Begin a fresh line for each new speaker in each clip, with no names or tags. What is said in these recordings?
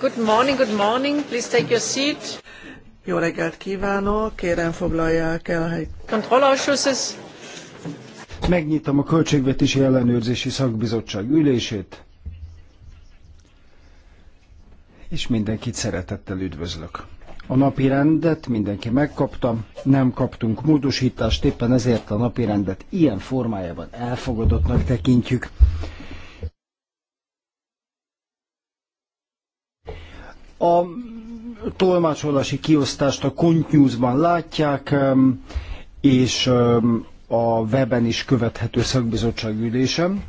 Good morning, good morning. Please take your seat.
Jó reggelt kívánok, kérem foglalják el a
helyet.
Megnyitom a Költségvetési Ellenőrzési Szakbizottság ülését, és mindenkit szeretettel üdvözlök. A napi rendet mindenki megkapta, nem kaptunk módosítást, éppen ezért a napi rendet ilyen formájában elfogadottnak tekintjük. A tolmácsolási kiosztást a Kontnyúzban látják, és a weben is követhető szakbizottság ülésem.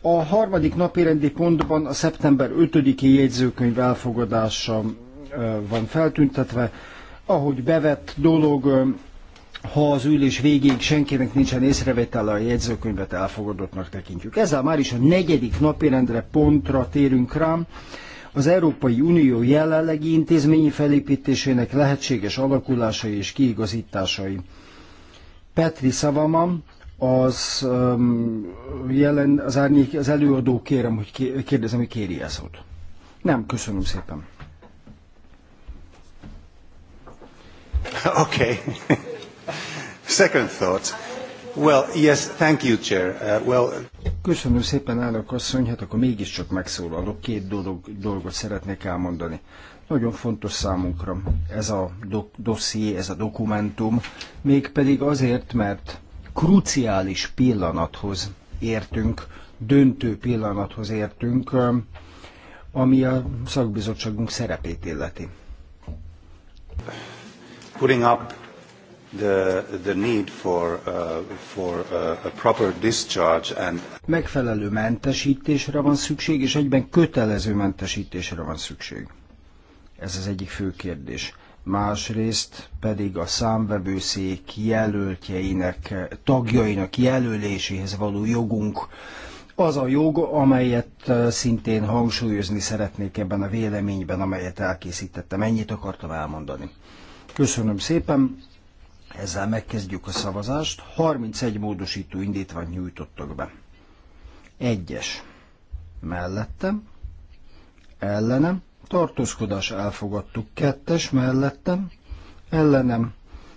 A harmadik napi rendi pontban a szeptember 5-i jegyzőkönyv elfogadása van feltüntetve. Ahogy bevett dolog, ha az ülés végéig senkinek nincsen észrevétele, a jegyzőkönyvet elfogadottnak tekintjük. Ezzel már is a negyedik napirendre pontra térünk rám az Európai Unió jelenlegi intézményi felépítésének lehetséges alakulásai és kiigazításai. Petri Szavaman, az, um, jelen, az, árnyék, az előadó kérem, hogy kérdezem, hogy kéri ezt szót. Nem, köszönöm szépen. Oké. Okay. Second thoughts. Well, yes, thank you, Chair. Uh, well... Köszönöm szépen, állok asszony, hát akkor mégiscsak megszólalok. Két dolog, dolgot szeretnék elmondani. Nagyon fontos számunkra ez a dosszié, ez a dokumentum, mégpedig azért, mert kruciális pillanathoz értünk, döntő pillanathoz értünk, um, ami a szakbizottságunk szerepét illeti. Putting up Megfelelő mentesítésre van szükség, és egyben kötelező mentesítésre van szükség. Ez az egyik fő kérdés. Másrészt pedig a számvevőszék jelöltjeinek, tagjainak jelöléséhez való jogunk az a jog, amelyet uh, szintén hangsúlyozni szeretnék ebben a véleményben, amelyet elkészítettem. Ennyit akartam elmondani. Köszönöm szépen. Ezzel megkezdjük a szavazást. 31 módosító indítványt nyújtottak be. Egyes. Mellettem. Ellenem. Tartózkodás elfogadtuk. Kettes. Mellettem. Ellenem.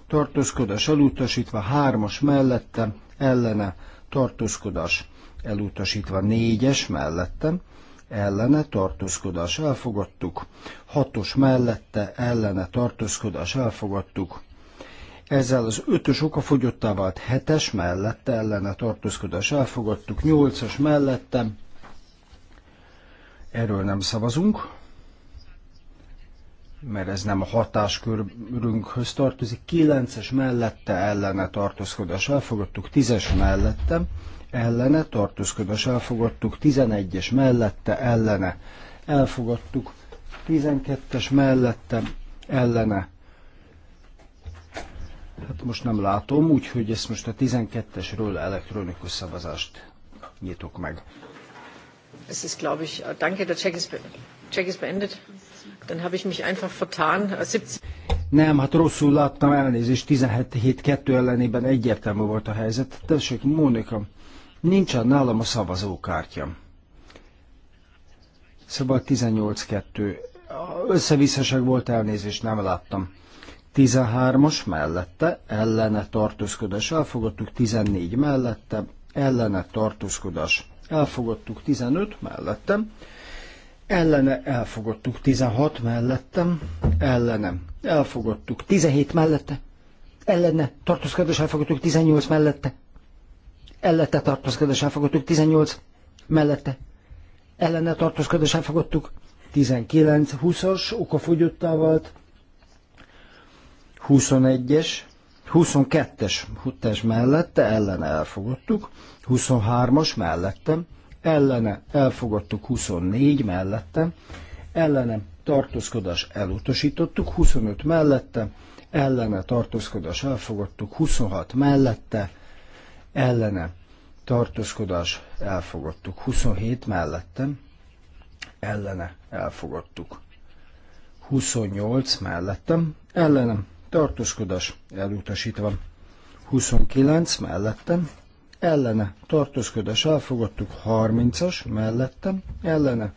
Tartózkodás elutasítva. Hármas. Mellettem. Ellene. Tartózkodás elutasítva. Négyes. Mellettem ellene tartózkodás elfogadtuk, hatos mellette ellene tartózkodás elfogadtuk, ezzel az ötös oka vált hetes mellette ellene tartózkodás elfogadtuk, nyolcas mellette. Erről nem szavazunk, mert ez nem a hatáskörünkhöz tartozik. Kilences mellette ellene tartózkodás elfogadtuk, tízes mellette ellene tartózkodás elfogadtuk, tizenegyes mellette ellene elfogadtuk, tizenkettes mellette ellene Hát most nem látom, úgyhogy ezt most a 12-esről elektronikus szavazást nyitok
meg. Ez ist, glaube ich, äh, danke, der Check ist, Check is beendet. Dann habe ich mich einfach vertan. 17. Äh,
nem, hát rosszul láttam, elnézést, 17-2 ellenében egyértelmű volt a helyzet. Tessék, Mónika, nincsen nálam a szavazókártya. Szóval 18-2. Összevisszaság volt elnézést, nem láttam. 13-as mellette ellene tartózkodás elfogadtuk, 14 mellette ellene tartózkodás elfogadtuk, 15 mellettem, ellene elfogadtuk, 16 mellettem, ellene elfogadtuk, 17 mellette, ellene tartózkodás elfogadtuk, 18 mellette, ellene tartózkodás elfogadtuk, 18 mellette, ellene tartózkodás elfogadtuk, 19, 20-as okafogyottá vált, 21-es, 22-es huttes mellette, ellene elfogadtuk, 23-as mellettem, ellene elfogadtuk 24 mellette, ellene tartózkodás elutasítottuk, 25 mellette, ellene tartózkodás elfogadtuk, 26 mellette, ellene tartózkodás elfogadtuk, 27 mellettem, ellene elfogadtuk. 28 mellettem, ellenem tartózkodás elutasítva. 29 mellettem, ellene tartózkodás elfogadtuk, 30-as mellettem, ellene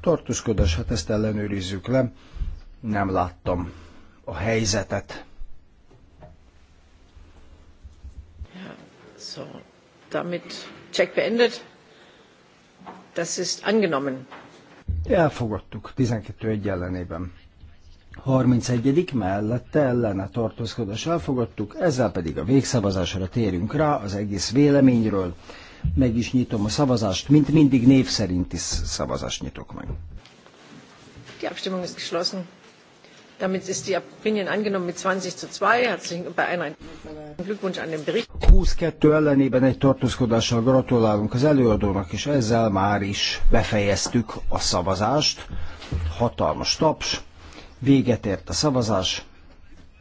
tartózkodás, hát ezt ellenőrizzük le, nem láttam a helyzetet.
So, damit check beendet. Das ist angenommen.
Elfogadtuk 12 egy ellenében. 31. mellette ellene tartózkodás elfogadtuk, ezzel pedig a végszavazásra térünk rá az egész véleményről. Meg is nyitom a szavazást, mint mindig név szerint is szavazást nyitok meg.
Die Abstimmung ist geschlossen. Damit ist die Opinion angenommen mit 20 zu 2. Herzlichen bei einer Glückwunsch an den Bericht.
22 ellenében egy tartózkodással gratulálunk az előadónak, és ezzel már is befejeztük a szavazást. Hatalmas taps. Véget ért a szavazás,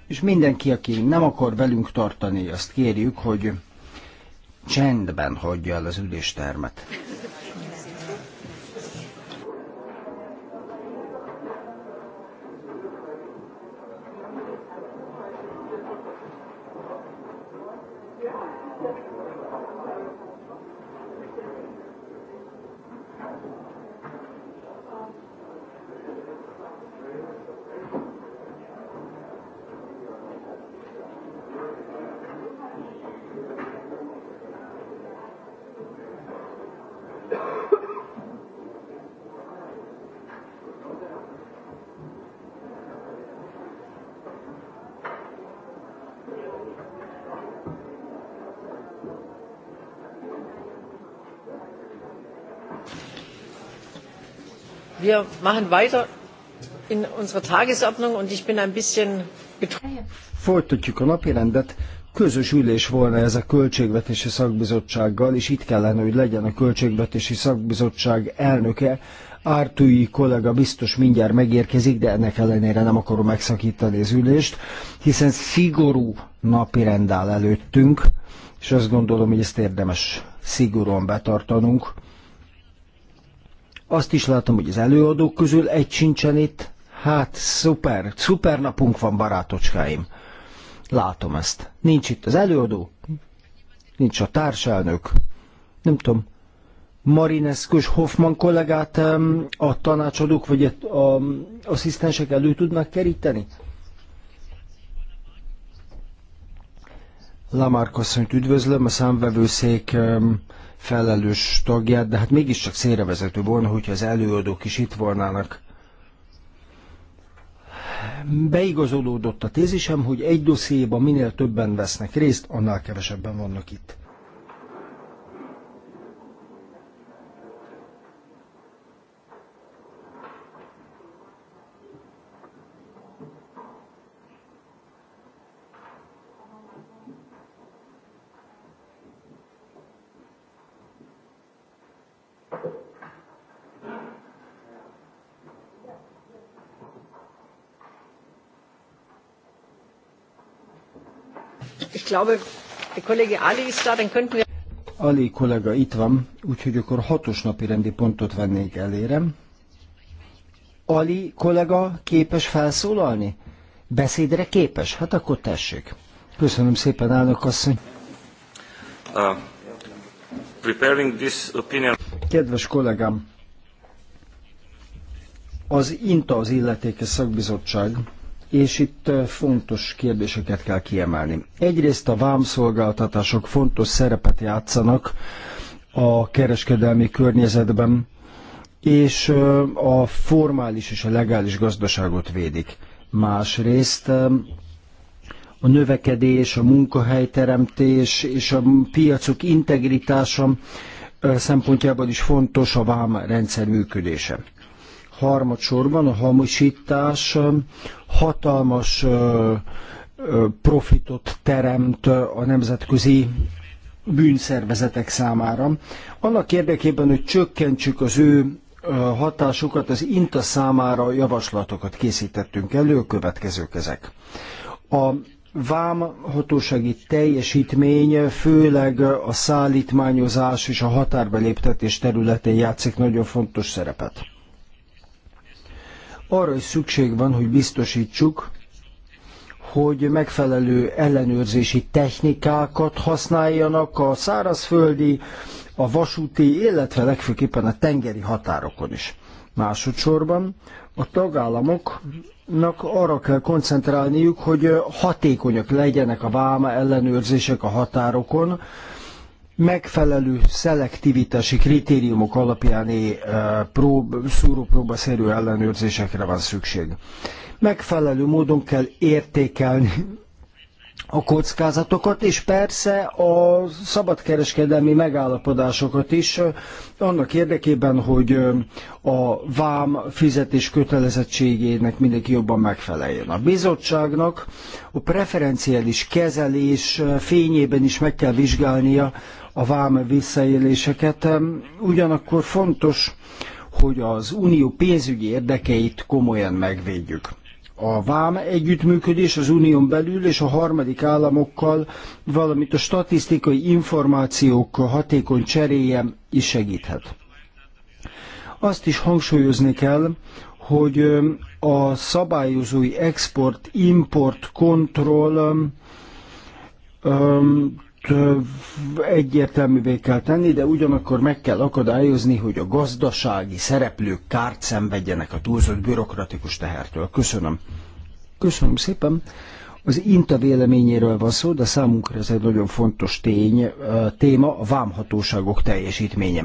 és mindenki, aki nem akar velünk tartani, azt kérjük, hogy csendben hagyja el az üléstermet.
machen weiter in unserer Tagesordnung, und ich bin ein bisschen
Folytatjuk a napirendet. Közös ülés volna ez a Költségvetési Szakbizottsággal, és itt kellene, hogy legyen a Költségvetési Szakbizottság elnöke. Ártúi kollega biztos mindjárt megérkezik, de ennek ellenére nem akarom megszakítani az ülést, hiszen szigorú napi rend áll előttünk, és azt gondolom, hogy ezt érdemes szigorúan betartanunk. Azt is látom, hogy az előadók közül egy sincsen itt. Hát, szuper, szuper napunk van, barátocskáim. Látom ezt. Nincs itt az előadó, nincs a társelnök. Nem tudom, Marineszkös Hoffman kollégát a tanácsadók vagy a, asszisztensek elő tudnak keríteni? Lamárk asszonyt üdvözlöm, a számvevőszék felelős tagját, de hát mégiscsak szélrevezető volna, hogyha az előadók is itt volnának. Beigazolódott a tézisem, hogy egy dossziéban minél többen vesznek részt, annál kevesebben vannak itt. Ali kollega itt van, úgyhogy akkor hatos napi rendi pontot vennék elére. Ali kollega képes felszólalni? Beszédre képes? Hát akkor tessék. Köszönöm szépen, elnök asszony.
Uh, preparing this opinion.
Kedves kollégám, az INTA az illetékes szakbizottság, és itt fontos kérdéseket kell kiemelni. Egyrészt a vámszolgáltatások fontos szerepet játszanak a kereskedelmi környezetben, és a formális és a legális gazdaságot védik. Másrészt a növekedés, a munkahelyteremtés és a piacok integritása szempontjából is fontos a vám rendszer működése. Harmadsorban a hamisítás hatalmas profitot teremt a nemzetközi bűnszervezetek számára. Annak érdekében, hogy csökkentsük az ő hatásukat, az INTA számára javaslatokat készítettünk elő, a következők ezek. A vámhatósági teljesítmény főleg a szállítmányozás és a határbeléptetés területén játszik nagyon fontos szerepet arra is szükség van, hogy biztosítsuk, hogy megfelelő ellenőrzési technikákat használjanak a szárazföldi, a vasúti, illetve legfőképpen a tengeri határokon is. Másodszorban a tagállamoknak arra kell koncentrálniuk, hogy hatékonyak legyenek a váma ellenőrzések a határokon, megfelelő szelektivitási kritériumok alapjáni eh, szúrópróbaszerű ellenőrzésekre van szükség. Megfelelő módon kell értékelni a kockázatokat, és persze a szabadkereskedelmi megállapodásokat is, eh, annak érdekében, hogy eh, a vám fizetés kötelezettségének mindenki jobban megfeleljen. A bizottságnak a preferenciális kezelés fényében is meg kell vizsgálnia a vám visszaéléseket. Ugyanakkor fontos, hogy az unió pénzügyi érdekeit komolyan megvédjük. A vám együttműködés az unión belül és a harmadik államokkal, valamint a statisztikai információk hatékony cseréje is segíthet. Azt is hangsúlyozni kell, hogy a szabályozói export-import kontroll egyértelművé kell tenni, de ugyanakkor meg kell akadályozni, hogy a gazdasági szereplők kárt szenvedjenek a túlzott bürokratikus tehertől. Köszönöm. Köszönöm szépen. Az INTA véleményéről van szó, de számunkra ez egy nagyon fontos tény, téma, a vámhatóságok teljesítménye.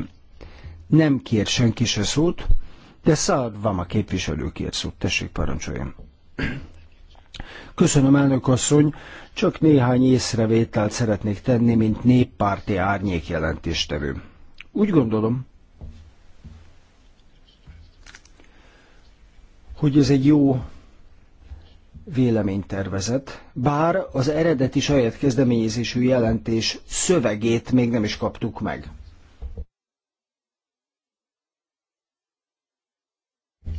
Nem kér senki se szót, de Szárd Váma képviselő kér szót. Tessék, parancsoljon. Köszönöm, elnök asszony. Csak néhány észrevételt szeretnék tenni, mint néppárti árnyék jelentéstevő. Úgy gondolom, hogy ez egy jó véleménytervezet, bár az eredeti saját kezdeményezésű jelentés szövegét még nem is kaptuk meg.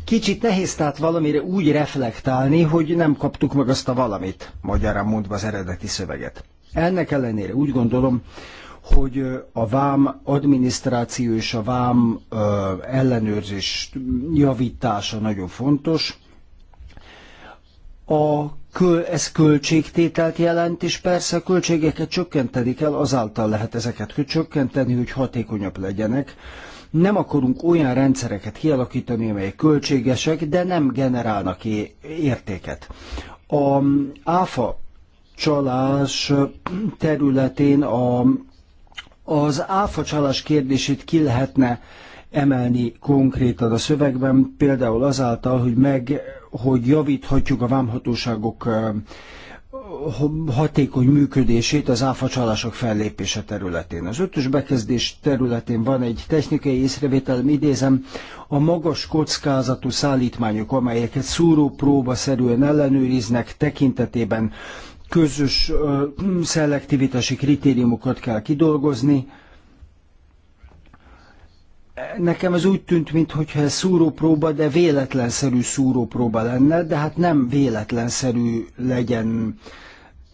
Kicsit nehéz tehát valamire úgy reflektálni, hogy nem kaptuk meg azt a valamit, magyarán mondva az eredeti szöveget. Ennek ellenére úgy gondolom, hogy a vám adminisztráció és a vám ellenőrzés javítása nagyon fontos. A köl ez költségtételt jelent, és persze a költségeket csökkenteni kell, azáltal lehet ezeket csökkenteni, hogy hatékonyabb legyenek. Nem akarunk olyan rendszereket kialakítani, amelyek költségesek, de nem generálnak értéket. A áfa csalás területén a, az áfa csalás kérdését ki lehetne emelni konkrétan a szövegben, például azáltal, hogy meg, hogy javíthatjuk a vámhatóságok hatékony működését az áfacsalások fellépése területén. Az ötös bekezdés területén van egy technikai észrevétel, idézem, a magas kockázatú szállítmányok, amelyeket próba szerűen ellenőriznek tekintetében közös ö, szelektivitási kritériumokat kell kidolgozni, Nekem ez úgy tűnt, mintha ez szúrópróba, de véletlenszerű szúrópróba lenne, de hát nem véletlenszerű legyen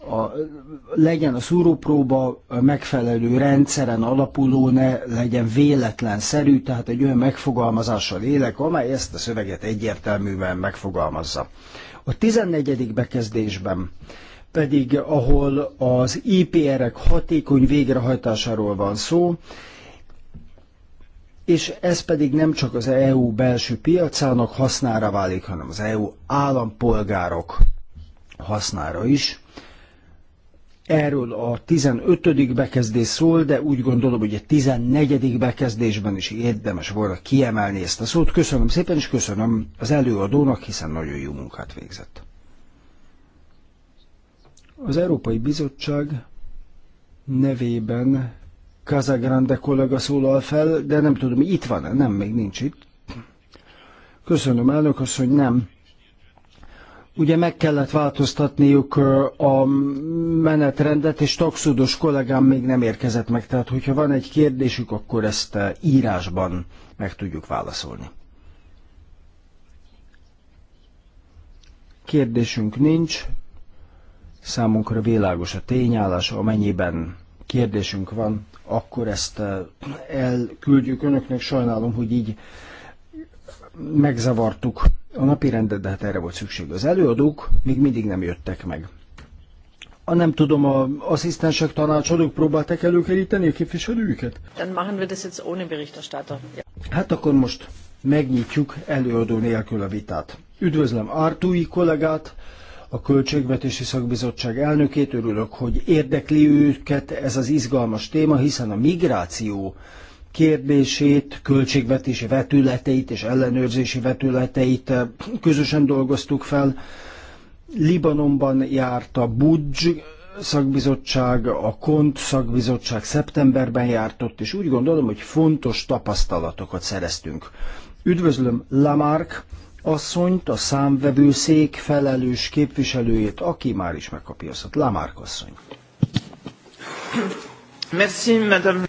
a, legyen a szúrópróba megfelelő rendszeren alapuló, ne legyen véletlenszerű, tehát egy olyan megfogalmazással élek, amely ezt a szöveget egyértelműen megfogalmazza. A 14. bekezdésben pedig, ahol az IPR-ek hatékony végrehajtásáról van szó, és ez pedig nem csak az EU belső piacának hasznára válik, hanem az EU állampolgárok hasznára is. Erről a 15. bekezdés szól, de úgy gondolom, hogy a 14. bekezdésben is érdemes volna kiemelni ezt a szót. Köszönöm szépen, és köszönöm az előadónak, hiszen nagyon jó munkát végzett. Az Európai Bizottság nevében Casagrande kollega szólal fel, de nem tudom, itt van-e? Nem, még nincs itt. Köszönöm, elnök asszony, nem. Ugye meg kellett változtatniuk a menetrendet, és taxudós kollégám még nem érkezett meg, tehát hogyha van egy kérdésük, akkor ezt e, írásban meg tudjuk válaszolni. Kérdésünk nincs, számunkra világos a tényállás, amennyiben kérdésünk van, akkor ezt e, elküldjük önöknek. Sajnálom, hogy így megzavartuk a napi rendet, de hát erre volt szükség. Az előadók még mindig nem jöttek meg. A nem tudom, a asszisztensek, tanácsadók próbálták előkeríteni a képviselőjüket? Hát akkor most megnyitjuk előadó nélkül a vitát. Üdvözlöm Artúi kollégát, a Költségvetési Szakbizottság elnökét. Örülök, hogy érdekli őket ez az izgalmas téma, hiszen a migráció kérdését, költségvetési vetületeit és ellenőrzési vetületeit eh, közösen dolgoztuk fel. Libanonban járt a Budzs szakbizottság, a KONT szakbizottság szeptemberben járt ott, és úgy gondolom, hogy fontos tapasztalatokat szereztünk. Üdvözlöm Lamarck asszonyt, a számvevőszék felelős képviselőjét, aki már is megkapja azt, Lamarck asszony.
Merci, madame.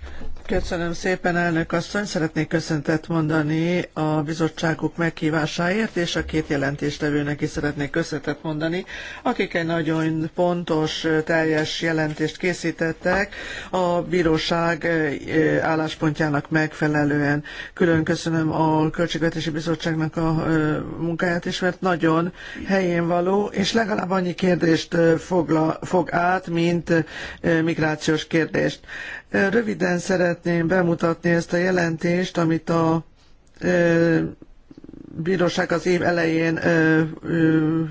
Köszönöm szépen, elnök asszony. Szeretnék köszöntet mondani a bizottságuk meghívásáért, és a két jelentéstevőnek is szeretnék köszöntet mondani, akik egy nagyon pontos, teljes jelentést készítettek a bíróság eh, álláspontjának megfelelően. Külön köszönöm a Költségvetési Bizottságnak a eh, munkáját is, mert nagyon helyén való, és legalább annyi kérdést eh, fogla, fog át, mint migrációs kérdést. Röviden szeretném bemutatni ezt a jelentést, amit a bíróság az év elején ö, ö,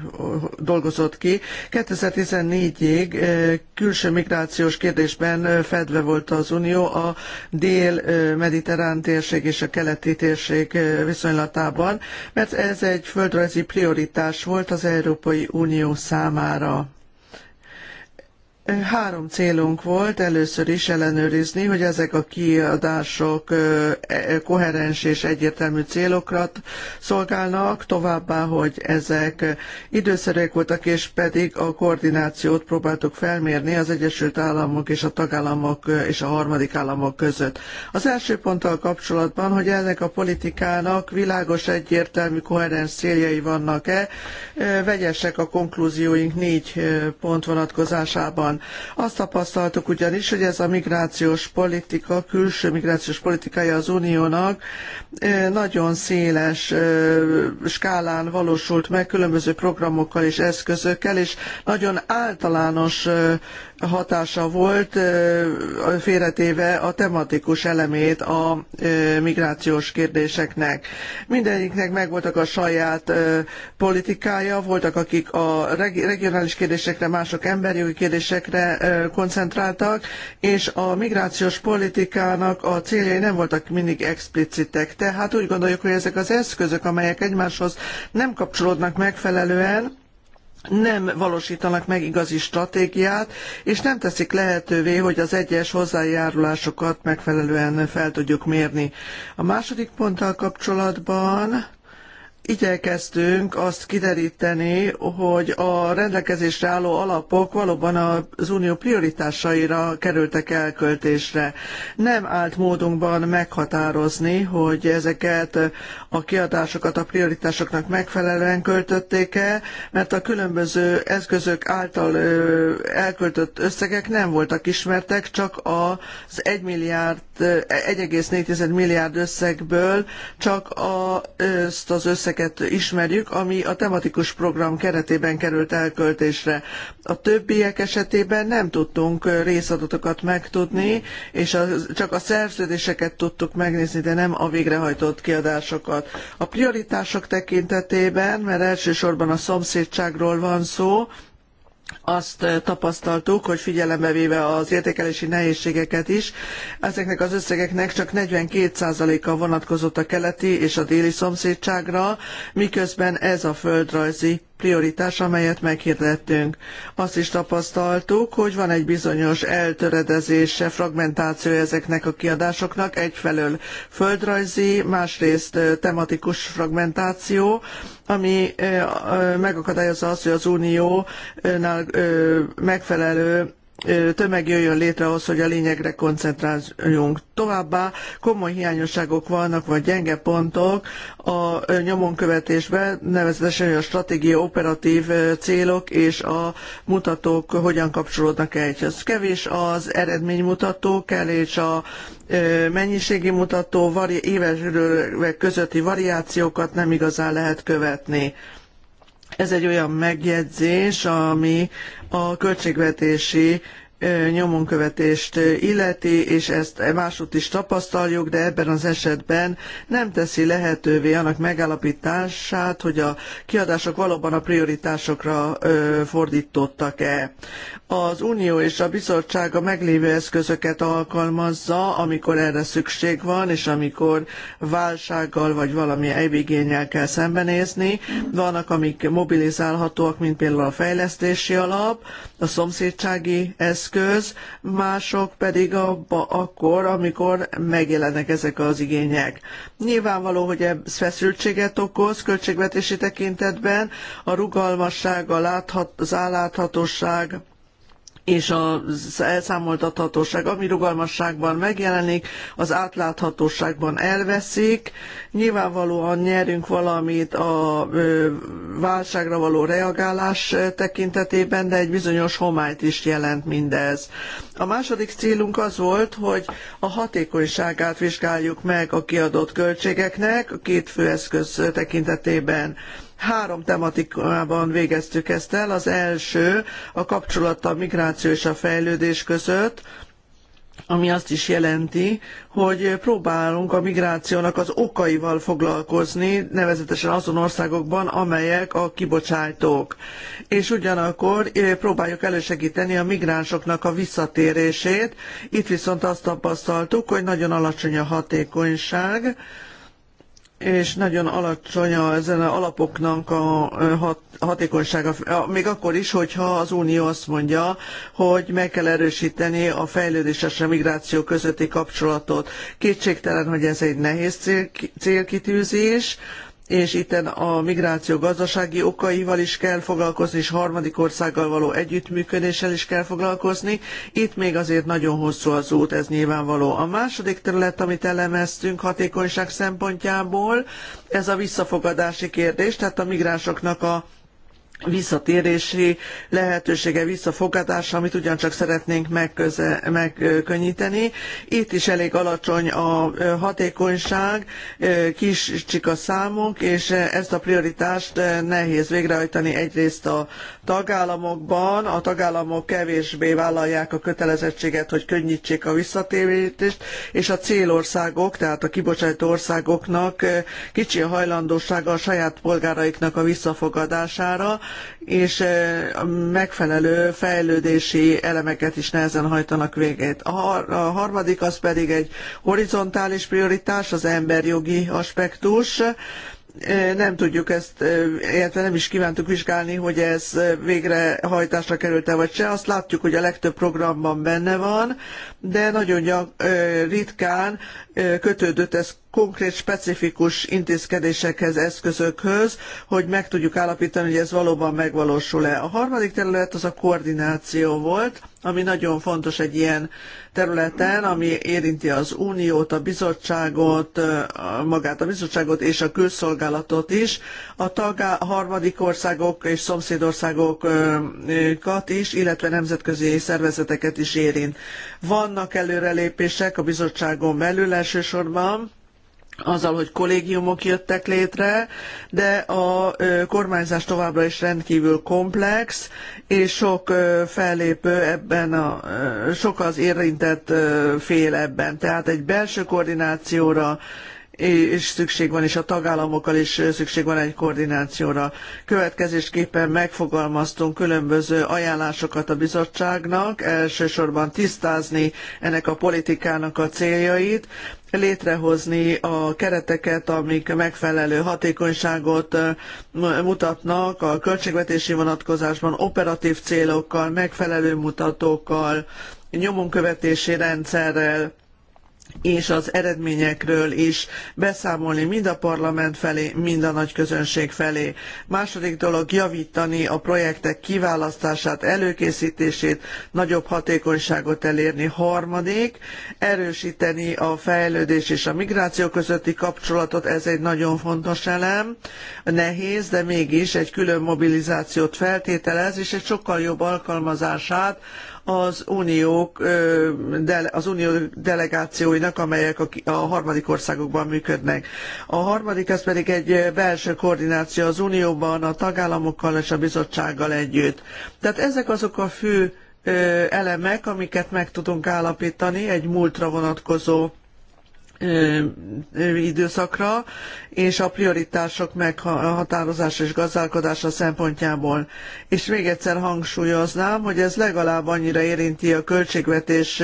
dolgozott ki. 2014-ig ö, külső migrációs kérdésben fedve volt az Unió a dél-mediterrán térség és a keleti térség viszonylatában, mert ez egy földrajzi prioritás volt az Európai Unió számára. Három célunk volt, először is ellenőrizni, hogy ezek a kiadások e, e, koherens és egyértelmű célokat szolgálnak, továbbá, hogy ezek időszerűek voltak, és pedig a koordinációt próbáltuk felmérni az Egyesült Államok és a tagállamok és a harmadik államok között. Az első ponttal kapcsolatban, hogy ennek a politikának világos, egyértelmű, koherens céljai vannak-e, vegyesek a konklúzióink négy pont vonatkozásában van. Azt tapasztaltuk ugyanis, hogy ez a migrációs politika, külső migrációs politikája az uniónak eh, nagyon széles eh, skálán valósult meg különböző programokkal és eszközökkel, és nagyon általános eh, hatása volt, félretéve a tematikus elemét a migrációs kérdéseknek. Mindegyiknek megvoltak a saját politikája, voltak akik a regionális kérdésekre, mások jogi kérdésekre, ezekre koncentráltak, és a migrációs politikának a céljai nem voltak mindig explicitek. Tehát úgy gondoljuk, hogy ezek az eszközök, amelyek egymáshoz nem kapcsolódnak megfelelően, nem valósítanak meg igazi stratégiát, és nem teszik lehetővé, hogy az egyes hozzájárulásokat megfelelően fel tudjuk mérni. A második ponttal kapcsolatban igyekeztünk azt kideríteni, hogy a rendelkezésre álló alapok valóban az unió prioritásaira kerültek elköltésre. Nem állt módunkban meghatározni, hogy ezeket a kiadásokat a prioritásoknak megfelelően költötték-e, mert a különböző eszközök által elköltött összegek nem voltak ismertek, csak az 1 milliárd, 1,4 milliárd összegből csak azt az összeget pénzeket ismerjük, ami a tematikus program keretében került elköltésre. A többiek esetében nem tudtunk részadatokat megtudni, és a, csak a szerződéseket tudtuk megnézni, de nem a végrehajtott kiadásokat. A prioritások tekintetében, mert elsősorban a szomszédságról van szó, azt eh, tapasztaltuk, hogy figyelembe véve az értékelési nehézségeket is, ezeknek az összegeknek csak 42%-a vonatkozott a keleti és a déli szomszédságra, miközben ez a földrajzi prioritás, amelyet meghirdettünk. Azt is tapasztaltuk, hogy van egy bizonyos eltöredezése, fragmentáció ezeknek a kiadásoknak, egyfelől földrajzi, másrészt tematikus fragmentáció, ami megakadályozza azt, hogy az uniónál megfelelő tömeg jöjjön létre ahhoz, hogy a lényegre koncentráljunk. Továbbá komoly hiányosságok vannak, vagy gyenge pontok a nyomonkövetésben, nevezetesen a stratégia, operatív célok és a mutatók hogyan kapcsolódnak egyhez. Kevés az eredménymutató, kell és a mennyiségi mutató, éves közötti variációkat nem igazán lehet követni ez egy olyan megjegyzés, ami a költségvetési nyomonkövetést illeti, és ezt másút is tapasztaljuk, de ebben az esetben nem teszi lehetővé annak megállapítását, hogy a kiadások valóban a prioritásokra fordítottak-e. Az Unió és a Bizottság a meglévő eszközöket alkalmazza, amikor erre szükség van, és amikor válsággal vagy valami egyvigényel kell szembenézni. Vannak, amik mobilizálhatóak, mint például a fejlesztési alap, a szomszédsági eszköz, eszköz, mások pedig abba akkor, amikor megjelennek ezek az igények. Nyilvánvaló, hogy ez feszültséget okoz költségvetési tekintetben, a rugalmasság, a láthat, az álláthatóság, és az elszámoltathatóság, ami rugalmasságban megjelenik, az átláthatóságban elveszik. Nyilvánvalóan nyerünk valamit a válságra való reagálás tekintetében, de egy bizonyos homályt is jelent mindez. A második célunk az volt, hogy a hatékonyságát vizsgáljuk meg a kiadott költségeknek a két fő eszköz tekintetében. Három tematikában végeztük ezt el. Az első a kapcsolat a migráció és a fejlődés között, ami azt is jelenti, hogy próbálunk a migrációnak az okaival foglalkozni, nevezetesen azon országokban, amelyek a kibocsátók. És ugyanakkor eh, próbáljuk elősegíteni a migránsoknak a visszatérését. Itt viszont azt tapasztaltuk, hogy nagyon alacsony a hatékonyság, és nagyon alacsony ezen az alapoknak a hatékonysága, még akkor is, hogyha az Unió azt mondja, hogy meg kell erősíteni a fejlődés és a migráció közötti kapcsolatot. Kétségtelen, hogy ez egy nehéz cél, célkitűzés, és itten a migráció gazdasági okaival is kell foglalkozni, és harmadik országgal való együttműködéssel is kell foglalkozni. Itt még azért nagyon hosszú az út, ez nyilvánvaló. A második terület, amit elemeztünk hatékonyság szempontjából, ez a visszafogadási kérdés, tehát a migránsoknak a visszatérési lehetősége, visszafogadása, amit ugyancsak szeretnénk megköze, megkönnyíteni. Itt is elég alacsony a hatékonyság, kicsik a számunk, és ezt a prioritást nehéz végrehajtani egyrészt a tagállamokban. A tagállamok kevésbé vállalják a kötelezettséget, hogy könnyítsék a visszatérítést, és a célországok, tehát a kibocsátó országoknak kicsi a hajlandósága a saját polgáraiknak a visszafogadására, és megfelelő fejlődési elemeket is nehezen hajtanak végét. A, harmadik az pedig egy horizontális prioritás, az emberjogi aspektus, nem tudjuk ezt, illetve nem is kívántuk vizsgálni, hogy ez végre hajtásra került-e vagy se. Azt látjuk, hogy a legtöbb programban benne van, de nagyon ritkán kötődött ez konkrét, specifikus intézkedésekhez, eszközökhöz, hogy meg tudjuk állapítani, hogy ez valóban megvalósul-e. A harmadik terület az a koordináció volt, ami nagyon fontos egy ilyen területen, ami érinti az Uniót, a bizottságot, magát a bizottságot és a külszolgálatot is, a tagá, harmadik országok és szomszédországokat is, illetve nemzetközi szervezeteket is érint. Vannak előrelépések a bizottságon belül elsősorban, azzal, hogy kollégiumok jöttek létre, de a kormányzás továbbra is rendkívül komplex, és sok fellépő ebben, a, sok az érintett fél ebben. Tehát egy belső koordinációra és szükség van, és a tagállamokkal is szükség van egy koordinációra. Következésképpen megfogalmaztunk különböző ajánlásokat a bizottságnak, elsősorban tisztázni ennek a politikának a céljait, létrehozni a kereteket, amik megfelelő hatékonyságot eh, mutatnak a költségvetési vonatkozásban, operatív célokkal, megfelelő mutatókkal, nyomonkövetési rendszerrel és az eredményekről is beszámolni mind a parlament felé, mind a nagy közönség felé. Második dolog javítani a projektek kiválasztását, előkészítését, nagyobb hatékonyságot elérni. Harmadik, erősíteni a fejlődés és a migráció közötti kapcsolatot, ez egy nagyon fontos elem. Nehéz, de mégis egy külön mobilizációt feltételez, és egy sokkal jobb alkalmazását az, uniók, az unió delegációinak, amelyek a harmadik országokban működnek. A harmadik, ez pedig egy belső koordináció az unióban, a tagállamokkal és a bizottsággal együtt. Tehát ezek azok a fő elemek, amiket meg tudunk állapítani egy múltra vonatkozó időszakra, és a prioritások meghatározása és gazdálkodása szempontjából. És még egyszer hangsúlyoznám, hogy ez legalább annyira érinti a költségvetés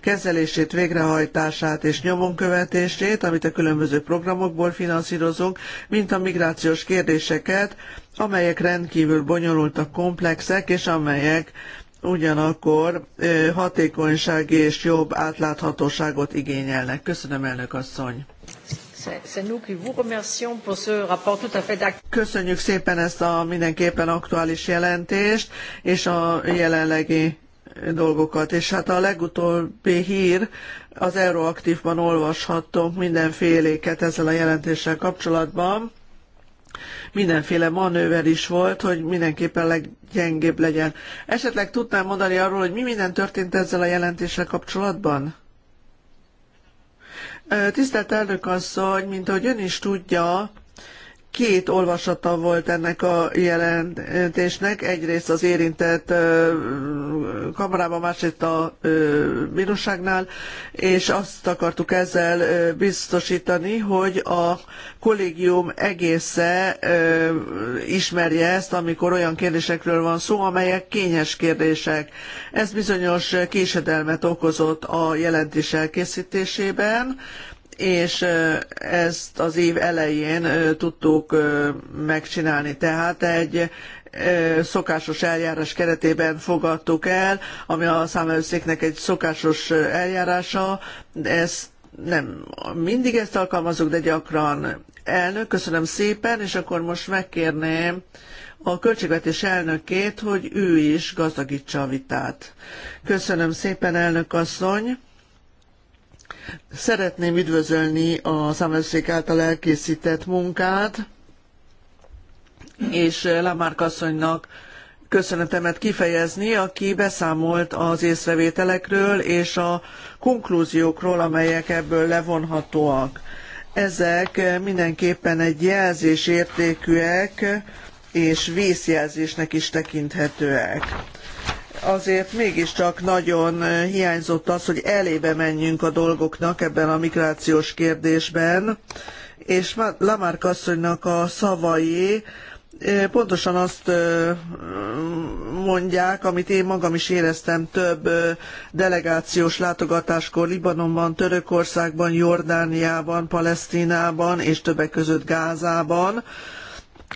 kezelését, végrehajtását és nyomonkövetését, amit a különböző programokból finanszírozunk, mint a migrációs kérdéseket, amelyek rendkívül bonyolultak, komplexek, és amelyek ugyanakkor hatékonyság és jobb átláthatóságot igényelnek. Köszönöm, elnök asszony! Köszönjük szépen ezt a mindenképpen aktuális jelentést és a jelenlegi dolgokat. És hát a legutóbbi hír az Euroaktívban olvashattunk mindenféléket ezzel a jelentéssel kapcsolatban mindenféle manőver is volt, hogy mindenképpen leggyengébb legyen. Esetleg tudnám mondani arról, hogy mi minden történt ezzel a jelentéssel kapcsolatban? Tisztelt elnök asszony, mint ahogy ön is tudja, két olvasata volt ennek a jelentésnek, egyrészt az érintett kamarában, másrészt a bíróságnál, és azt akartuk ezzel biztosítani, hogy a kollégium egésze ismerje ezt, amikor olyan kérdésekről van szó, amelyek kényes kérdések. Ez bizonyos késedelmet okozott a jelentés elkészítésében, és ezt az év elején tudtuk megcsinálni. Tehát egy szokásos eljárás keretében fogadtuk el, ami a számelőszéknek egy szokásos eljárása. Ezt nem mindig ezt alkalmazok, de gyakran. Elnök, köszönöm szépen, és akkor most megkérném a költségvetés elnökét, hogy ő is gazdagítsa a vitát. Köszönöm szépen, elnök asszony! Szeretném üdvözölni a számvevőszék által elkészített munkát, és Lamarck asszonynak köszönetemet kifejezni, aki beszámolt az észrevételekről és a konklúziókról, amelyek ebből levonhatóak. Ezek mindenképpen egy jelzésértékűek és vészjelzésnek is tekinthetőek azért mégiscsak nagyon eh, hiányzott az, hogy elébe menjünk a dolgoknak ebben a migrációs kérdésben, és Lamarck asszonynak a szavai eh, pontosan azt eh, mondják, amit én magam is éreztem több delegációs látogatáskor Libanonban, Törökországban, Jordániában, Palesztinában és többek között Gázában,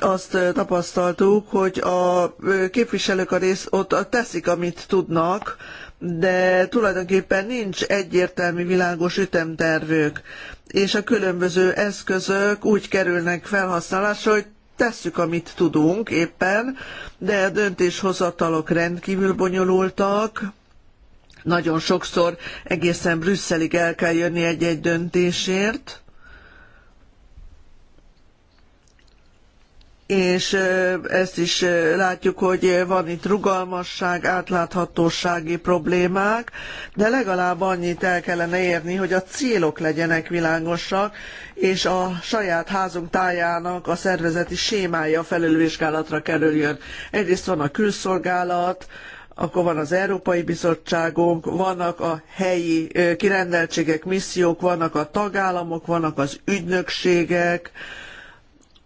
azt tapasztaltuk, hogy a képviselők a ott teszik, amit tudnak, de tulajdonképpen nincs egyértelmű világos ütemtervük, és a különböző eszközök úgy kerülnek felhasználásra, hogy tesszük, amit tudunk éppen, de a döntéshozatalok rendkívül bonyolultak, nagyon sokszor egészen Brüsszelig el kell jönni egy-egy döntésért, és ezt is látjuk, hogy van itt rugalmasság, átláthatósági problémák, de legalább annyit el kellene érni, hogy a célok legyenek világosak, és a saját házunk tájának a szervezeti sémája felülvizsgálatra kerüljön. Egyrészt van a külszolgálat, akkor van az Európai Bizottságunk, vannak a helyi kirendeltségek, missziók, vannak a tagállamok, vannak az ügynökségek,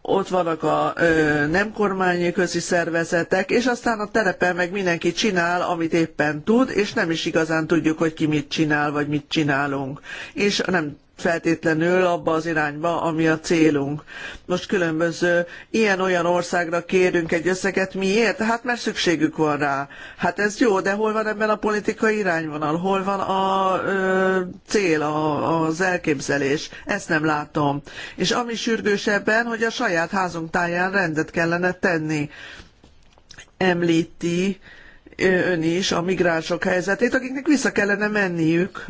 ott vannak a ö, nem kormányközi szervezetek, és aztán a terepen meg mindenki csinál, amit éppen tud, és nem is igazán tudjuk, hogy ki mit csinál, vagy mit csinálunk. És nem feltétlenül abba az irányba, ami a célunk. Most különböző ilyen-olyan országra kérünk egy összeget. Miért? Hát mert szükségük van rá. Hát ez jó, de hol van ebben a politikai irányvonal? Hol van a ö, cél, a, az elképzelés? Ezt nem látom. És ami sürgősebben, hogy a saját házunk táján rendet kellene tenni. Említi, ön is a migránsok helyzetét, akiknek vissza kellene menniük,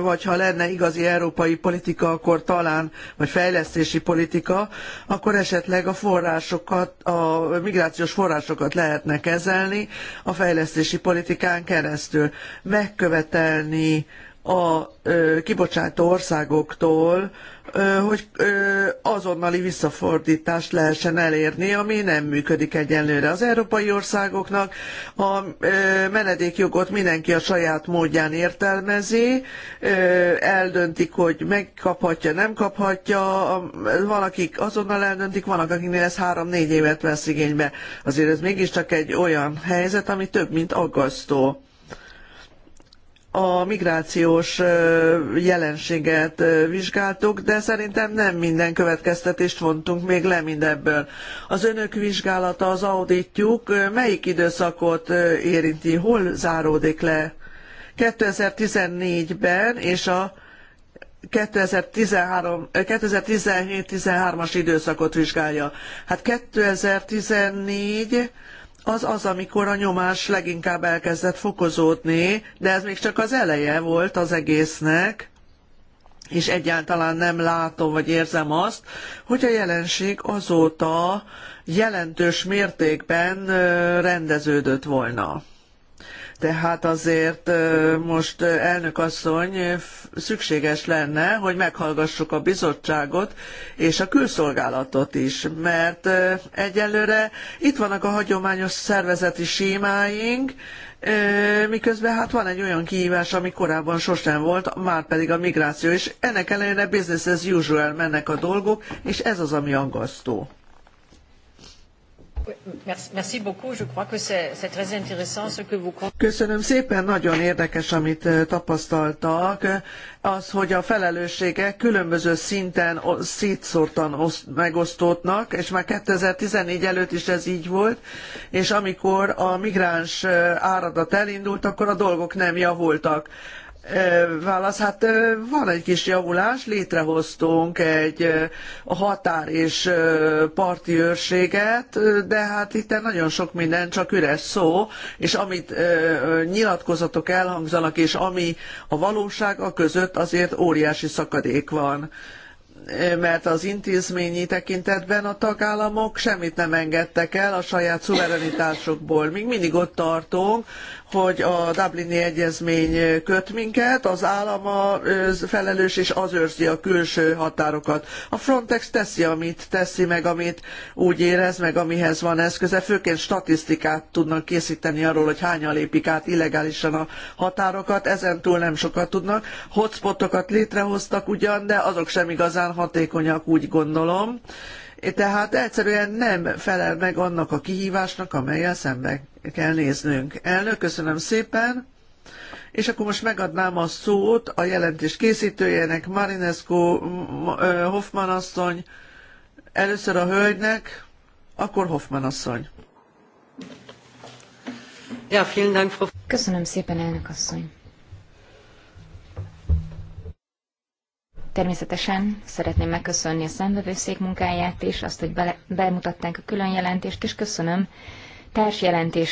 vagy ha lenne igazi európai politika, akkor talán, vagy fejlesztési politika, akkor esetleg a forrásokat, a migrációs forrásokat lehetne kezelni a fejlesztési politikán keresztül. Megkövetelni a kibocsátó országoktól, hogy azonnali visszafordítást lehessen elérni, ami nem működik egyenlőre. Az európai országoknak a menedékjogot mindenki a saját módján értelmezi, eldöntik, hogy megkaphatja, nem kaphatja, van akik azonnal eldöntik, vannak akiknél ez három-négy évet vesz igénybe. Azért ez mégiscsak egy olyan helyzet, ami több, mint aggasztó a migrációs jelenséget vizsgáltuk, de szerintem nem minden következtetést vontunk még le mindebből. Az önök vizsgálata, az auditjuk melyik időszakot érinti, hol záródik le? 2014-ben és a 2017-13-as időszakot vizsgálja. Hát 2014 az az, amikor a nyomás leginkább elkezdett fokozódni, de ez még csak az eleje volt az egésznek, és egyáltalán nem látom vagy érzem azt, hogy a jelenség azóta jelentős mértékben rendeződött volna. Tehát azért most elnök asszony szükséges lenne, hogy meghallgassuk a bizottságot és a külszolgálatot is, mert egyelőre itt vannak a hagyományos szervezeti sémáink, miközben hát van egy olyan kihívás, ami korábban sosem volt, már pedig a migráció, és ennek ellenére business as usual mennek a dolgok, és ez az, ami aggasztó. Köszönöm szépen, nagyon érdekes, amit tapasztaltak. Az, hogy a felelősségek különböző szinten szétszórtan megosztódnak, és már 2014 előtt is ez így volt, és amikor a migráns áradat elindult, akkor a dolgok nem javultak válasz. Hát van egy kis javulás, létrehoztunk egy határ és parti őrséget, de hát itt nagyon sok minden csak üres szó, és amit nyilatkozatok elhangzanak, és ami a valóság a között azért óriási szakadék van mert az intézményi tekintetben a tagállamok semmit nem engedtek el a saját szuverenitásukból. Még mindig ott tartunk, hogy a Dublini Egyezmény köt minket, az állam a felelős és az őrzi a külső határokat. A Frontex teszi, amit teszi, meg amit úgy érez, meg amihez van eszköze. Főként statisztikát tudnak készíteni arról, hogy hányan lépik át illegálisan a határokat, ezen túl nem sokat tudnak. Hotspotokat létrehoztak ugyan, de azok sem igazán hatékonyak, úgy gondolom. Tehát egyszerűen nem felel meg annak a kihívásnak, amelyel szembe kell néznünk. Elnök, köszönöm szépen! És akkor most megadnám a szót a jelentés készítőjének, Marinescu Hoffman asszony, először a hölgynek, akkor Hoffman asszony.
Köszönöm szépen, elnök asszony. Természetesen szeretném megköszönni a szembevőszék munkáját és azt, hogy bele, bemutatták a külön jelentést, és köszönöm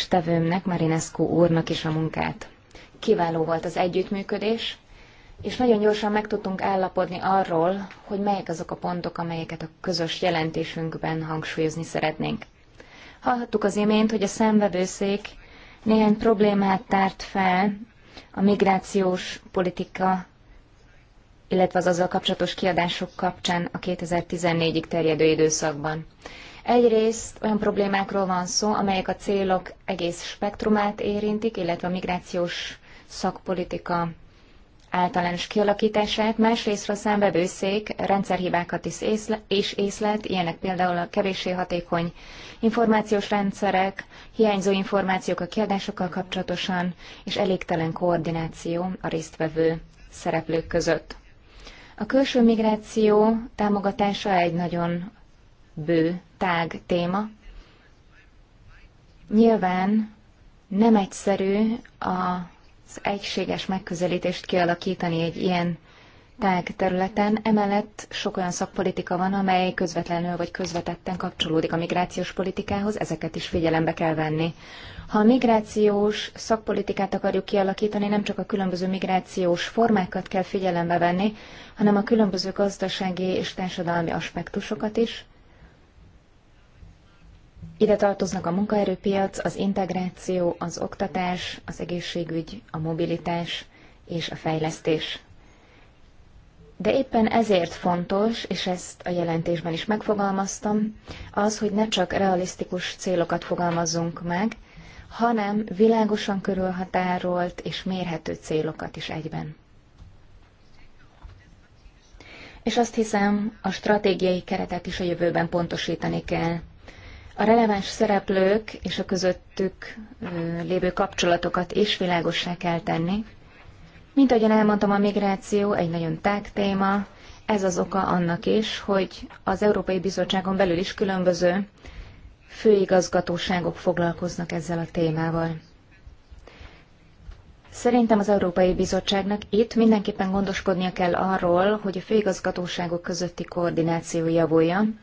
tevőmnek, Marinescu úrnak is a munkát. Kiváló volt az együttműködés, és nagyon gyorsan meg tudtunk állapodni arról, hogy melyek azok a pontok, amelyeket a közös jelentésünkben hangsúlyozni szeretnénk. Hallhattuk az imént, hogy a számvevőszék néhány problémát tárt fel a migrációs politika illetve az azzal kapcsolatos kiadások kapcsán a 2014-ig terjedő időszakban. Egyrészt olyan problémákról van szó, amelyek a célok egész spektrumát érintik, illetve a migrációs szakpolitika általános kialakítását, másrészt a számbevőszék rendszerhibákat is, észle, és észlelt, ilyenek például a kevéssé hatékony információs rendszerek, hiányzó információk a kiadásokkal kapcsolatosan, és elégtelen koordináció a résztvevő szereplők között. A külső migráció támogatása egy nagyon bő, tág téma. Nyilván nem egyszerű az egységes megközelítést kialakítani egy ilyen tág területen, emellett sok olyan szakpolitika van, amely közvetlenül vagy közvetetten kapcsolódik a migrációs politikához, ezeket is figyelembe kell venni. Ha a migrációs szakpolitikát akarjuk kialakítani, nem csak a különböző migrációs formákat kell figyelembe venni, hanem a különböző gazdasági és társadalmi aspektusokat is. Ide tartoznak a munkaerőpiac, az integráció, az oktatás, az egészségügy, a mobilitás és a fejlesztés. De éppen ezért fontos, és ezt a jelentésben is megfogalmaztam, az, hogy ne csak realisztikus célokat fogalmazzunk meg, hanem világosan körülhatárolt és mérhető célokat is egyben. És azt hiszem, a stratégiai keretet is a jövőben pontosítani kell. A releváns szereplők és a közöttük lévő kapcsolatokat is világossá kell tenni, mint ahogyan elmondtam, a migráció egy nagyon tág téma. Ez az oka annak is, hogy az Európai Bizottságon belül is különböző főigazgatóságok foglalkoznak ezzel a témával. Szerintem az Európai Bizottságnak itt mindenképpen gondoskodnia kell arról, hogy a főigazgatóságok közötti koordináció javuljon,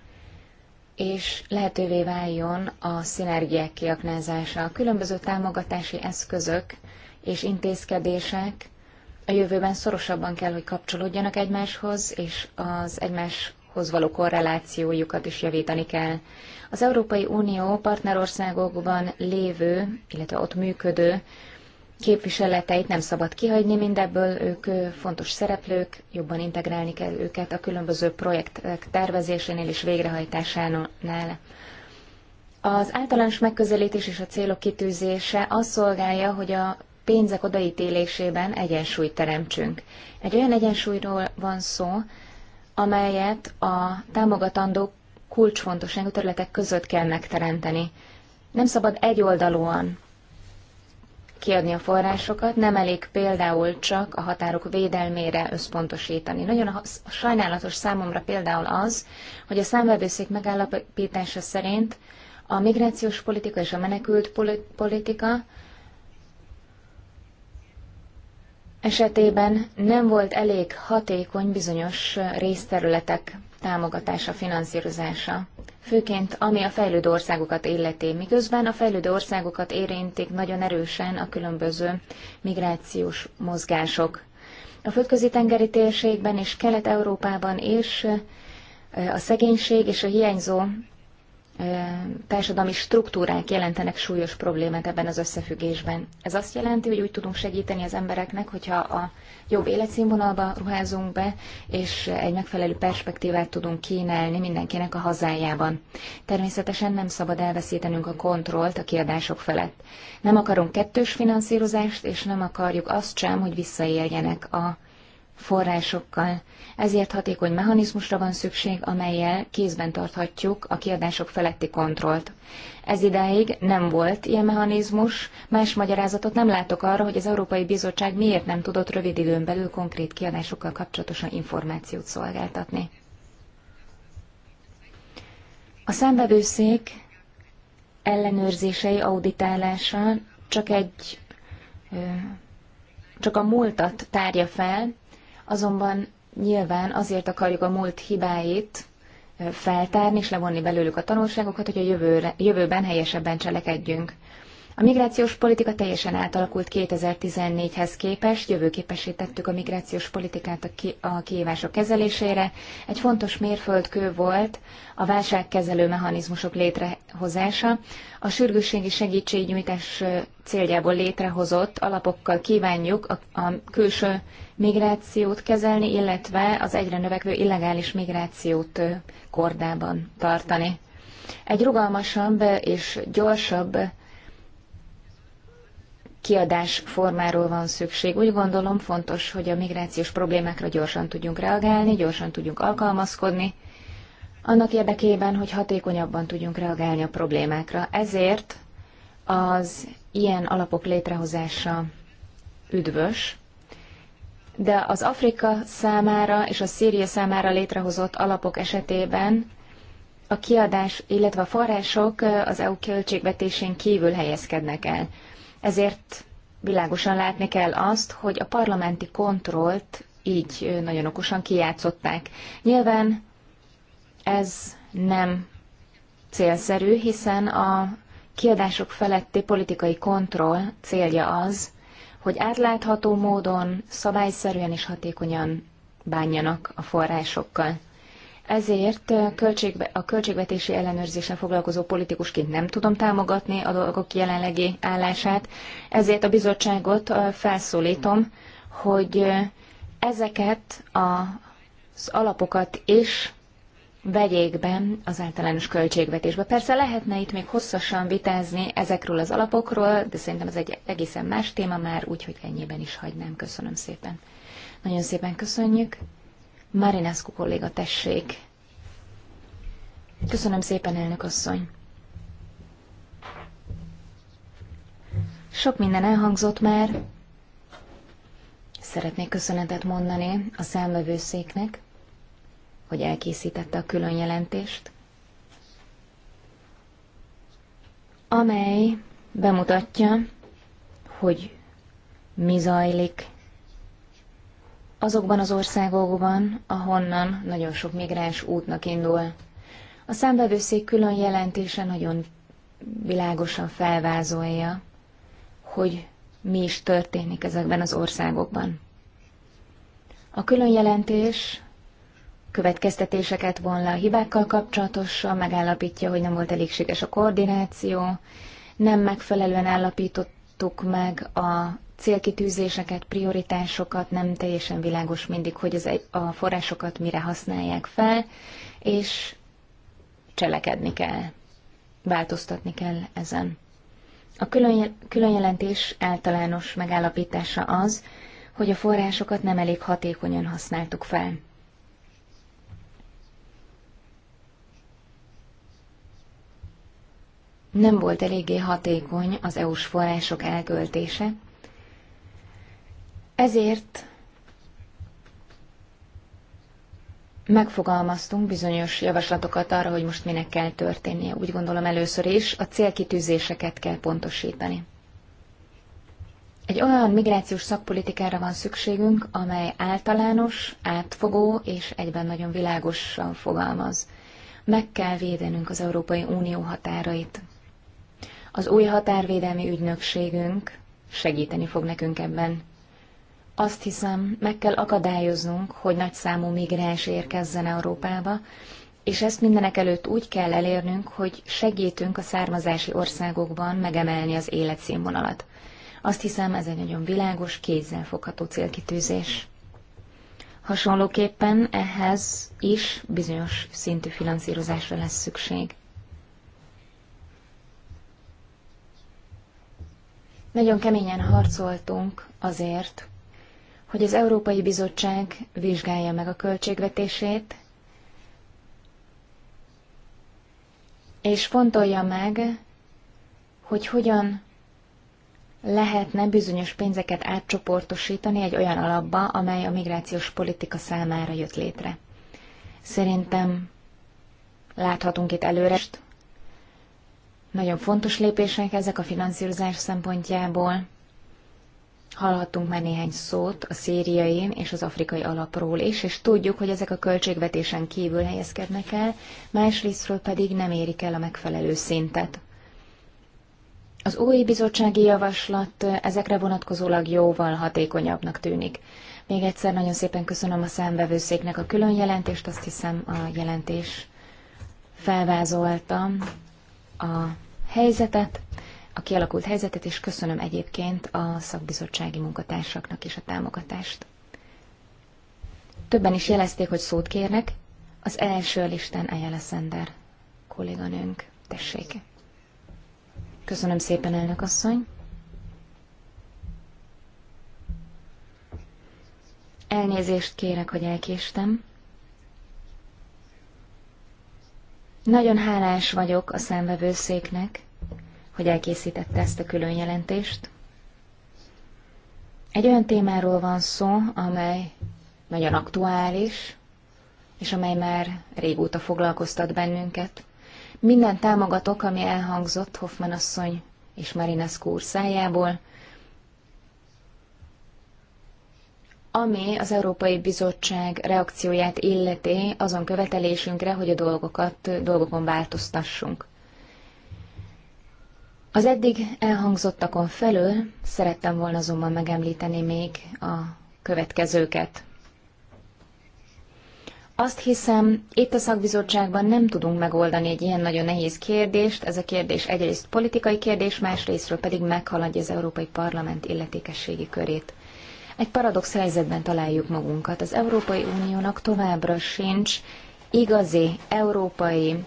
és lehetővé váljon a szinergiák kiaknázása. A különböző támogatási eszközök és intézkedések a jövőben szorosabban kell, hogy kapcsolódjanak egymáshoz, és az egymáshoz való korrelációjukat is javítani kell. Az Európai Unió partnerországokban lévő, illetve ott működő képviseleteit nem szabad kihagyni, mindebből ők fontos szereplők, jobban integrálni kell őket a különböző projektek tervezésénél és végrehajtásánál. Az általános megközelítés és a célok kitűzése azt szolgálja, hogy a pénzek odaítélésében egyensúlyt teremtsünk. Egy olyan egyensúlyról van szó, amelyet a támogatandó kulcsfontosságú területek között kell megteremteni. Nem szabad egyoldalúan kiadni a forrásokat, nem elég például csak a határok védelmére összpontosítani. Nagyon sajnálatos számomra például az, hogy a számvevőszék megállapítása szerint a migrációs politika és a menekült politika esetében nem volt elég hatékony bizonyos részterületek támogatása, finanszírozása, főként ami a fejlődő országokat illeti, miközben a fejlődő országokat érintik nagyon erősen a különböző migrációs mozgások. A földközi tengeri térségben és Kelet-Európában is a szegénység és a hiányzó társadalmi struktúrák jelentenek súlyos problémát ebben az összefüggésben. Ez azt jelenti, hogy úgy tudunk segíteni az embereknek, hogyha a jobb életszínvonalba ruházunk be, és egy megfelelő perspektívát tudunk kínálni mindenkinek a hazájában. Természetesen nem szabad elveszítenünk a kontrollt a kiadások felett. Nem akarunk kettős finanszírozást, és nem akarjuk azt sem, hogy visszaéljenek a forrásokkal. Ezért hatékony mechanizmusra van szükség, amelyel kézben tarthatjuk a kiadások feletti kontrollt. Ez idáig nem volt ilyen mechanizmus, más magyarázatot nem látok arra, hogy az Európai Bizottság miért nem tudott rövid időn belül konkrét kiadásokkal kapcsolatosan információt szolgáltatni. A számbevőszék ellenőrzései, auditálása csak egy csak a múltat tárja fel, azonban nyilván azért akarjuk a múlt hibáit feltárni és levonni belőlük a tanulságokat, hogy a jövőre, jövőben helyesebben cselekedjünk. A migrációs politika teljesen átalakult 2014-hez képest, jövőképesítettük a migrációs politikát a kihívások kezelésére. Egy fontos mérföldkő volt a válságkezelő mechanizmusok létrehozása. A sürgősségi segítségnyújtás céljából létrehozott alapokkal kívánjuk a, a külső migrációt kezelni, illetve az egyre növekvő illegális migrációt kordában tartani. Egy rugalmasabb és gyorsabb kiadás formáról van szükség. Úgy gondolom fontos, hogy a migrációs problémákra gyorsan tudjunk reagálni, gyorsan tudjunk alkalmazkodni, annak érdekében, hogy hatékonyabban tudjunk reagálni a problémákra. Ezért az ilyen alapok létrehozása üdvös, de az Afrika számára és a Szíria számára létrehozott alapok esetében a kiadás, illetve a források az EU költségvetésén kívül helyezkednek el. Ezért világosan látni kell azt, hogy a parlamenti kontrollt így nagyon okosan kijátszották. Nyilván ez nem célszerű, hiszen a kiadások feletti politikai kontroll célja az, hogy átlátható módon, szabályszerűen és hatékonyan bánjanak a forrásokkal. Ezért költségbe, a költségvetési ellenőrzéssel foglalkozó politikusként nem tudom támogatni a dolgok jelenlegi állását, ezért a bizottságot felszólítom, hogy ezeket az alapokat is vegyék be az általános költségvetésbe. Persze lehetne itt még hosszasan vitázni ezekről az alapokról, de szerintem ez egy egészen más téma már, úgyhogy ennyiben is hagynám. Köszönöm szépen. Nagyon szépen köszönjük. Marinescu kolléga, tessék. Köszönöm szépen, elnök asszony. Sok minden elhangzott már. Szeretnék köszönetet mondani a számvevőszéknek, hogy elkészítette a külön jelentést, amely bemutatja, hogy mi zajlik azokban az országokban, ahonnan nagyon sok migráns útnak indul. A számbevőszék külön jelentése nagyon világosan felvázolja, hogy mi is történik ezekben az országokban. A külön jelentés következtetéseket von le a hibákkal kapcsolatosan, megállapítja, hogy nem volt elégséges a koordináció, nem megfelelően állapítottuk meg a célkitűzéseket, prioritásokat, nem teljesen világos mindig, hogy az egy, a forrásokat mire használják fel, és cselekedni kell, változtatni kell ezen. A külön, különjelentés általános megállapítása az, hogy a forrásokat nem elég hatékonyan használtuk fel. Nem volt eléggé hatékony az EU-s források elköltése, ezért megfogalmaztunk bizonyos javaslatokat arra, hogy most minek kell történnie. Úgy gondolom először is a célkitűzéseket kell pontosítani. Egy olyan migrációs szakpolitikára van szükségünk, amely általános, átfogó és egyben nagyon világosan fogalmaz. Meg kell védenünk az Európai Unió határait. Az új határvédelmi ügynökségünk segíteni fog nekünk ebben. Azt hiszem, meg kell akadályoznunk, hogy nagyszámú migráns érkezzen Európába, és ezt mindenek előtt úgy kell elérnünk, hogy segítünk a származási országokban megemelni az életszínvonalat. Azt hiszem, ez egy nagyon világos, fogható célkitűzés. Hasonlóképpen ehhez is bizonyos szintű finanszírozásra lesz szükség. Nagyon keményen harcoltunk azért, hogy az Európai Bizottság vizsgálja meg a költségvetését, és fontolja meg, hogy hogyan lehetne bizonyos pénzeket átcsoportosítani egy olyan alapba, amely a migrációs politika számára jött létre. Szerintem láthatunk itt előre. Nagyon fontos lépések ezek a finanszírozás szempontjából. Hallhattunk már néhány szót a szíriai és az afrikai alapról is, és tudjuk, hogy ezek a költségvetésen kívül helyezkednek el, másrésztről pedig nem érik el a megfelelő szintet. Az új bizottsági javaslat ezekre vonatkozólag jóval hatékonyabbnak tűnik. Még egyszer nagyon szépen köszönöm a számbevőszéknek a külön jelentést, azt hiszem a jelentés felvázolta a helyzetet a kialakult helyzetet, és köszönöm egyébként a szakbizottsági munkatársaknak is a támogatást. Többen is jelezték, hogy szót kérnek. Az első listán Ayala Szender kolléganőnk. Tessék! Köszönöm szépen, elnök asszony! Elnézést kérek, hogy elkéstem. Nagyon hálás vagyok a számvevőszéknek, hogy elkészítette ezt a külön jelentést. Egy olyan témáról van szó, amely nagyon aktuális, és amely már régóta foglalkoztat bennünket. Minden támogatok, ami elhangzott Hoffman asszony és Marinescu úr szájából, ami az Európai Bizottság reakcióját illeti azon követelésünkre, hogy a dolgokat, dolgokon változtassunk. Az eddig elhangzottakon felül szerettem volna azonban megemlíteni még a következőket. Azt hiszem, itt a szakbizottságban nem tudunk megoldani egy ilyen nagyon nehéz kérdést. Ez a kérdés egyrészt politikai kérdés, másrésztről pedig meghaladja az Európai Parlament illetékességi körét. Egy paradox helyzetben találjuk magunkat. Az Európai Uniónak továbbra sincs igazi európai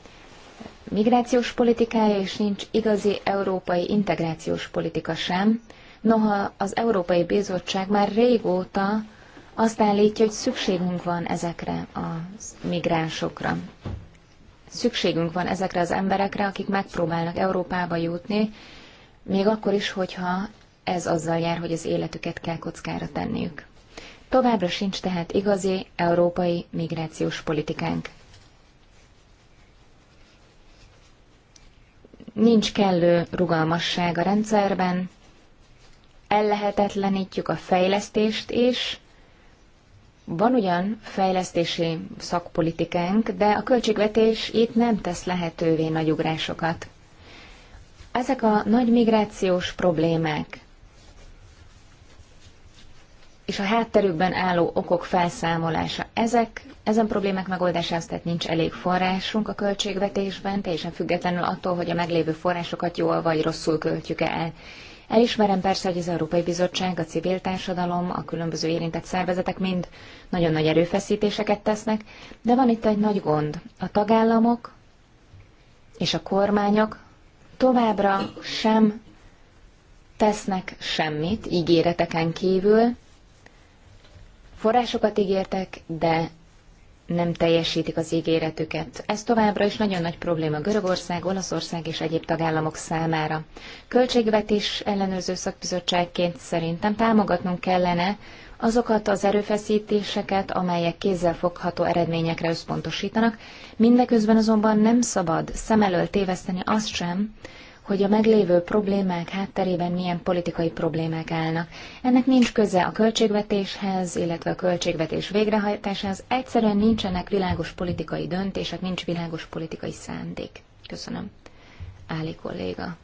migrációs politikája, és nincs igazi európai integrációs politika sem, noha az Európai Bizottság már régóta azt állítja, hogy szükségünk van ezekre a migránsokra. Szükségünk van ezekre az emberekre, akik megpróbálnak Európába jutni, még akkor is, hogyha ez azzal jár, hogy az életüket kell kockára tenniük. Továbbra sincs tehát igazi európai migrációs politikánk. nincs kellő rugalmasság a rendszerben, ellehetetlenítjük a fejlesztést is, van ugyan fejlesztési szakpolitikánk, de a költségvetés itt nem tesz lehetővé nagy ugrásokat. Ezek a nagy migrációs problémák, és a hátterükben álló okok felszámolása. Ezek, ezen problémák megoldásához tehát nincs elég forrásunk a költségvetésben, teljesen függetlenül attól, hogy a meglévő forrásokat jól vagy rosszul költjük el. Elismerem persze, hogy az Európai Bizottság, a civil társadalom, a különböző érintett szervezetek mind nagyon nagy erőfeszítéseket tesznek, de van itt egy nagy gond. A tagállamok és a kormányok továbbra sem tesznek semmit ígéreteken kívül, Forrásokat ígértek, de nem teljesítik az ígéretüket. Ez továbbra is nagyon nagy probléma Görögország, Olaszország és egyéb tagállamok számára. Költségvetés ellenőrző szakbizottságként szerintem támogatnunk kellene azokat az erőfeszítéseket, amelyek kézzelfogható eredményekre összpontosítanak, mindeközben azonban nem szabad szem elől téveszteni azt sem, hogy a meglévő problémák hátterében milyen politikai problémák állnak. Ennek nincs köze a költségvetéshez, illetve a költségvetés végrehajtásához. Egyszerűen nincsenek világos politikai döntések, nincs világos politikai szándék. Köszönöm. Áli kolléga.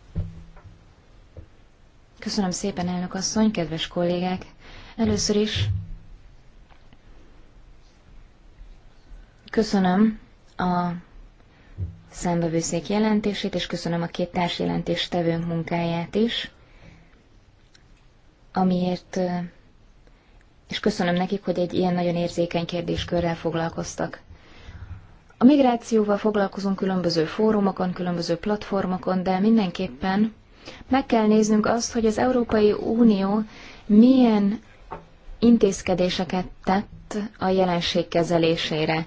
Köszönöm szépen, elnök asszony, kedves kollégák! Először is köszönöm a számbevőszék jelentését, és köszönöm a két tevőnk munkáját is, amiért, és köszönöm nekik, hogy egy ilyen nagyon érzékeny kérdéskörrel foglalkoztak. A migrációval foglalkozunk különböző fórumokon, különböző platformokon, de mindenképpen meg kell néznünk azt, hogy az Európai Unió milyen intézkedéseket tett a jelenség kezelésére.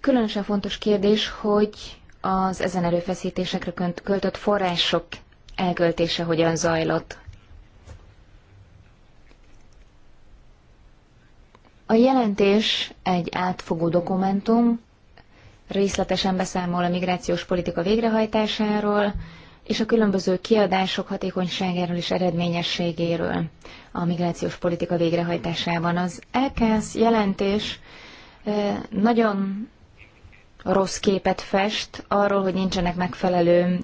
Különösen fontos kérdés, hogy az ezen erőfeszítésekre költött források elköltése hogyan zajlott. A jelentés egy átfogó dokumentum, részletesen beszámol a migrációs politika végrehajtásáról, és a különböző kiadások hatékonyságáról és eredményességéről a migrációs politika végrehajtásában. Az EKSZ jelentés eh, nagyon rossz képet fest arról, hogy nincsenek megfelelő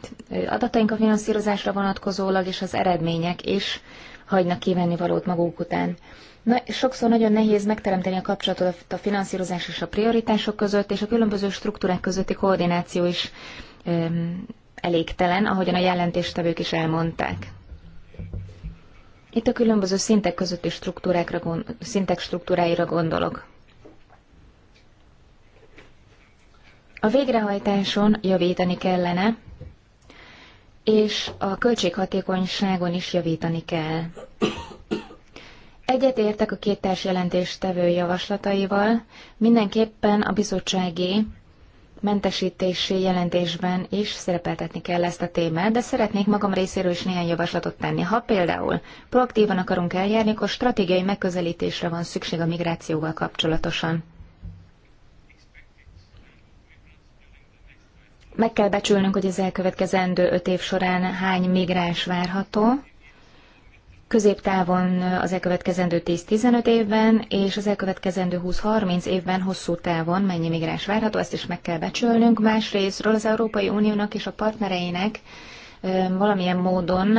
adataink a finanszírozásra vonatkozólag, és az eredmények is hagynak kívánni valót maguk után. Na, sokszor nagyon nehéz megteremteni a kapcsolatot a finanszírozás és a prioritások között, és a különböző struktúrák közötti koordináció is um, elégtelen, ahogyan a jelentéstevők is elmondták. Itt a különböző szintek közötti struktúrákra, szintek struktúráira gondolok. A végrehajtáson javítani kellene, és a költséghatékonyságon is javítani kell. Egyetértek a két társjelentés tevő javaslataival, mindenképpen a bizottsági mentesítési jelentésben is szerepeltetni kell ezt a témát, de szeretnék magam részéről is néhány javaslatot tenni. Ha például proaktívan akarunk eljárni, akkor stratégiai megközelítésre van szükség a migrációval kapcsolatosan. Meg kell becsülnünk, hogy az elkövetkezendő öt év során hány migráns várható, középtávon az elkövetkezendő 10-15 évben, és az elkövetkezendő 20-30 évben hosszú távon mennyi migráns várható, ezt is meg kell becsülnünk. Másrésztről az Európai Uniónak és a partnereinek valamilyen módon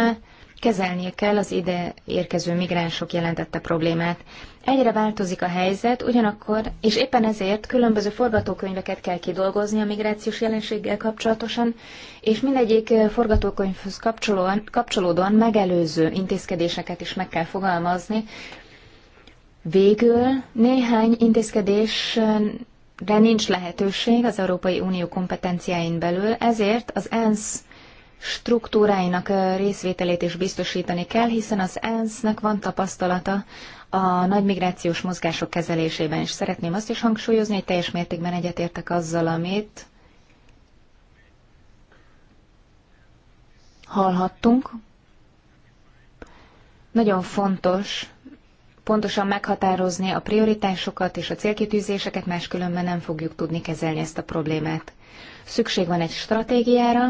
kezelnie kell az ide érkező migránsok jelentette problémát. Egyre változik a helyzet, ugyanakkor, és éppen ezért különböző forgatókönyveket kell kidolgozni a migrációs jelenséggel kapcsolatosan, és mindegyik eh, forgatókönyvhöz kapcsolóan, kapcsolódóan megelőző intézkedéseket is meg kell fogalmazni. Végül néhány intézkedés de nincs lehetőség az Európai Unió kompetenciáin belül, ezért az ENSZ struktúráinak részvételét is biztosítani kell, hiszen az ENSZ-nek van tapasztalata a nagy migrációs mozgások kezelésében, és szeretném azt is hangsúlyozni, hogy teljes mértékben egyetértek azzal, amit hallhattunk. Nagyon fontos pontosan meghatározni a prioritásokat és a célkitűzéseket, máskülönben nem fogjuk tudni kezelni ezt a problémát. Szükség van egy stratégiára,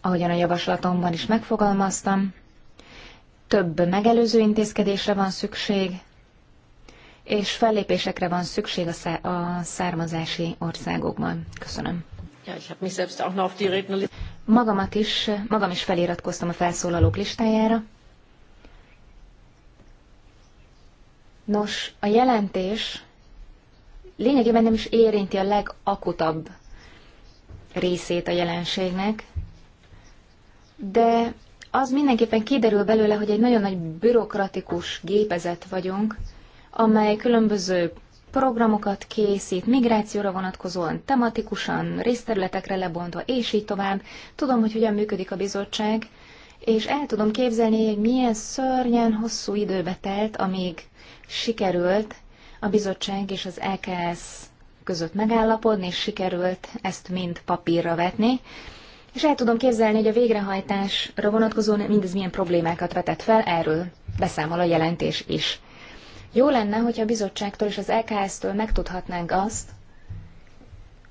ahogyan a javaslatomban is megfogalmaztam, több megelőző intézkedésre van szükség, és fellépésekre van szükség a, szá- a származási országokban. Köszönöm. Magamat is, magam is feliratkoztam a felszólalók listájára. Nos, a jelentés lényegében nem is érinti a legakutabb részét a jelenségnek, de az mindenképpen kiderül belőle, hogy egy nagyon nagy bürokratikus gépezet vagyunk, amely különböző programokat készít, migrációra vonatkozóan, tematikusan, részterületekre lebontva, és így tovább. Tudom, hogy hogyan működik a bizottság, és el tudom képzelni, hogy milyen szörnyen hosszú időbe telt, amíg sikerült a bizottság és az EKS között megállapodni, és sikerült ezt mind papírra vetni. És el tudom képzelni, hogy a végrehajtásra vonatkozóan mindez milyen problémákat vetett fel, erről beszámol a jelentés is. Jó lenne, hogyha a bizottságtól és az LKS-től megtudhatnánk azt,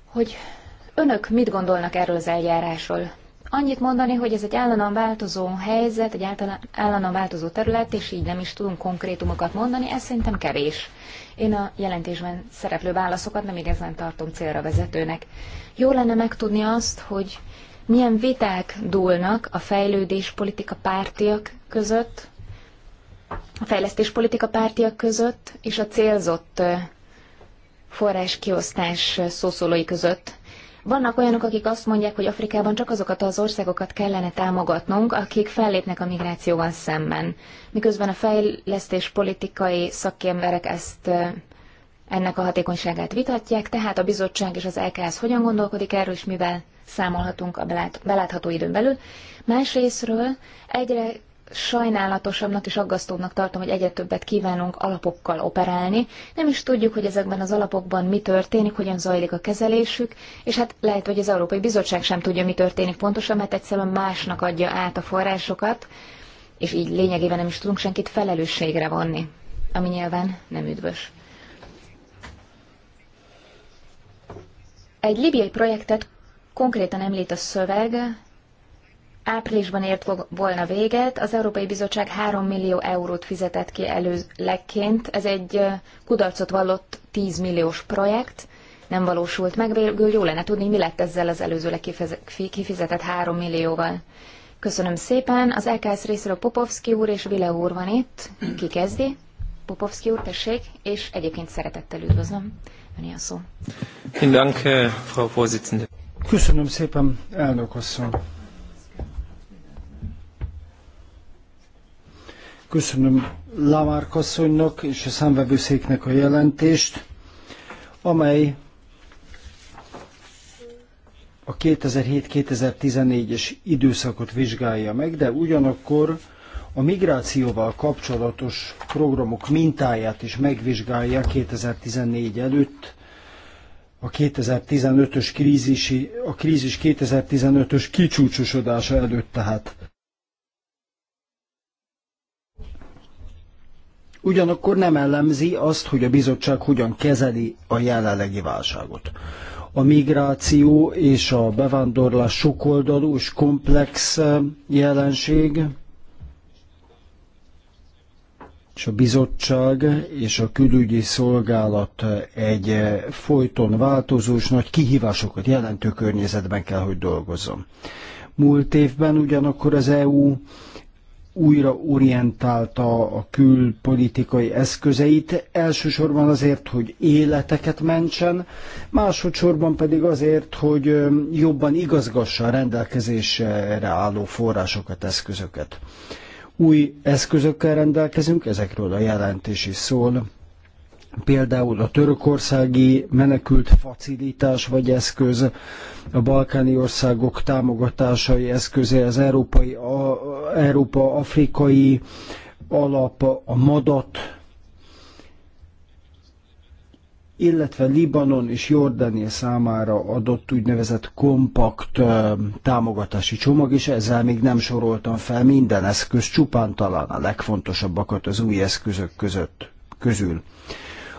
hogy önök mit gondolnak erről az eljárásról. Annyit mondani, hogy ez egy állandóan változó helyzet, egy állandóan változó terület, és így nem is tudunk konkrétumokat mondani, ez szerintem kevés. Én a jelentésben szereplő válaszokat nem igazán tartom célra vezetőnek. Jó lenne megtudni azt, hogy milyen viták dúlnak a fejlődéspolitika pártiak között, a fejlesztéspolitika pártiak között és a célzott forráskiosztás szószólói között. Vannak olyanok, akik azt mondják, hogy Afrikában csak azokat az országokat kellene támogatnunk, akik fellépnek a migrációval szemben. Miközben a fejlesztéspolitikai szakemberek ezt ennek a hatékonyságát vitatják, tehát a bizottság és az LKS hogyan gondolkodik erről, és mivel számolhatunk a belátható időn belül. Másrésztről egyre sajnálatosabbnak és aggasztóbbnak tartom, hogy egyre többet kívánunk alapokkal operálni. Nem is tudjuk, hogy ezekben az alapokban mi történik, hogyan zajlik a kezelésük, és hát lehet, hogy az Európai Bizottság sem tudja, mi történik pontosan, mert egyszerűen másnak adja át a forrásokat, és így lényegében nem is tudunk senkit felelősségre vonni, ami nyilván nem üdvös. Egy libiai projektet konkrétan említ a szöveg, áprilisban ért volna véget, az Európai Bizottság 3 millió eurót fizetett ki előlegként, ez egy kudarcot vallott 10 milliós projekt, nem valósult meg, végül jó lenne tudni, mi lett ezzel az előzőleg kifizetett 3 millióval. Köszönöm szépen, az LKS részéről Popovski úr és Vile úr van itt, ki kezdi? Popovski úr, tessék, és egyébként szeretettel üdvözlöm szó. Äh,
Köszönöm szépen, elnök asszony. Köszönöm Lamárk asszonynak és a számvevőszéknek a jelentést, amely a 2007-2014-es időszakot vizsgálja meg, de ugyanakkor a migrációval kapcsolatos programok mintáját is megvizsgálja 2014 előtt, a 2015-ös krízisi, a krízis 2015-ös kicsúcsosodása előtt tehát. Ugyanakkor nem ellemzi azt, hogy a bizottság hogyan kezeli a jelenlegi válságot. A migráció és a bevándorlás sokoldalú és komplex eh, jelenség, és a bizottság és a külügyi szolgálat egy eh, folyton változó és nagy kihívásokat jelentő környezetben kell, hogy dolgozzon. Múlt évben ugyanakkor az EU újra orientálta a külpolitikai eszközeit, elsősorban azért, hogy életeket mentsen, másodszorban pedig azért, hogy eh, jobban igazgassa a rendelkezésre álló forrásokat, eszközöket új eszközökkel rendelkezünk, ezekről a jelentés is szól. Például a törökországi menekült facilitás vagy eszköz, a balkáni országok támogatásai eszköze, az európai, a, Európa-afrikai alap, a madat illetve Libanon és Jordánia számára adott úgynevezett kompakt támogatási csomag, és ezzel még nem soroltam fel minden eszköz, csupán talán a legfontosabbakat az új eszközök között, közül.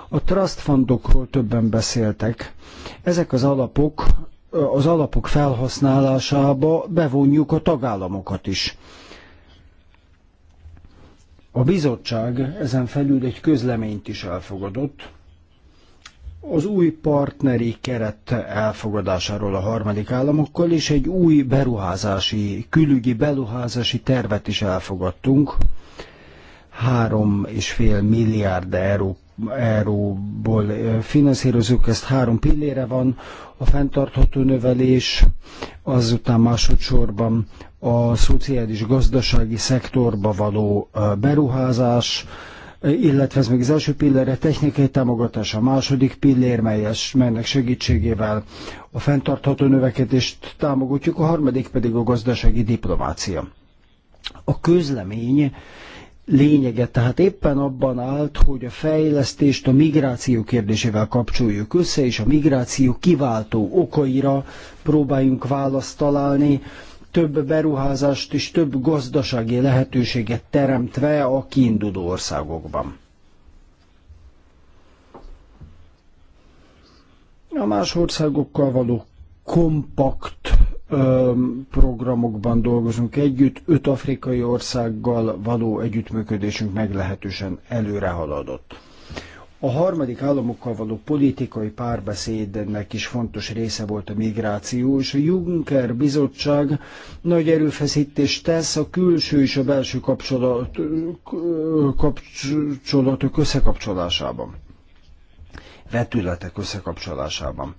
A trust fundokról többen beszéltek. Ezek az alapok, az alapok felhasználásába bevonjuk a tagállamokat is. A bizottság ezen felül egy közleményt is elfogadott, az új partneri keret elfogadásáról a harmadik államokkal, és egy új beruházási, külügyi beruházási tervet is elfogadtunk. 3,5 milliárd euró, euróból finanszírozunk, ezt három pillére van, a fenntartható növelés, azután másodszorban a szociális gazdasági szektorba való beruházás, illetve ez még az első pillére technikai támogatás, a második pillér, melyes, melynek segítségével a fenntartható növekedést támogatjuk, a harmadik pedig a gazdasági diplomácia. A közlemény lényege tehát éppen abban állt, hogy a fejlesztést a migráció kérdésével kapcsoljuk össze, és a migráció kiváltó okaira próbáljunk választ találni, több beruházást és több gazdasági lehetőséget teremtve a kiinduló országokban. A más országokkal való kompakt programokban dolgozunk együtt, öt afrikai országgal való együttműködésünk meglehetősen előrehaladott. A harmadik államokkal való politikai párbeszédnek is fontos része volt a migráció, és a Juncker bizottság nagy erőfeszítést tesz a külső és a belső kapcsolat, kapcsolatok összekapcsolásában, vetületek összekapcsolásában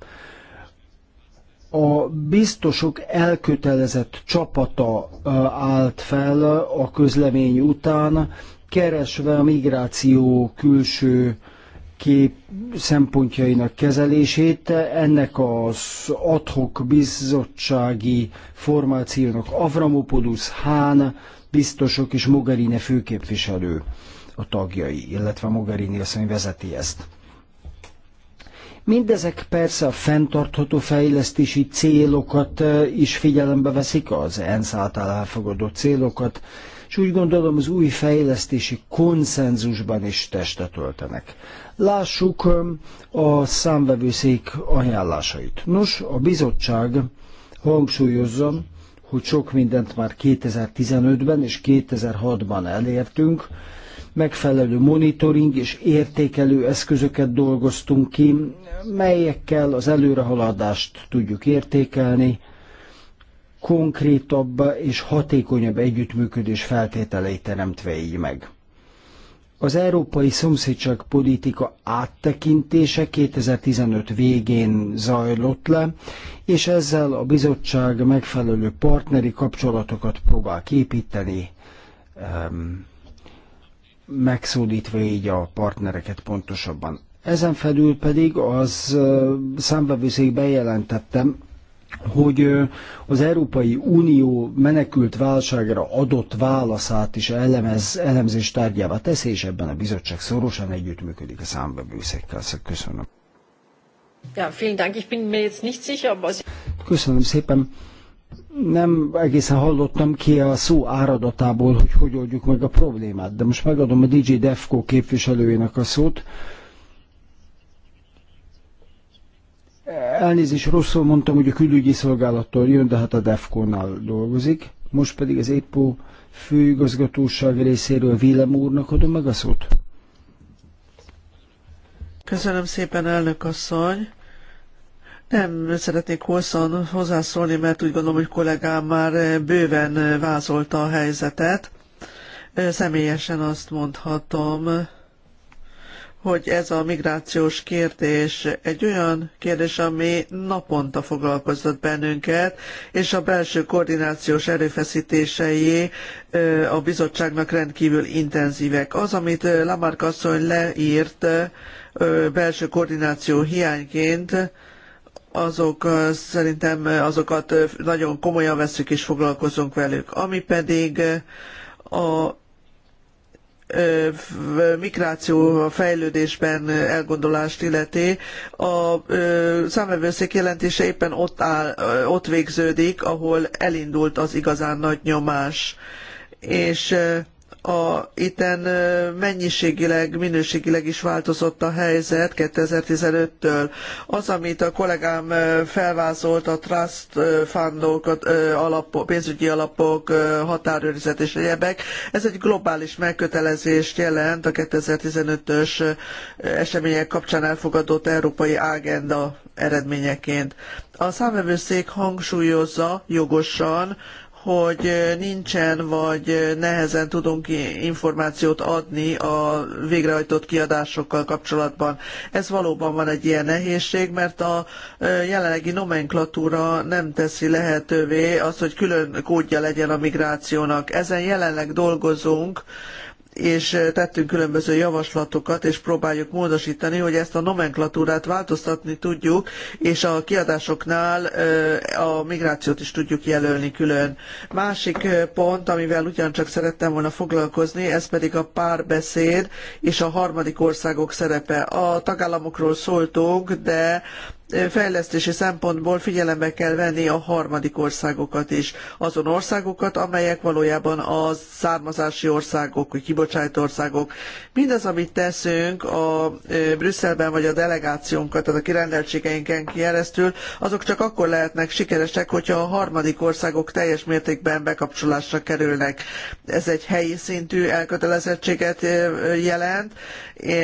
a biztosok elkötelezett csapata állt fel a közlemény után, keresve a migráció külső kép szempontjainak kezelését. Ennek az adhok bizottsági formációnak Avramopoulos, Hán biztosok és Mogherini főképviselő a tagjai, illetve Mogherini asszony vezeti ezt. Mindezek persze a fenntartható fejlesztési célokat eh, is figyelembe veszik, az ENSZ által elfogadott célokat, és úgy gondolom az új fejlesztési konszenzusban is testet öltenek. Lássuk a számvevőszék ajánlásait. Nos, a bizottság hangsúlyozza, hogy sok mindent már 2015-ben és 2006-ban elértünk, megfelelő monitoring és értékelő eszközöket dolgoztunk ki, melyekkel az előrehaladást tudjuk értékelni, konkrétabb és hatékonyabb együttműködés feltételeit teremtve így meg. Az európai szomszédság politika áttekintése 2015 végén zajlott le, és ezzel a bizottság megfelelő partneri kapcsolatokat próbál képíteni, megszólítva így a partnereket pontosabban. Ezen felül pedig az számbevőszék bejelentettem, hogy az Európai Unió menekült válságra adott válaszát is elemez, elemzés tárgyává teszi, és ebben a bizottság szorosan együttműködik a számbevőszekkel. Szóval köszönöm.
Ja, vielen Dank. Ich bin mir jetzt nicht sicher, was.
Köszönöm szépen. Nem egészen hallottam ki a szó áradatából, hogy hogy oldjuk meg a problémát, de most megadom a DJ Defco képviselőjének a szót, Elnézést, rosszul mondtam, hogy a külügyi szolgálattól jön, de hát a DEFCON-nál dolgozik. Most pedig az EPO főigazgatóság részéről Vélem úrnak adom meg a szót.
Köszönöm szépen, elnök asszony. Nem szeretnék hosszan hozzászólni, mert úgy gondolom, hogy kollégám már bőven vázolta a helyzetet. Személyesen azt mondhatom, hogy ez a migrációs kérdés egy olyan kérdés, ami naponta foglalkoztat bennünket, és a belső koordinációs erőfeszítései a bizottságnak rendkívül intenzívek. Az, amit Lamarck asszony leírt belső koordináció hiányként, azok szerintem azokat nagyon komolyan vesszük és foglalkozunk velük. Ami pedig a migráció a fejlődésben elgondolást illeti, a számvevőszék jelentése éppen ott, áll, ott végződik, ahol elindult az igazán nagy nyomás. És a, itten mennyiségileg, minőségileg is változott a helyzet 2015-től. Az, amit a kollégám felvázolt, a trust fundok, alapok, pénzügyi alapok, határőrizet és egyebek, ez egy globális megkötelezést jelent a 2015-ös események kapcsán elfogadott európai ágenda eredményeként. A számvevőszék hangsúlyozza jogosan, hogy nincsen vagy nehezen tudunk információt adni a végrehajtott kiadásokkal kapcsolatban. Ez valóban van egy ilyen nehézség, mert a jelenlegi nomenklatúra nem teszi lehetővé azt, hogy külön kódja legyen a migrációnak. Ezen jelenleg dolgozunk, és eh, tettünk különböző javaslatokat, és próbáljuk módosítani, hogy ezt a nomenklatúrát változtatni tudjuk, és a kiadásoknál eh, a migrációt is tudjuk jelölni külön. Másik eh, pont, amivel ugyancsak szerettem volna foglalkozni, ez pedig a párbeszéd és a harmadik országok szerepe. A tagállamokról szóltunk, de fejlesztési szempontból figyelembe kell venni a harmadik országokat is. Azon országokat, amelyek valójában a származási országok, vagy kibocsátó országok. Mindaz, amit teszünk a Brüsszelben vagy a delegációnkat, tehát a kirendeltségeinken keresztül, azok csak akkor lehetnek sikeresek, hogyha a harmadik országok teljes mértékben bekapcsolásra kerülnek. Ez egy helyi szintű elkötelezettséget jelent,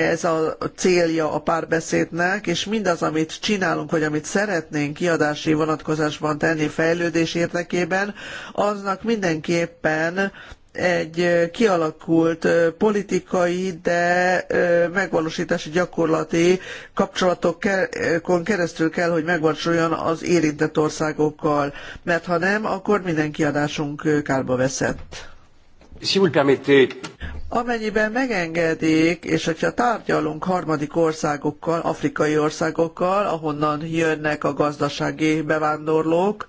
ez a célja a párbeszédnek, és mindaz, amit csinál állunk, hogy amit szeretnénk kiadási vonatkozásban tenni fejlődés érdekében, aznak mindenképpen egy kialakult politikai, de megvalósítási gyakorlati kapcsolatokon keresztül kell, hogy megvalósuljon az érintett országokkal, mert ha nem, akkor minden kiadásunk kárba veszett. Amennyiben megengedik, és hogyha tárgyalunk harmadik országokkal, afrikai országokkal, ahonnan jönnek a gazdasági bevándorlók,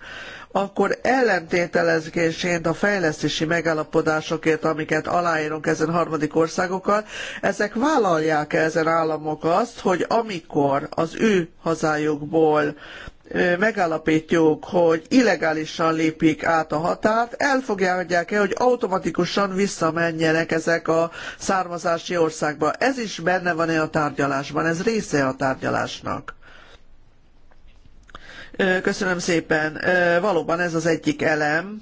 akkor ellentételezésként a fejlesztési megállapodásokért, amiket aláírunk ezen harmadik országokkal, ezek vállalják -e ezen államok azt, hogy amikor az ő hazájukból megállapítjuk, hogy illegálisan lépik át a határt, elfogadják e hogy automatikusan visszamenjenek ezek a származási országba. Ez is benne van-e a tárgyalásban? Ez része a tárgyalásnak? Köszönöm szépen. Valóban ez az egyik elem.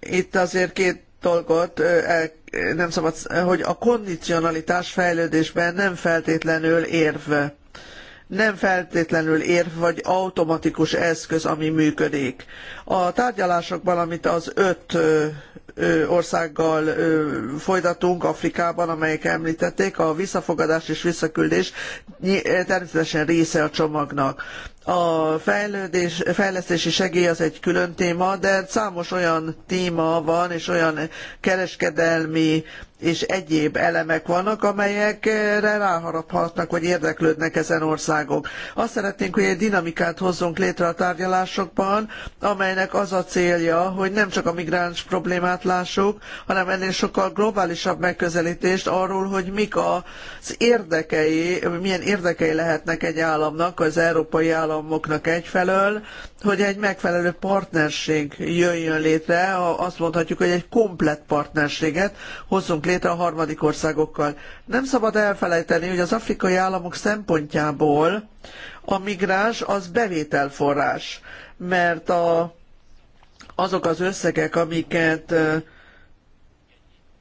Itt azért két dolgot nem szabad, hogy a kondicionalitás fejlődésben nem feltétlenül érv nem feltétlenül ér, vagy automatikus eszköz, ami működik. A tárgyalásokban, amit az öt országgal folytatunk Afrikában, amelyek említették, a visszafogadás és visszaküldés természetesen része a csomagnak. A fejlődés, fejlesztési segély az egy külön téma, de számos olyan téma van, és olyan kereskedelmi és egyéb elemek vannak, amelyekre ráharaphatnak vagy érdeklődnek ezen országok. Azt szeretnénk, hogy egy dinamikát hozzunk létre a tárgyalásokban, amelynek az a célja, hogy nem csak a migráns problémát lássuk, hanem ennél sokkal globálisabb megközelítést arról, hogy mik az érdekei, milyen érdekei lehetnek egy államnak, az európai államoknak egyfelől, hogy egy megfelelő partnerség jöjjön létre, azt mondhatjuk, hogy egy komplett partnerséget hozzunk létre, létre a harmadik országokkal. Nem szabad elfelejteni, hogy az afrikai államok szempontjából a migráns az bevételforrás, mert a, azok az összegek, amiket ö,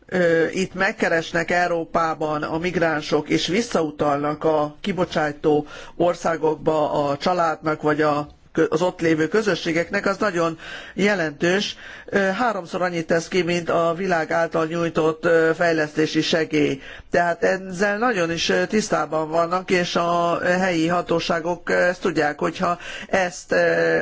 ö, itt megkeresnek Európában a migránsok, és visszautalnak a kibocsátó országokba a családnak vagy a az ott lévő közösségeknek, az nagyon jelentős. Háromszor annyit tesz ki, mint a világ által nyújtott fejlesztési segély. Tehát ezzel nagyon is tisztában vannak, és a helyi hatóságok ezt tudják, hogyha ezt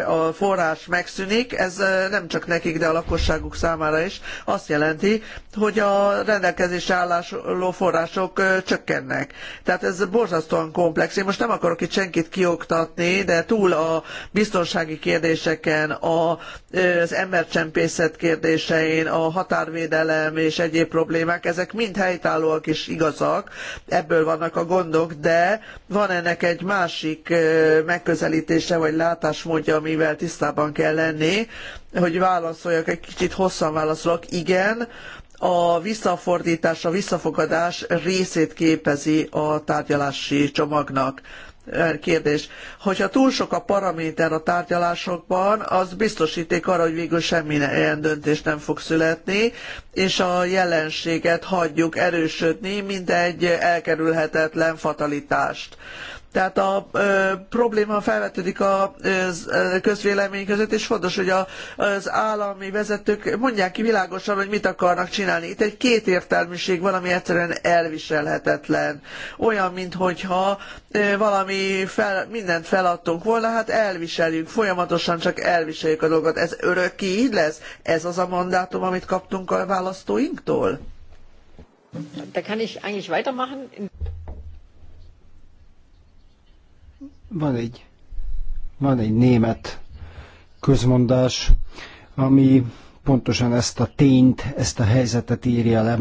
a forrás megszűnik, ez nem csak nekik, de a lakosságuk számára is azt jelenti, hogy a rendelkezésre álló források csökkennek. Tehát ez borzasztóan komplex. Én most nem akarok itt senkit kioktatni, de túl a biztonsági kérdéseken, az embercsempészet kérdésein, a határvédelem és egyéb problémák, ezek mind helytállóak és igazak, ebből vannak a gondok, de van ennek egy másik megközelítése vagy látásmódja, amivel tisztában kell lenni, hogy válaszoljak, egy kicsit hosszan válaszolok. Igen, a visszafordítás, a visszafogadás részét képezi a tárgyalási csomagnak kérdés. Hogyha túl sok a paraméter a tárgyalásokban, az biztosíték arra, hogy végül semmilyen döntés nem fog születni, és a jelenséget hagyjuk erősödni, mint egy elkerülhetetlen fatalitást. Tehát a ö, probléma felvetődik a ö, közvélemény között, és fontos, hogy a, az állami vezetők mondják ki világosan, hogy mit akarnak csinálni. Itt egy kétértelműség valami egyszerűen elviselhetetlen. Olyan, minthogyha valami fel, mindent feladtunk volna, hát elviseljük, folyamatosan csak elviseljük a dolgot. Ez örökké így lesz? Ez az a mandátum, amit kaptunk a választóinktól?
Da kann ich eigentlich weitermachen.
Van egy,
van egy német közmondás, ami pontosan ezt a tényt, ezt a helyzetet írja le.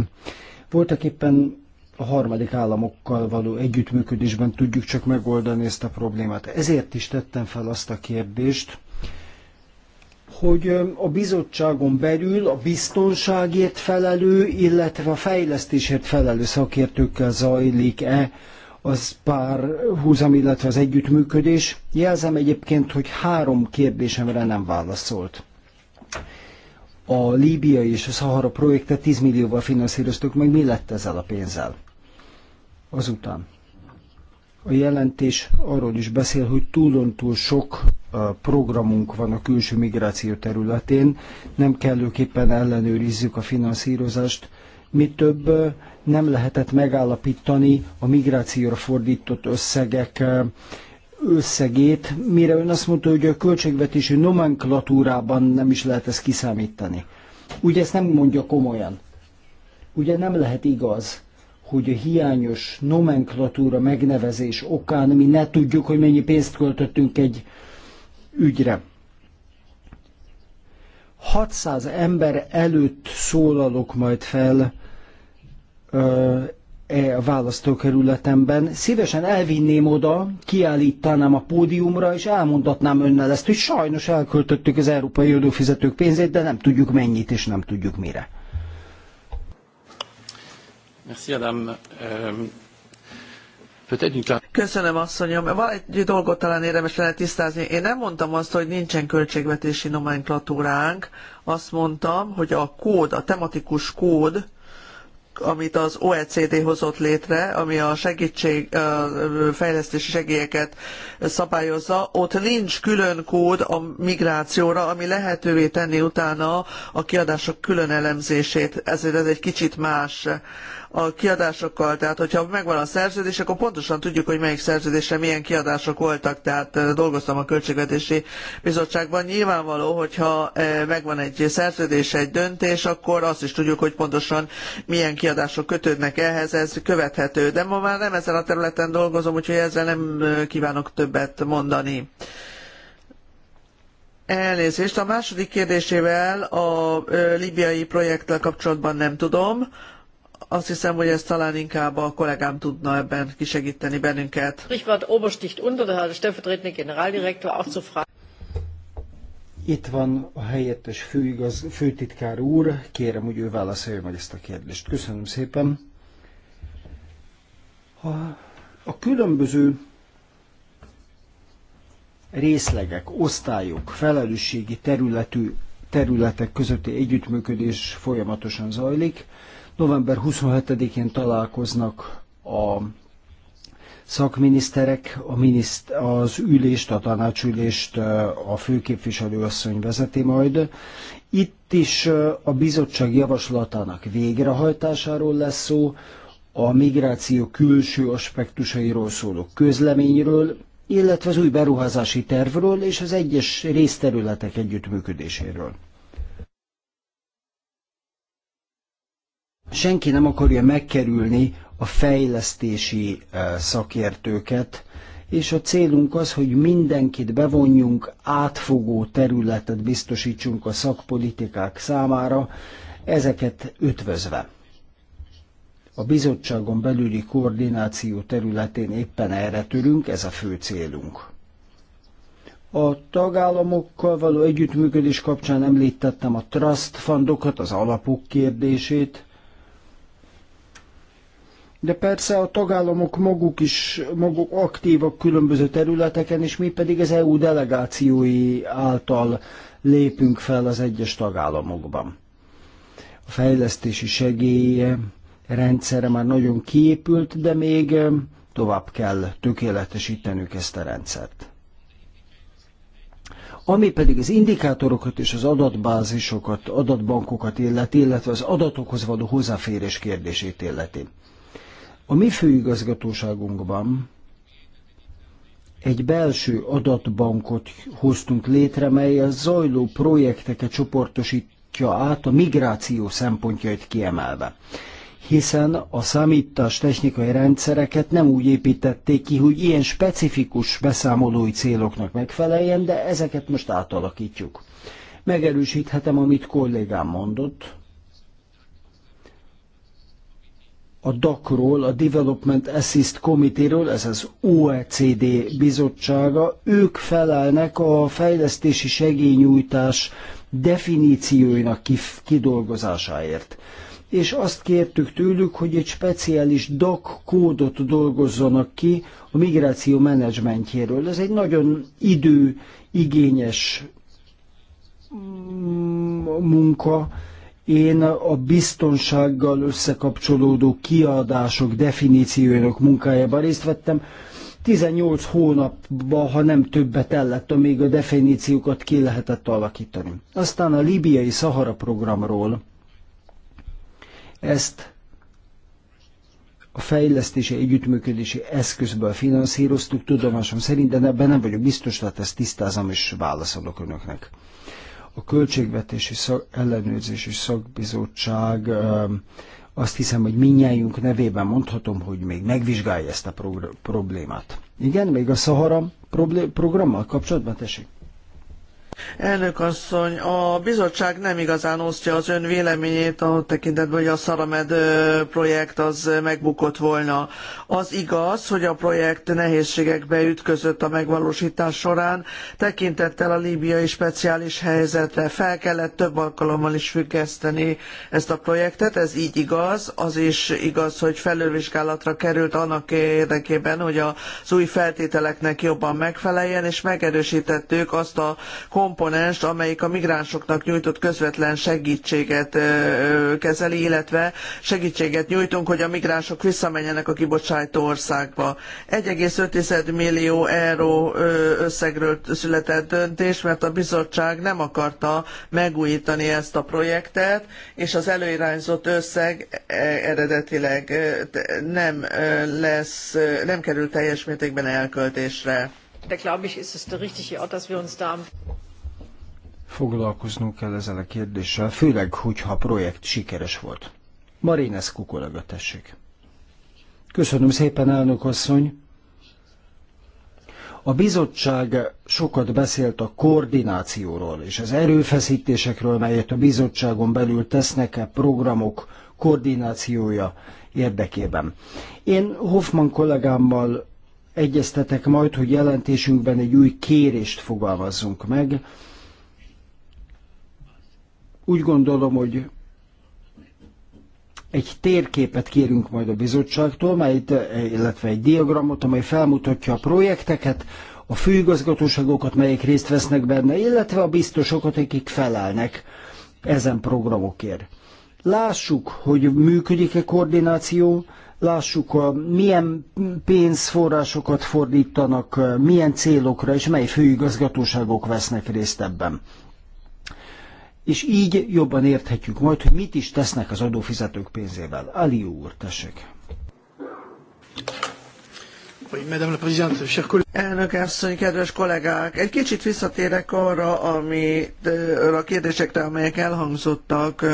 Voltak éppen a harmadik államokkal való együttműködésben tudjuk csak megoldani ezt a problémát. Ezért is tettem fel azt a kérdést, hogy a bizottságon belül a biztonságért felelő, illetve a fejlesztésért felelő szakértőkkel zajlik-e az pár húzam, illetve az együttműködés. Jelzem egyébként, hogy három kérdésemre nem válaszolt. A Líbia és a Szahara projektet 10 millióval finanszíroztuk, meg mi lett ezzel a pénzzel? Azután. A jelentés arról is beszél, hogy túlontúl sok programunk van a külső migráció területén, nem kellőképpen ellenőrizzük a finanszírozást, mi több nem lehetett megállapítani a migrációra fordított összegek összegét, mire ön azt mondta, hogy a költségvetési nomenklatúrában nem is lehet ezt kiszámítani. Ugye ezt nem mondja komolyan. Ugye nem lehet igaz, hogy a hiányos nomenklatúra megnevezés okán mi ne tudjuk, hogy mennyi pénzt költöttünk egy ügyre. 600 ember előtt szólalok majd fel, e a választókerületemben. Szívesen elvinném oda, kiállítanám a pódiumra, és elmondatnám önnel ezt, hogy sajnos elköltöttük az európai adófizetők pénzét, de nem tudjuk mennyit, és nem tudjuk mire.
Euh,
Köszönöm, asszonyom. Van egy dolgot talán érdemes lenne tisztázni. Én nem mondtam azt, hogy nincsen költségvetési nomenklatúránk. Azt mondtam, hogy a kód, a tematikus kód, amit az OECD hozott létre, ami a segítség, a fejlesztési segélyeket szabályozza, ott nincs külön kód a migrációra, ami lehetővé tenni utána a kiadások külön elemzését, ezért ez egy kicsit más a kiadásokkal, tehát hogyha megvan a szerződés, akkor pontosan tudjuk, hogy melyik szerződésre milyen kiadások voltak, tehát dolgoztam a Költségvetési Bizottságban. Nyilvánvaló, hogyha megvan egy szerződés, egy döntés, akkor azt is tudjuk, hogy pontosan milyen kiadások kötődnek ehhez, ez követhető. De ma már nem ezen a területen dolgozom, úgyhogy ezzel nem kívánok többet mondani. Elnézést, a második kérdésével a libiai projekttel kapcsolatban nem tudom azt hiszem, hogy ez talán inkább a kollégám tudna ebben kisegíteni bennünket.
Obersticht unter,
Itt van a helyettes főigaz, főtitkár úr, kérem, hogy ő válaszolja meg ezt a kérdést. Köszönöm szépen. A, a különböző részlegek, osztályok, felelősségi területű területek közötti együttműködés folyamatosan zajlik. November 27-én találkoznak a szakminiszterek, a miniszt, az ülést, a tanácsülést a főképviselő asszony vezeti majd. Itt is a bizottság javaslatának végrehajtásáról lesz szó, a migráció külső aspektusairól szóló közleményről, illetve az új beruházási tervről és az egyes részterületek együttműködéséről. senki nem akarja megkerülni a fejlesztési eh, szakértőket, és a célunk az, hogy mindenkit bevonjunk, átfogó területet biztosítsunk a szakpolitikák számára, ezeket ötvözve. A bizottságon belüli koordináció területén éppen erre törünk, ez a fő célunk. A tagállamokkal való együttműködés kapcsán említettem a trust fundokat, az alapok kérdését, de persze a tagállamok maguk is maguk aktívak különböző területeken, és mi pedig az EU delegációi által lépünk fel az egyes tagállamokban. A fejlesztési segély rendszere már nagyon kiépült, de még tovább kell tökéletesítenünk ezt a rendszert. Ami pedig az indikátorokat és az adatbázisokat, adatbankokat illeti, illetve az adatokhoz való hozzáférés kérdését illeti. A mi főigazgatóságunkban egy belső adatbankot hoztunk létre, mely a zajló projekteket csoportosítja át a migráció szempontjait kiemelve hiszen a számítás technikai rendszereket nem úgy építették ki, hogy ilyen specifikus beszámolói céloknak megfeleljen, de ezeket most átalakítjuk. Megerősíthetem, amit kollégám mondott, a DAC-ról, a Development Assist Committee-ről, ez az OECD bizottsága, ők felelnek a fejlesztési segélynyújtás definícióinak kidolgozásáért. És azt kértük tőlük, hogy egy speciális DAC kódot dolgozzanak ki a migráció menedzsmentjéről. Ez egy nagyon időigényes mm, munka, én a biztonsággal összekapcsolódó kiadások definíciójának munkájában részt vettem. 18 hónapban, ha nem többet ellett, még a definíciókat ki lehetett alakítani. Aztán a libiai Szahara programról ezt a fejlesztési együttműködési eszközből finanszíroztuk, tudomásom szerint, de ebben nem vagyok biztos, tehát ezt tisztázom és válaszolok önöknek. A Költségvetési Szak Ellenőrzési Szakbizottság azt hiszem, hogy minnyájunk nevében mondhatom, hogy még megvizsgálja ezt a problémát. Igen, még a Szahara programmal kapcsolatban tessék?
Elnök asszony, a bizottság nem igazán osztja az ön véleményét a tekintetben, hogy a Szaramed projekt az megbukott volna. Az igaz, hogy a projekt nehézségekbe ütközött a megvalósítás során, tekintettel a líbiai speciális helyzetre fel kellett több alkalommal is függeszteni ezt a projektet, ez így igaz, az is igaz, hogy felülvizsgálatra került annak érdekében, hogy az új feltételeknek jobban megfeleljen, és megerősítettük azt a kom- komponens, amelyik a migránsoknak nyújtott közvetlen segítséget kezeli, illetve segítséget nyújtunk, hogy a migránsok visszamenjenek a kibocsátó országba. 1,5 millió euró összegről született döntés, mert a bizottság nem akarta megújítani ezt a projektet, és az előirányzott összeg e, eredetileg nem lesz, nem kerül teljes mértékben elköltésre.
De glaube ich, ist es der richtige Ort, dass wir uns da
Foglalkoznunk kell ezzel a kérdéssel, főleg, hogyha a projekt sikeres volt. Marines kukolega tessék. Köszönöm szépen, elnök asszony. A bizottság sokat beszélt a koordinációról és az erőfeszítésekről, melyet a bizottságon belül tesznek a -e programok koordinációja érdekében. Én Hoffman kollégámmal egyeztetek majd, hogy jelentésünkben egy új kérést fogalmazzunk meg, úgy gondolom, hogy egy térképet kérünk majd a bizottságtól, majd, illetve egy diagramot, amely felmutatja a projekteket, a főigazgatóságokat, melyek részt vesznek benne, illetve a biztosokat, akik felelnek ezen programokért. Lássuk, hogy működik-e koordináció, lássuk, a, milyen pénzforrásokat fordítanak, milyen célokra és mely főigazgatóságok vesznek részt ebben és így jobban érthetjük majd, hogy mit is tesznek az adófizetők pénzével. Ali úr, tessék!
Elnök asszony, kedves kollégák! Egy kicsit visszatérek arra, amit, a kérdésekre, amelyek elhangzottak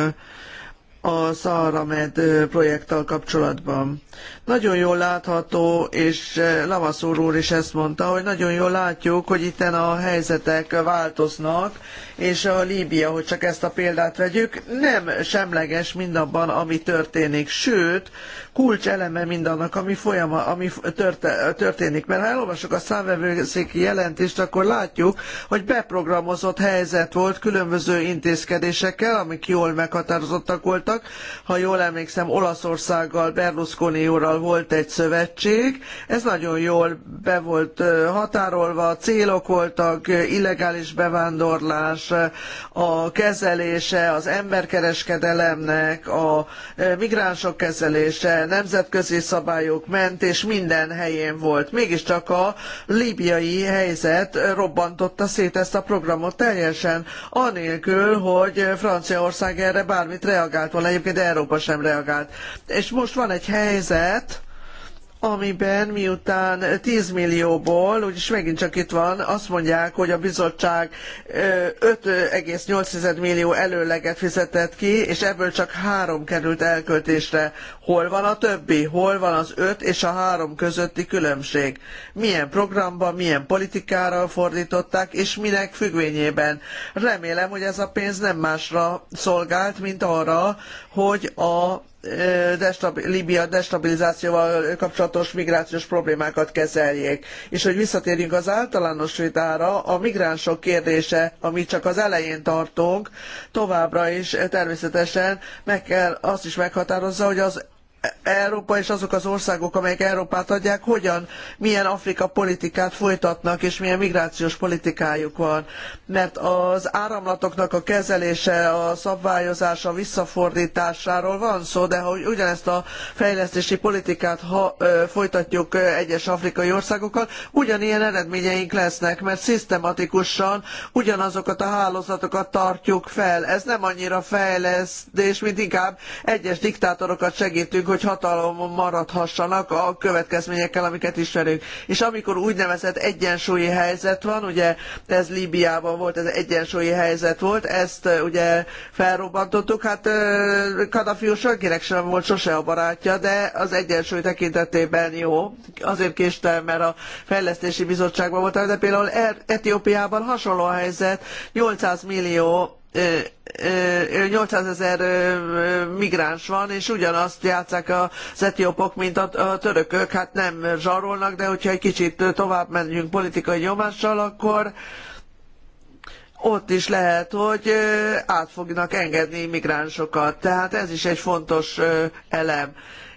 a Szaharamed projekttel kapcsolatban. Nagyon jól látható, és Lavaszúr úr is ezt mondta, hogy nagyon jól látjuk, hogy itten a helyzetek változnak, és a Líbia, hogy csak ezt a példát vegyük, nem semleges mindabban, ami történik, sőt, kulcseleme mindannak, ami, folyama, ami történik. Mert ha elolvasok a számvevőszéki jelentést, akkor látjuk, hogy beprogramozott helyzet volt különböző intézkedésekkel, amik jól meghatározottak voltak, voltak. Ha jól emlékszem, Olaszországgal, Berlusconi úrral volt egy szövetség. Ez nagyon jól be volt határolva, célok voltak, illegális bevándorlás, a kezelése az emberkereskedelemnek, a migránsok kezelése, nemzetközi szabályok ment, és minden helyén volt. Mégiscsak a líbiai helyzet robbantotta szét ezt a programot teljesen, anélkül, hogy Franciaország erre bármit reagált volna egyébként Európa sem reagált. És most van egy helyzet, amiben miután 10 millióból, úgyis megint csak itt van, azt mondják, hogy a bizottság 5,8 millió előleget fizetett ki, és ebből csak három került elköltésre. Hol van a többi? Hol van az 5 és a 3 közötti különbség? Milyen programba, milyen politikára fordították, és minek függvényében? Remélem, hogy ez a pénz nem másra szolgált, mint arra, hogy a destabil, destabilizációval kapcsolatos migrációs problémákat kezeljék. És hogy visszatérjünk az általános vitára, a migránsok kérdése, amit csak az elején tartunk, továbbra is természetesen meg kell azt is meghatározza, hogy az Európa és azok az országok, amelyek Európát adják, hogyan, milyen Afrika politikát folytatnak, és milyen migrációs politikájuk van. Mert az áramlatoknak a kezelése, a szabályozása, visszafordításáról van szó, de ha ugyanezt a fejlesztési politikát ha, ö, folytatjuk egyes afrikai országokkal, ugyanilyen eredményeink lesznek, mert szisztematikusan ugyanazokat a hálózatokat tartjuk fel. Ez nem annyira fejlesztés, mint inkább egyes diktátorokat segítünk, hogy hatalomon maradhassanak a következményekkel, amiket ismerünk. És amikor úgynevezett egyensúlyi helyzet van, ugye ez Líbiában volt, ez egyensúlyi helyzet volt, ezt ugye felrobbantottuk, hát Kadhafi úr senkinek sem volt sose a barátja, de az egyensúly tekintetében jó. Azért késtem, mert a fejlesztési bizottságban voltam, de például er- Etiópiában hasonló a helyzet, 800 millió 800 ezer migráns van, és ugyanazt játszák az etiópok, mint a törökök. Hát nem zsarolnak, de hogyha egy kicsit tovább menjünk politikai nyomással, akkor ott is lehet, hogy át fognak engedni migránsokat. Tehát ez is egy fontos elem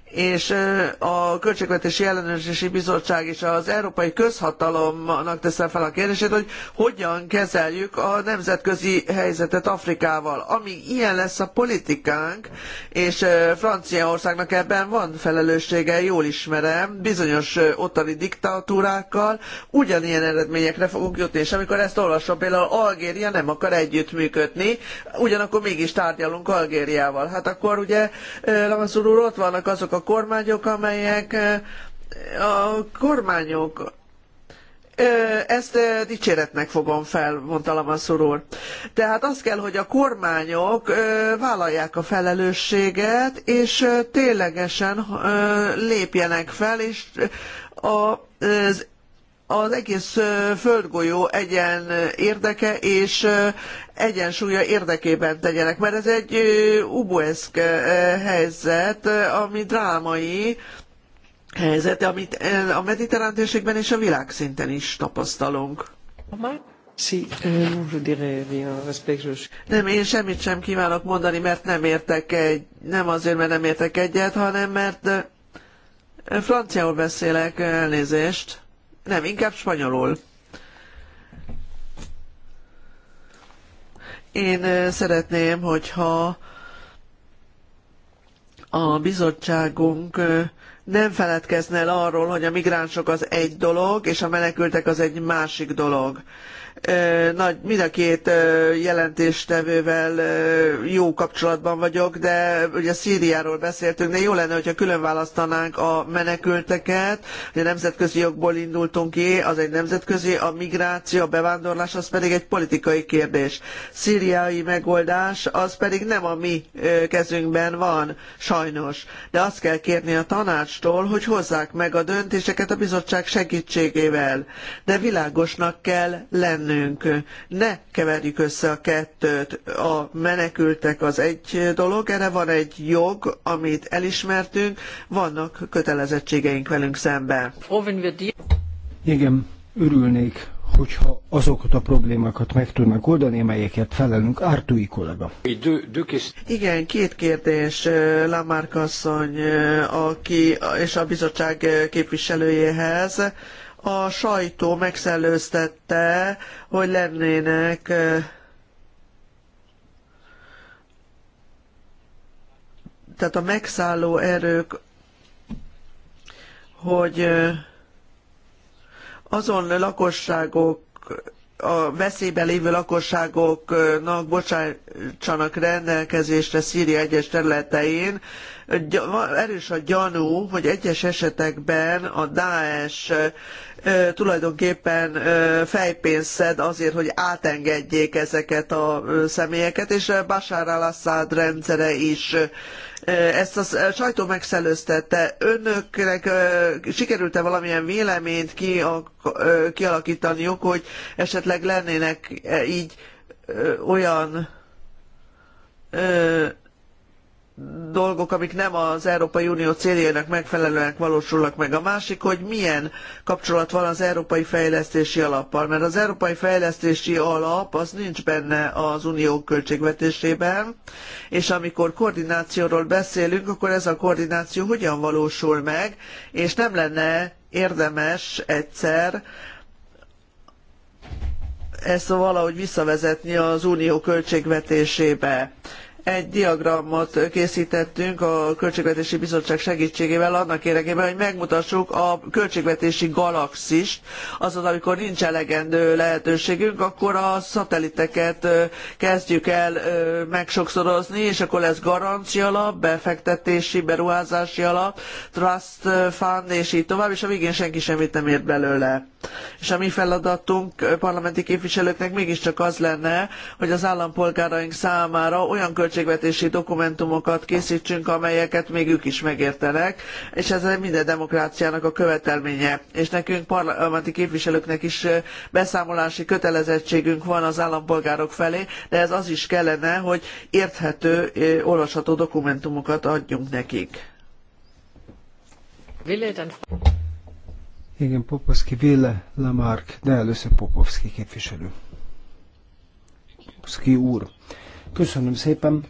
és a Költségvetési Ellenőrzési Bizottság és az Európai Közhatalomnak teszem fel a kérdését, hogy hogyan kezeljük a nemzetközi helyzetet Afrikával. amíg ilyen lesz a politikánk, és Franciaországnak ebben van felelőssége, jól ismerem, bizonyos ottani diktatúrákkal ugyanilyen eredményekre fogunk jutni, és amikor ezt olvasom, például Algéria nem akar együttműködni, ugyanakkor mégis tárgyalunk Algériával. Hát akkor ugye Lamaszur úr, ott vannak azok a a kormányok, amelyek a kormányok, ezt dicséretnek fogom fel, mondta Lamaszur úr. Tehát azt kell, hogy a kormányok vállalják a felelősséget, és ténylegesen lépjenek fel, és az az egész földgolyó egyen érdeke és egyensúlya érdekében tegyenek, mert ez egy ubueszk helyzet, ami drámai helyzet, amit a mediterrán térségben és a világszinten is tapasztalunk. Eh, nem, én semmit sem kívánok mondani, mert nem értek egy, nem azért, mert nem értek egyet, hanem mert franciául beszélek, elnézést. Nem, inkább spanyolul. Én szeretném, hogyha a bizottságunk nem feledkezne el arról, hogy a migránsok az egy dolog, és a menekültek az egy másik dolog nagy, mind a két jelentéstevővel jó kapcsolatban vagyok, de ugye Szíriáról beszéltünk, de jó lenne, hogyha külön választanánk a menekülteket, hogy a nemzetközi jogból indultunk ki, az egy nemzetközi, a migráció, a bevándorlás az pedig egy politikai kérdés. Szíriai megoldás az pedig nem a mi kezünkben van, sajnos. De azt kell kérni a tanácstól, hogy hozzák meg a döntéseket a bizottság segítségével. De világosnak kell lenni tennünk. Ne keverjük össze a kettőt. A menekültek az egy dolog, erre van egy jog, amit elismertünk, vannak kötelezettségeink velünk
szemben.
Igen, örülnék, hogyha azokat a problémákat meg tudnak oldani, amelyeket felelünk Ártúi kollega.
Igen,
két kérdés Lamarck asszony, aki, és a bizottság képviselőjéhez a sajtó megszellőztette, hogy lennének tehát a megszálló erők, hogy azon lakosságok, a veszélyben lévő lakosságoknak bocsátsanak rendelkezésre Szíria egyes területein, erős a gyanú, hogy egyes esetekben a Daesh tulajdonképpen fejpénzt szed azért, hogy átengedjék ezeket a személyeket, és Bashar al-Assad rendszere is ezt a sajtó megszelőztette. Önöknek sikerült-e valamilyen véleményt kialakítaniuk, hogy esetleg lennének e, így olyan dolgok, amik nem az Európai Unió céljainak megfelelően valósulnak meg. A másik, hogy milyen kapcsolat van az Európai Fejlesztési Alappal, mert az Európai Fejlesztési Alap az nincs benne az Unió költségvetésében, és amikor koordinációról beszélünk, akkor ez a koordináció hogyan valósul meg, és nem lenne érdemes egyszer ezt valahogy visszavezetni az unió költségvetésébe egy diagramot készítettünk a Költségvetési Bizottság segítségével annak érdekében, hogy megmutassuk a költségvetési galaxist, azaz amikor nincs elegendő lehetőségünk, akkor a szatelliteket kezdjük el megsokszorozni, és akkor lesz garancia alap, befektetési, beruházási alap, trust fund, és így tovább, és a végén senki semmit nem ért belőle. És a mi feladatunk parlamenti képviselőknek mégiscsak az lenne, hogy az állampolgáraink számára olyan költségvetési költségvetési dokumentumokat készítsünk, amelyeket még ők is megértenek, és ez minden demokráciának a követelménye. És nekünk parlamenti képviselőknek is beszámolási kötelezettségünk van az állampolgárok felé, de ez az is kellene, hogy érthető, olvasható dokumentumokat adjunk nekik.
Igen, Popovski Ville Lamarck, de először Popovski képviselő. Popovski úr. Köszönöm szépen.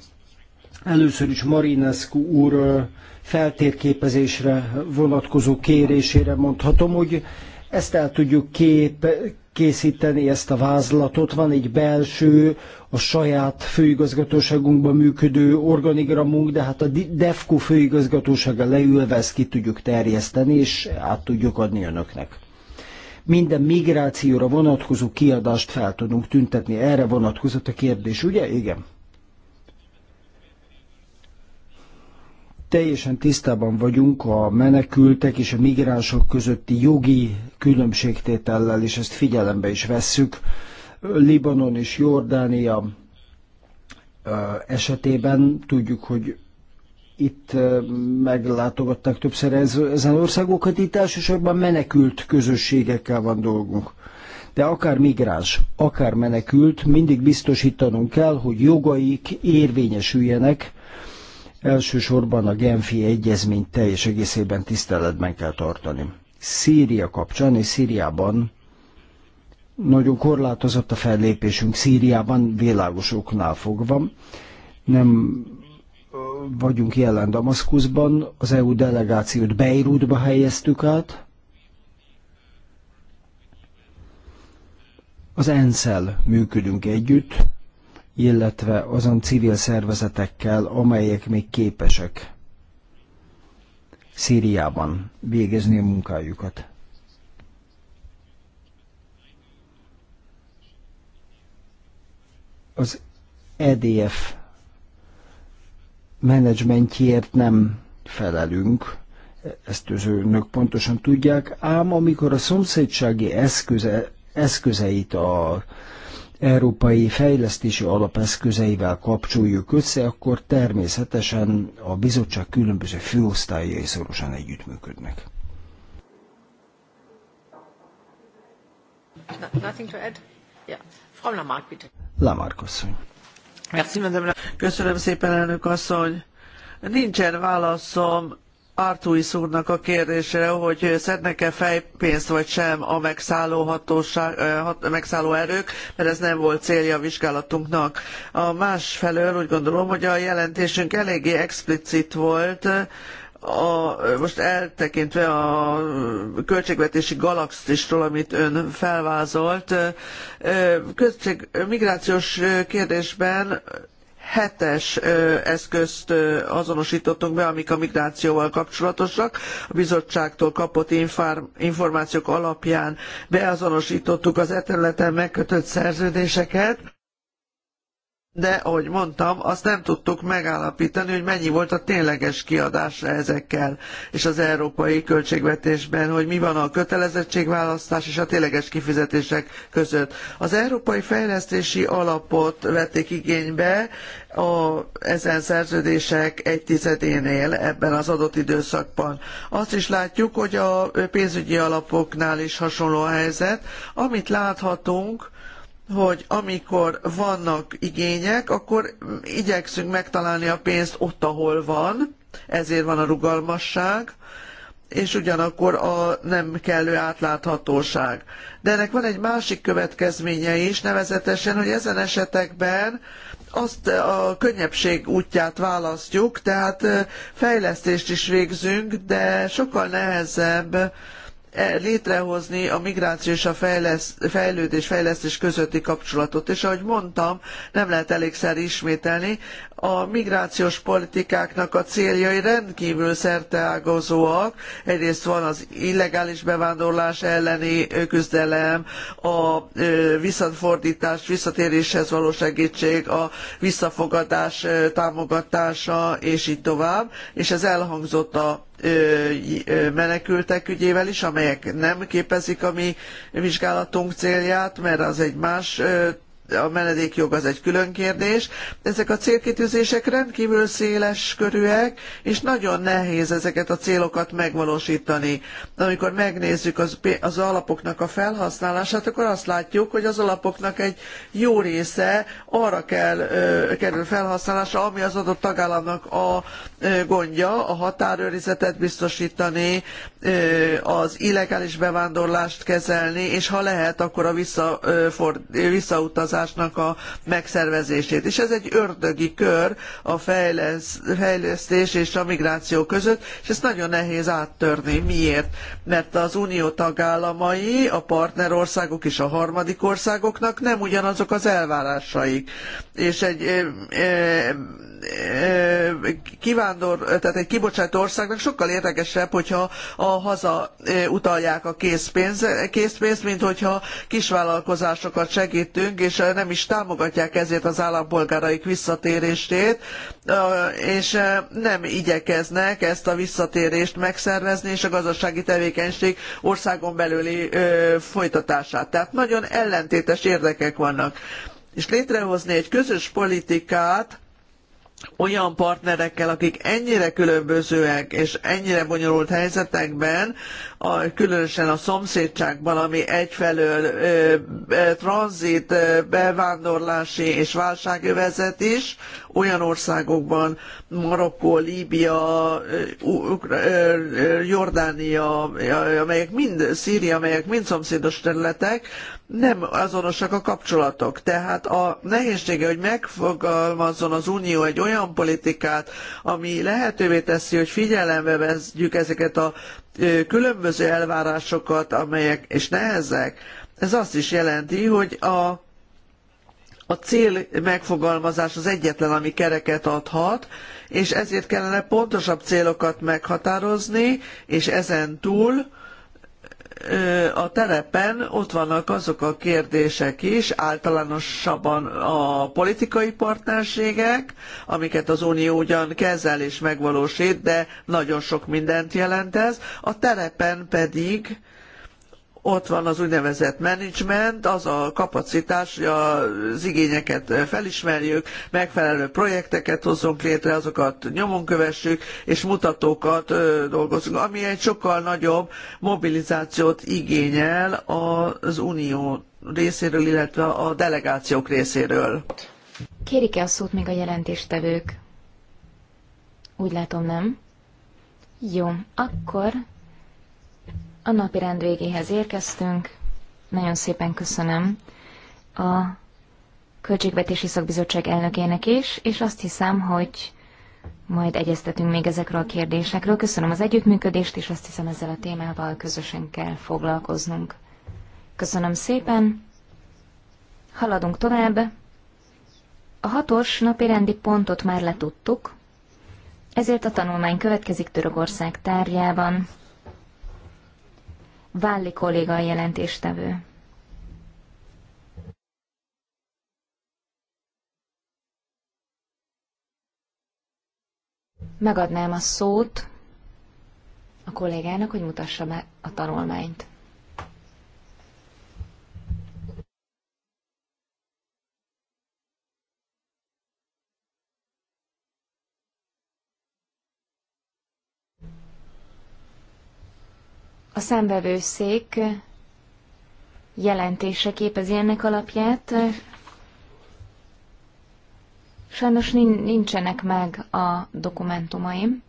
Először is Marinescu úr feltérképezésre vonatkozó kérésére mondhatom, hogy ezt el tudjuk kép, készíteni, ezt a vázlatot. Van egy belső, a saját főigazgatóságunkban működő organigramunk, de hát a DEFCO főigazgatósága leülve ezt ki tudjuk terjeszteni, és át tudjuk adni önöknek minden migrációra vonatkozó kiadást fel tudunk tüntetni. Erre vonatkozott a kérdés, ugye? Igen. Teljesen tisztában vagyunk a menekültek és a migránsok közötti jogi különbségtétellel, és ezt figyelembe is vesszük. Libanon és Jordánia esetében tudjuk, hogy itt meglátogatták többször ez ezen országokat, hát itt elsősorban menekült közösségekkel van dolgunk. De akár migráns, akár menekült, mindig biztosítanunk kell, hogy jogaik érvényesüljenek, elsősorban a Genfi egyezmény teljes egészében tiszteletben kell tartani. Szíria kapcsán és Szíriában nagyon korlátozott a fellépésünk Szíriában világosoknál fogva. Nem vagyunk jelen Damaszkuszban, az EU delegációt Beirutba helyeztük át, az ensz működünk együtt, illetve azon civil szervezetekkel, amelyek még képesek Szíriában végezni a munkájukat. Az EDF menedzsmentjéért nem felelünk, ezt az önök pontosan tudják, ám amikor a szomszédsági eszköze, eszközeit a európai fejlesztési alapeszközeivel kapcsoljuk össze, akkor természetesen a bizottság különböző főosztályai szorosan együttműködnek.
Nothing to add? Yeah. Frau Lamarck, bitte.
Lamarck Köszönöm szépen, elnök asszony. Nincsen válaszom Artuis úrnak a kérdésre, hogy szednek-e fejpénzt vagy sem a megszálló, hatóság, megszálló erők, mert ez nem volt célja a vizsgálatunknak. A másfelől úgy gondolom, hogy a jelentésünk eléggé explicit volt, a, most eltekintve a költségvetési galaxistól, amit ön felvázolt, költség, migrációs kérdésben hetes eszközt azonosítottunk be, amik a migrációval kapcsolatosak. A bizottságtól kapott információk alapján beazonosítottuk az e területen megkötött szerződéseket de ahogy mondtam, azt nem tudtuk megállapítani, hogy mennyi volt a tényleges kiadás ezekkel, és az európai költségvetésben, hogy mi van a kötelezettségválasztás és a tényleges kifizetések között. Az európai fejlesztési alapot vették igénybe a, ezen szerződések egy tizedénél ebben az adott időszakban. Azt is látjuk, hogy a pénzügyi alapoknál is hasonló a helyzet. Amit láthatunk, hogy amikor vannak igények, akkor igyekszünk megtalálni a pénzt ott, ahol van, ezért van a rugalmasság, és ugyanakkor a nem kellő átláthatóság. De ennek van egy másik következménye is, nevezetesen, hogy ezen esetekben azt a könnyebbség útját választjuk, tehát fejlesztést is végzünk, de sokkal nehezebb E, létrehozni a migráció és a fejlesz, fejlődés, fejlesztés közötti kapcsolatot. És ahogy mondtam, nem lehet elégszer ismételni, a migrációs politikáknak a céljai rendkívül szerteágazóak. Egyrészt van az illegális bevándorlás elleni küzdelem, a visszafordítás, visszatéréshez való segítség, a visszafogadás támogatása, és így tovább. És ez elhangzott a menekültek ügyével is, amelyek nem képezik a mi vizsgálatunk célját, mert az egy más a menedékjog az egy külön kérdés. Ezek a célkitűzések rendkívül széles körűek, és nagyon nehéz ezeket a célokat megvalósítani. Amikor megnézzük az, az alapoknak a felhasználását, akkor azt látjuk, hogy az alapoknak egy jó része arra kell ö, kerül felhasználásra, ami az adott tagállamnak a ö, gondja, a határőrizetet biztosítani, az illegális bevándorlást kezelni, és ha lehet, akkor a visszautazásnak a megszervezését. És ez egy ördögi kör a fejlesztés és a migráció között, és ezt nagyon nehéz áttörni. Miért? Mert az unió tagállamai, a partnerországok és a harmadik országoknak nem ugyanazok az elvárásaik. És egy kivándor, tehát egy kibocsátó országnak sokkal érdekesebb, hogyha a haza utalják a készpénz, készpénzt, mint hogyha kisvállalkozásokat segítünk, és nem is támogatják ezért az állampolgáraik visszatérését, és nem igyekeznek ezt a visszatérést megszervezni, és a gazdasági tevékenység országon belüli folytatását. Tehát nagyon ellentétes érdekek vannak. És létrehozni egy közös politikát, olyan partnerekkel, akik ennyire különbözőek és ennyire bonyolult helyzetekben a, különösen a szomszédságban, ami egyfelől e, tranzit, bevándorlási és válságövezet is, olyan országokban Marokkó, Líbia, Jordánia, amelyek mind, Szíria, amelyek mind szomszédos területek, nem azonosak a kapcsolatok. Tehát a nehézsége, hogy megfogalmazzon az Unió egy olyan politikát, ami lehetővé teszi, hogy figyelembe vegyük ezeket a különböző elvárásokat, amelyek és nehezek, ez azt is jelenti, hogy a a cél megfogalmazás az egyetlen, ami kereket adhat, és ezért kellene pontosabb célokat meghatározni, és ezen túl a telepen ott vannak azok a kérdések is, általánosabban a politikai partnerségek, amiket az Unió ugyan kezel és megvalósít, de nagyon sok mindent jelent ez. A telepen pedig ott van az úgynevezett management, az a kapacitás, hogy az igényeket felismerjük, megfelelő projekteket hozzunk létre, azokat nyomon kövessük, és mutatókat dolgozunk, ami egy sokkal nagyobb mobilizációt igényel az unió részéről, illetve a delegációk részéről.
Kérik-e a szót még a jelentéstevők? Úgy látom, nem. Jó, akkor a napi rend végéhez érkeztünk. Nagyon szépen köszönöm a Költségvetési Szakbizottság elnökének is, és azt hiszem, hogy majd egyeztetünk még ezekről a kérdésekről. Köszönöm az együttműködést, és azt hiszem ezzel a témával közösen kell foglalkoznunk. Köszönöm szépen. Haladunk tovább. A hatos napi rendi pontot már letudtuk, ezért a tanulmány következik Törökország tárgyában. Válli kolléga a jelentéstevő. Megadnám a szót a kollégának, hogy mutassa be a tanulmányt. A szembevőszék jelentése képezi ennek alapját. Sajnos nincsenek meg a dokumentumaim.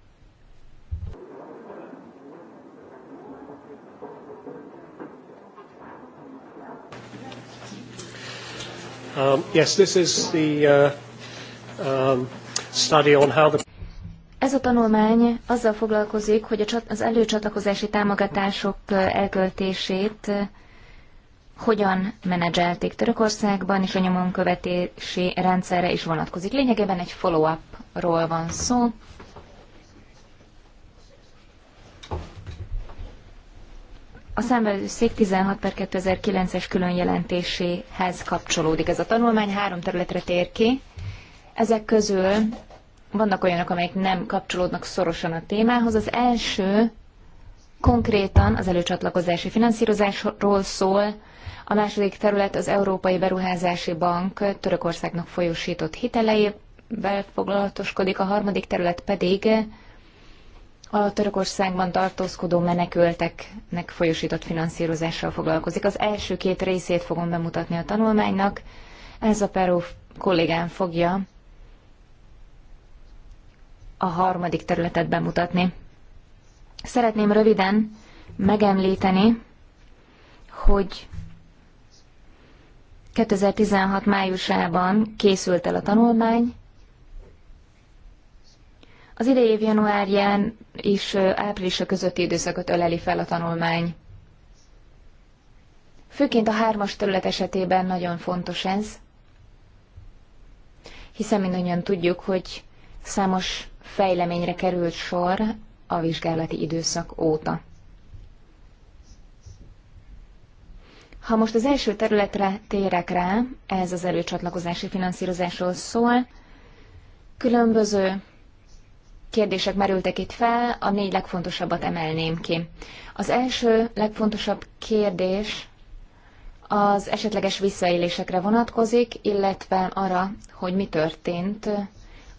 Um, yes, this is the uh, um, study on how the
ez a tanulmány azzal foglalkozik, hogy az előcsatlakozási támogatások elköltését hogyan menedzselték Törökországban, és a nyomon követési rendszerre is vonatkozik. Lényegében egy follow-upról van szó. A szék 16 per 2009-es külön jelentéséhez kapcsolódik ez a tanulmány, három területre tér ki. Ezek közül vannak olyanok, amelyek nem kapcsolódnak szorosan a témához. Az első konkrétan az előcsatlakozási finanszírozásról szól, a második terület az Európai Beruházási Bank Törökországnak folyósított hiteleivel foglalatoskodik, a harmadik terület pedig a Törökországban tartózkodó menekülteknek folyosított finanszírozással foglalkozik. Az első két részét fogom bemutatni a tanulmánynak. Ez a Peró kollégám fogja a harmadik területet bemutatni. Szeretném röviden megemlíteni, hogy 2016 májusában készült el a tanulmány. Az idei év januárján és áprilisa közötti időszakot öleli fel a tanulmány. Főként a hármas terület esetében nagyon fontos ez, hiszen mindannyian tudjuk, hogy számos fejleményre került sor a vizsgálati időszak óta. Ha most az első területre térek rá, ez az előcsatlakozási finanszírozásról szól, különböző kérdések merültek itt fel, a négy legfontosabbat emelném ki. Az első legfontosabb kérdés az esetleges visszaélésekre vonatkozik, illetve arra, hogy mi történt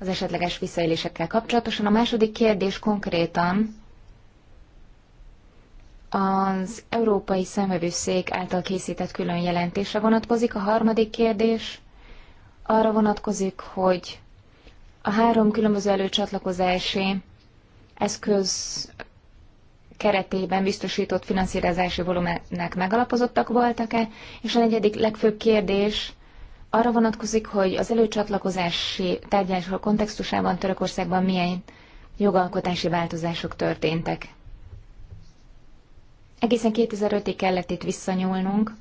az esetleges visszaélésekkel kapcsolatosan. A második kérdés konkrétan az Európai Szemvevőszék által készített külön jelentése vonatkozik. A harmadik kérdés arra vonatkozik, hogy a három különböző előcsatlakozási eszköz keretében biztosított finanszírozási volumenek megalapozottak voltak-e, és a negyedik legfőbb kérdés arra vonatkozik, hogy az előcsatlakozási tárgyalások kontextusában Törökországban milyen jogalkotási változások történtek. Egészen 2005-ig kellett itt visszanyúlnunk,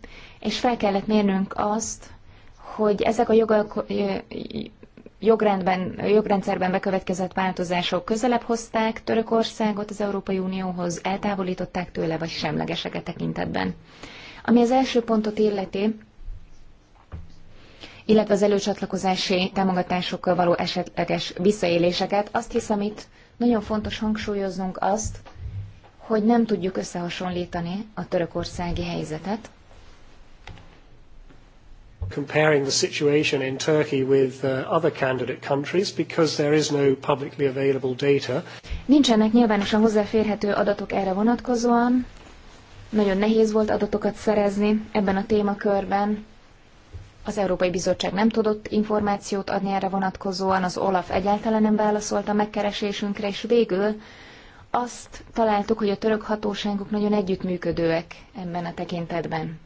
és fel kellett mérnünk azt, hogy ezek a jogrendben, jogrendszerben bekövetkezett változások közelebb hozták Törökországot az Európai Unióhoz, eltávolították tőle, vagy semlegesek a e tekintetben. Ami az első pontot illeti, illetve az előcsatlakozási támogatásokkal való esetleges visszaéléseket. Azt hiszem itt nagyon fontos hangsúlyoznunk azt, hogy nem tudjuk összehasonlítani a törökországi helyzetet.
Comparing the situation in Turkey with uh, other candidate countries because there is no publicly available data.
Nincsenek nyilvánosan hozzáférhető adatok erre vonatkozóan. Nagyon nehéz volt adatokat szerezni ebben a témakörben. Az Európai Bizottság nem tudott információt adni erre vonatkozóan, az OLAF egyáltalán nem válaszolt a megkeresésünkre, és végül azt találtuk, hogy a török hatóságok nagyon együttműködőek ebben a tekintetben.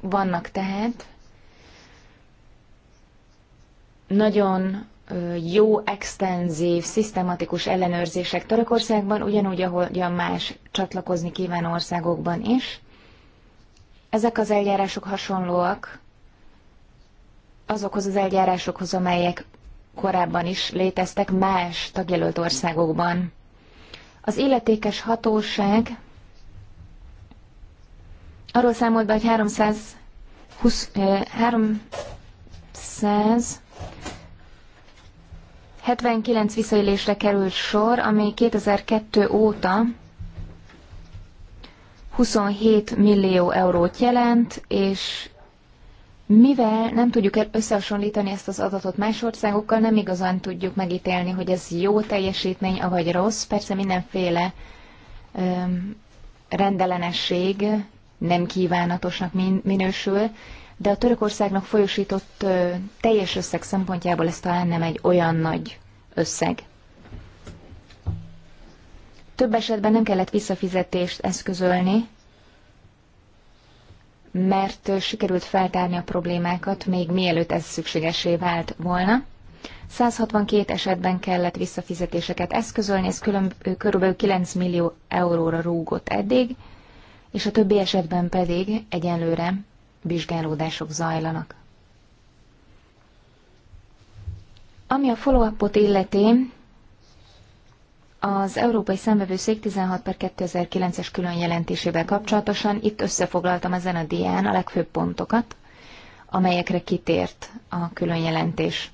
Vannak tehát nagyon jó, extenzív, szisztematikus ellenőrzések Törökországban, ugyanúgy, ahogy a más csatlakozni kívánó országokban is. Ezek az eljárások hasonlóak azokhoz az eljárásokhoz, amelyek korábban is léteztek más tagjelölt országokban. Az illetékes hatóság arról számolt be, hogy 20, 300 79 visszaélésre került sor, ami 2002 óta 27 millió eurót jelent, és mivel nem tudjuk összehasonlítani ezt az adatot más országokkal, nem igazán tudjuk megítélni, hogy ez jó teljesítmény, vagy rossz. Persze mindenféle öm, rendellenesség nem kívánatosnak min- minősül, de a Törökországnak folyosított ö, teljes összeg szempontjából ez talán nem egy olyan nagy összeg. Több esetben nem kellett visszafizetést eszközölni, mert sikerült feltárni a problémákat, még mielőtt ez szükségesé vált volna. 162 esetben kellett visszafizetéseket eszközölni, ez kb. 9 millió euróra rúgott eddig, és a többi esetben pedig egyenlőre vizsgálódások zajlanak. Ami a follow-upot illeti, az Európai Szembevőszék 16 per 2009-es külön jelentésével kapcsolatosan itt összefoglaltam ezen a dián a legfőbb pontokat, amelyekre kitért a külön jelentés.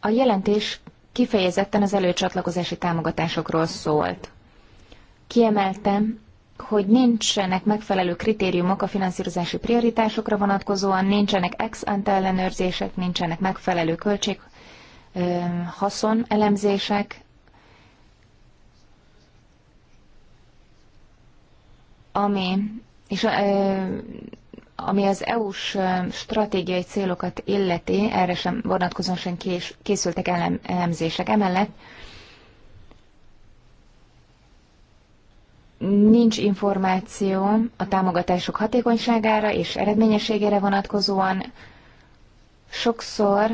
A jelentés kifejezetten az előcsatlakozási támogatásokról szólt. Kiemeltem, hogy nincsenek megfelelő kritériumok a finanszírozási prioritásokra vonatkozóan, nincsenek ex ante ellenőrzések, nincsenek megfelelő költség haszonelemzések, ami, és, ami az EU-s stratégiai célokat illeti, erre sem vonatkozóan sem kés, készültek elemzések. Emellett nincs információ a támogatások hatékonyságára és eredményességére vonatkozóan. Sokszor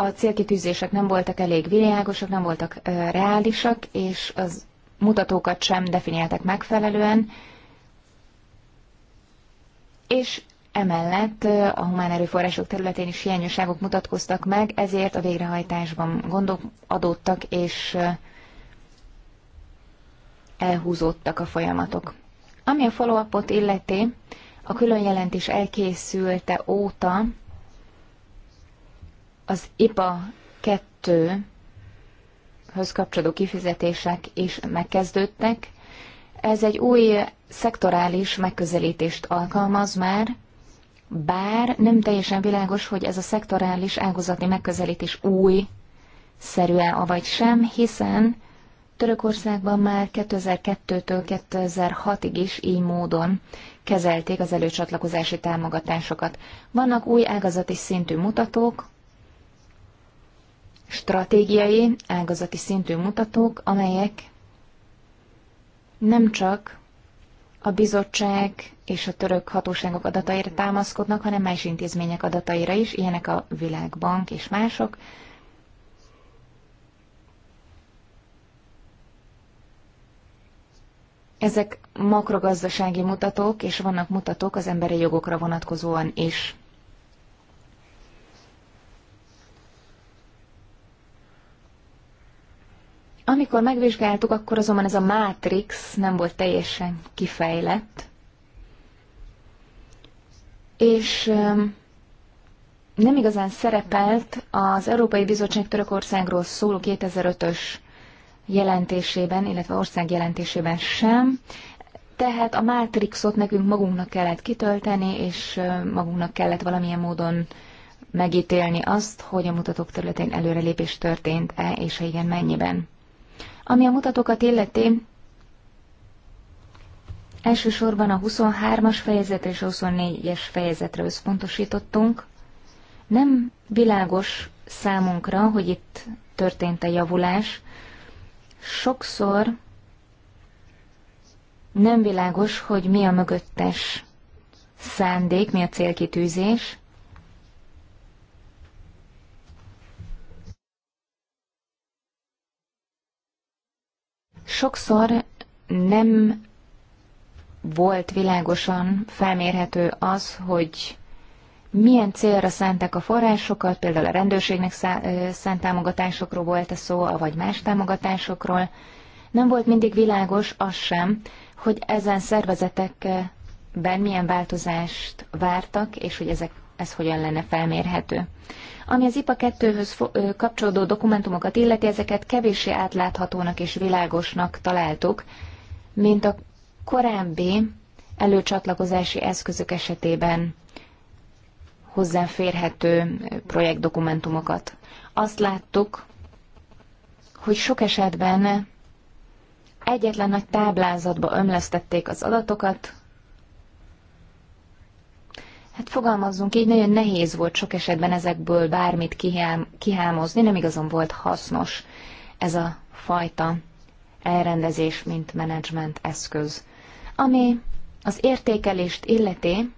a célkitűzések nem voltak elég világosak, nem voltak reálisak, és az mutatókat sem definiáltak megfelelően, és emellett a humán erőforrások területén is hiányosságok mutatkoztak meg, ezért a végrehajtásban gondok adódtak, és elhúzódtak a folyamatok. Ami a follow-upot illeti, a külön jelentés elkészülte óta az IPA 2-höz kapcsolódó kifizetések is megkezdődtek. Ez egy új szektorális megközelítést alkalmaz már, bár nem teljesen világos, hogy ez a szektorális ágazati megközelítés új szerű-e, avagy sem, hiszen Törökországban már 2002-től 2006-ig is így módon kezelték az előcsatlakozási támogatásokat. Vannak új ágazati szintű mutatók, stratégiai, ágazati szintű mutatók, amelyek nem csak a bizottság és a török hatóságok adataira támaszkodnak, hanem más intézmények adataira is, ilyenek a Világbank és mások. Ezek makrogazdasági mutatók, és vannak mutatók az emberi jogokra vonatkozóan is. Amikor megvizsgáltuk, akkor azonban ez a mátrix nem volt teljesen kifejlett, és nem igazán szerepelt az Európai Bizottság Törökországról szóló 2005-ös jelentésében, illetve ország jelentésében sem. Tehát a mátrixot nekünk magunknak kellett kitölteni, és magunknak kellett valamilyen módon megítélni azt, hogy a mutatók területén előrelépés történt-e, és ha igen, mennyiben. Ami a mutatókat illeti, elsősorban a 23-as fejezetre és a 24-es fejezetre összpontosítottunk. Nem világos számunkra, hogy itt történt a javulás. Sokszor nem világos, hogy mi a mögöttes szándék, mi a célkitűzés, Sokszor nem volt világosan felmérhető az, hogy milyen célra szánták a forrásokat, például a rendőrségnek szánt támogatásokról volt a szó, vagy más támogatásokról. Nem volt mindig világos az sem, hogy ezen szervezetekben milyen változást vártak, és hogy ezek, ez hogyan lenne felmérhető. Ami az IPA 2-höz kapcsolódó dokumentumokat illeti, ezeket kevéssé átláthatónak és világosnak találtuk, mint a korábbi előcsatlakozási eszközök esetében hozzáférhető projektdokumentumokat. Azt láttuk, hogy sok esetben egyetlen nagy táblázatba ömlesztették az adatokat, Hát fogalmazzunk így, nagyon nehéz volt sok esetben ezekből bármit kihámozni, nem igazon volt hasznos ez a fajta elrendezés, mint menedzsment eszköz. Ami az értékelést illeti,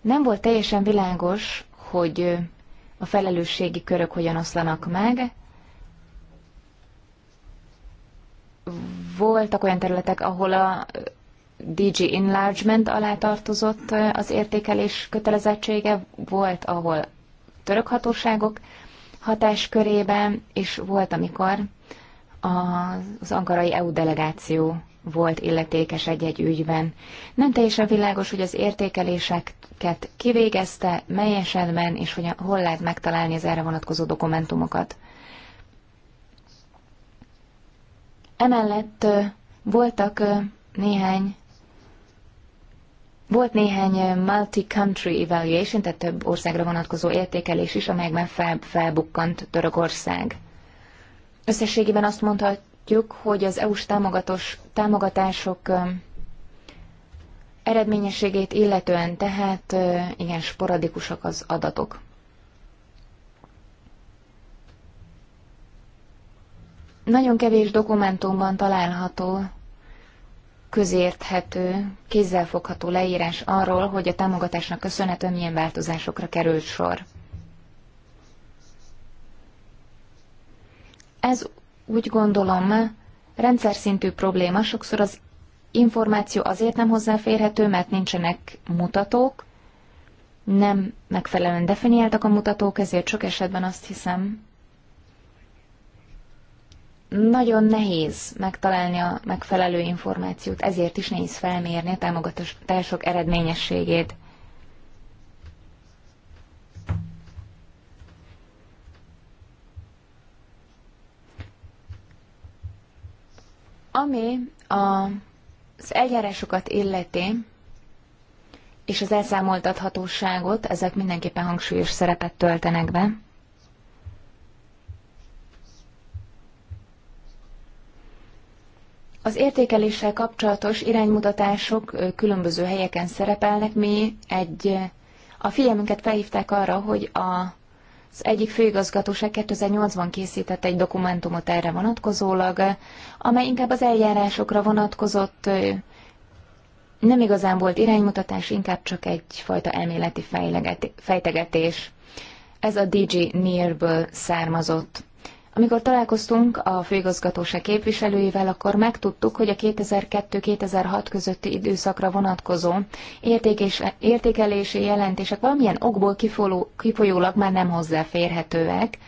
nem volt teljesen világos, hogy a felelősségi körök hogyan oszlanak meg. Voltak olyan területek, ahol a DG Enlargement alá tartozott az értékelés kötelezettsége, volt, ahol török hatóságok hatáskörében, és volt, amikor az angarai EU delegáció volt illetékes egy-egy ügyben. Nem teljesen világos, hogy az értékeléseket kivégezte, mely esetben, és hogy hol lehet megtalálni az erre vonatkozó dokumentumokat. Emellett voltak néhány volt néhány eh, multi-country evaluation, tehát több országra vonatkozó értékelés is, amelyekben fel, felbukkant Törökország. Összességében azt mondhatjuk, hogy az EU-s támogatások eh, eredményességét illetően tehát eh, igen sporadikusak az adatok. Nagyon kevés dokumentumban található közérthető, kézzelfogható leírás arról, hogy a támogatásnak köszönhetően milyen változásokra került sor. Ez úgy gondolom rendszer szintű probléma, sokszor az információ azért nem hozzáférhető, mert nincsenek mutatók, nem megfelelően definiáltak a mutatók, ezért sok esetben azt hiszem, nagyon nehéz megtalálni a megfelelő információt, ezért is nehéz felmérni a támogatások eredményességét. Ami az eljárásokat illeti, és az elszámoltathatóságot, ezek mindenképpen hangsúlyos szerepet töltenek be. Az értékeléssel kapcsolatos iránymutatások különböző helyeken szerepelnek. Mi egy, a figyelmünket felhívták arra, hogy a, az egyik főigazgatóság 2008-ban készített egy dokumentumot erre vonatkozólag, amely inkább az eljárásokra vonatkozott, nem igazán volt iránymutatás, inkább csak egyfajta elméleti fejtegetés. Ez a DG Nearből származott. Amikor találkoztunk a főigazgatóság képviselőivel, akkor megtudtuk, hogy a 2002-2006 közötti időszakra vonatkozó értékelési jelentések valamilyen okból kifolyólag már nem hozzáférhetőek,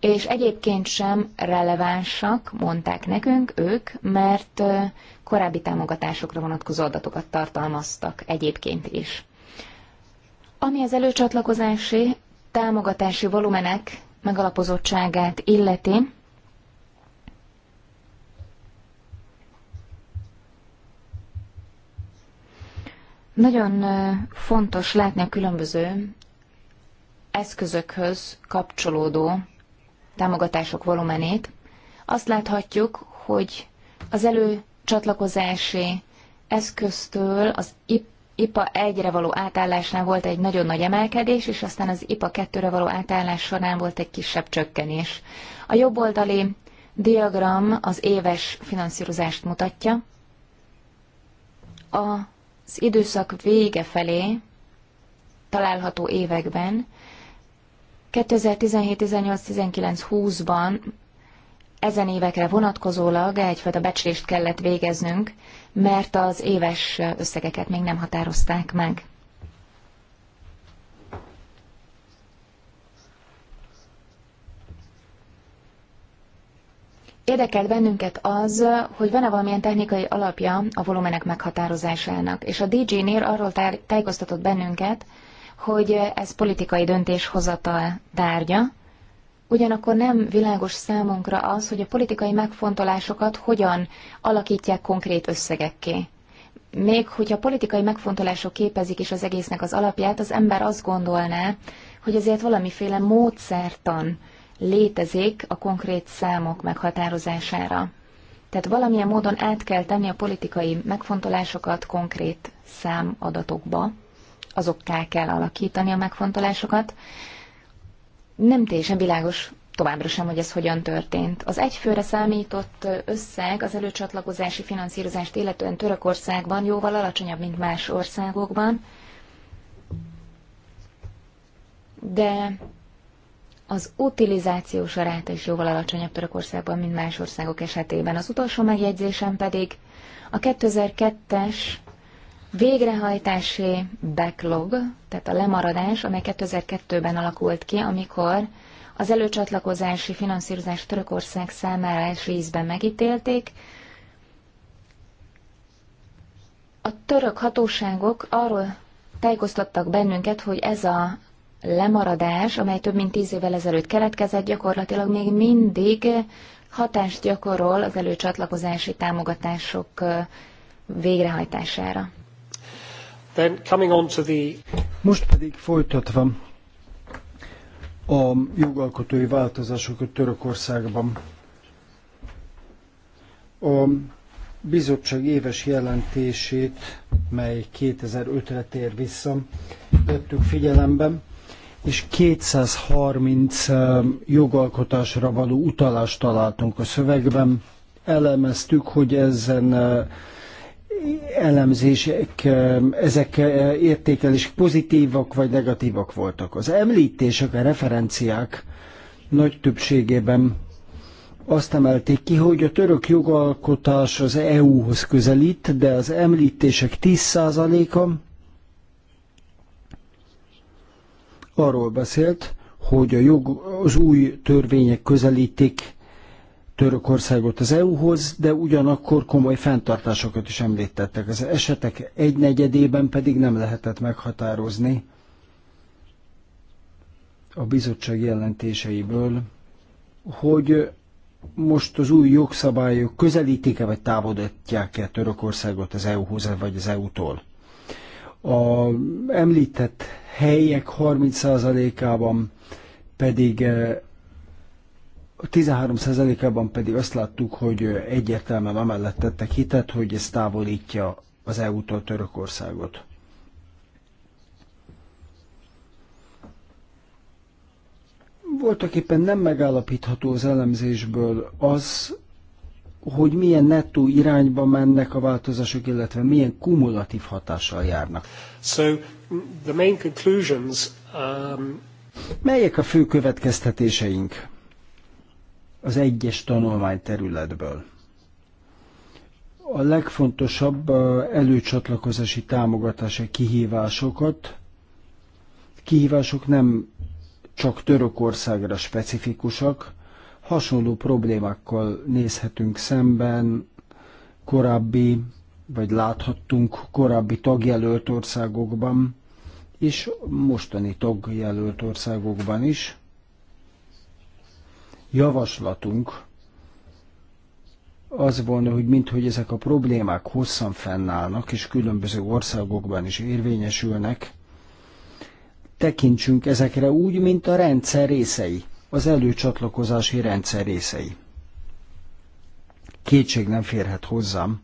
és egyébként sem relevánsak, mondták nekünk ők, mert korábbi támogatásokra vonatkozó adatokat tartalmaztak egyébként is. Ami az előcsatlakozási támogatási volumenek megalapozottságát illeti, Nagyon fontos látni a különböző eszközökhöz kapcsolódó támogatások volumenét. Azt láthatjuk, hogy az előcsatlakozási eszköztől az IP IPA 1-re való átállásnál volt egy nagyon nagy emelkedés, és aztán az IPA 2-re való átállás során volt egy kisebb csökkenés. A jobb oldali diagram az éves finanszírozást mutatja. Az időszak vége felé található években 2017, 18, 19, 20-ban ezen évekre vonatkozólag egyfajta becslést kellett végeznünk, mert az éves összegeket még nem határozták meg. Érdekelt bennünket az, hogy van-e valamilyen technikai alapja a volumenek meghatározásának, és a DG-nél arról tájékoztatott bennünket, hogy ez politikai döntéshozatal tárgya, ugyanakkor nem világos számunkra az, hogy a politikai megfontolásokat hogyan alakítják konkrét összegekké. Még hogyha politikai megfontolások képezik is az egésznek az alapját, az ember azt gondolná, hogy azért valamiféle módszertan létezik a konkrét számok meghatározására. Tehát valamilyen módon át kell tenni a politikai megfontolásokat konkrét számadatokba, azokká kell alakítani a megfontolásokat, nem teljesen világos továbbra sem, hogy ez hogyan történt. Az egyfőre számított összeg az előcsatlakozási finanszírozást illetően Törökországban jóval alacsonyabb, mint más országokban, de az utilizációs aráta is jóval alacsonyabb Törökországban, mint más országok esetében. Az utolsó megjegyzésem pedig a 2002-es végrehajtási backlog, tehát a lemaradás, amely 2002-ben alakult ki, amikor az előcsatlakozási finanszírozás Törökország számára első ízben megítélték. A török hatóságok arról tájékoztattak bennünket, hogy ez a lemaradás, amely több mint tíz évvel ezelőtt keletkezett, gyakorlatilag még mindig hatást gyakorol az előcsatlakozási támogatások végrehajtására.
Then
coming on to the...
Most pedig folytatva a jogalkotói változásokat Törökországban. A bizottság éves jelentését, mely 2005-re tér vissza, vettük figyelembe, és 230 jogalkotásra való utalást találtunk a szövegben. Elemeztük, hogy ezen elemzések, ezek értékelés pozitívak vagy negatívak voltak. Az említések, a referenciák nagy többségében azt emelték ki, hogy a török jogalkotás az EU-hoz közelít, de az említések 10%-a arról beszélt, hogy a jog, az új törvények közelítik Törökországot az EU-hoz, de ugyanakkor komoly fenntartásokat is említettek. Az esetek egynegyedében pedig nem lehetett meghatározni a bizottság jelentéseiből, hogy most az új jogszabályok közelítik-e vagy távolítják-e Törökországot az EU-hoz vagy az EU-tól. A említett helyek 30%-ában pedig eh, a 13%-ában pedig azt láttuk, hogy egyértelműen amellett tettek hitet, hogy ez távolítja az EU-tól Törökországot. voltak éppen nem megállapítható az elemzésből az, hogy milyen nettó irányba mennek a változások, illetve milyen kumulatív hatással járnak.
So, the main conclusions, um...
Melyek a fő következtetéseink? az egyes tanulmányterületből. A legfontosabb uh, előcsatlakozási támogatási kihívásokat, kihívások nem csak Törökországra specifikusak, hasonló problémákkal nézhetünk szemben korábbi, vagy láthattunk korábbi tagjelölt országokban, és mostani tagjelölt országokban is javaslatunk az volna, hogy minthogy ezek a problémák hosszan fennállnak, és különböző országokban is érvényesülnek, tekintsünk ezekre úgy, mint a rendszer részei, az előcsatlakozási rendszer részei. Kétség nem férhet hozzám,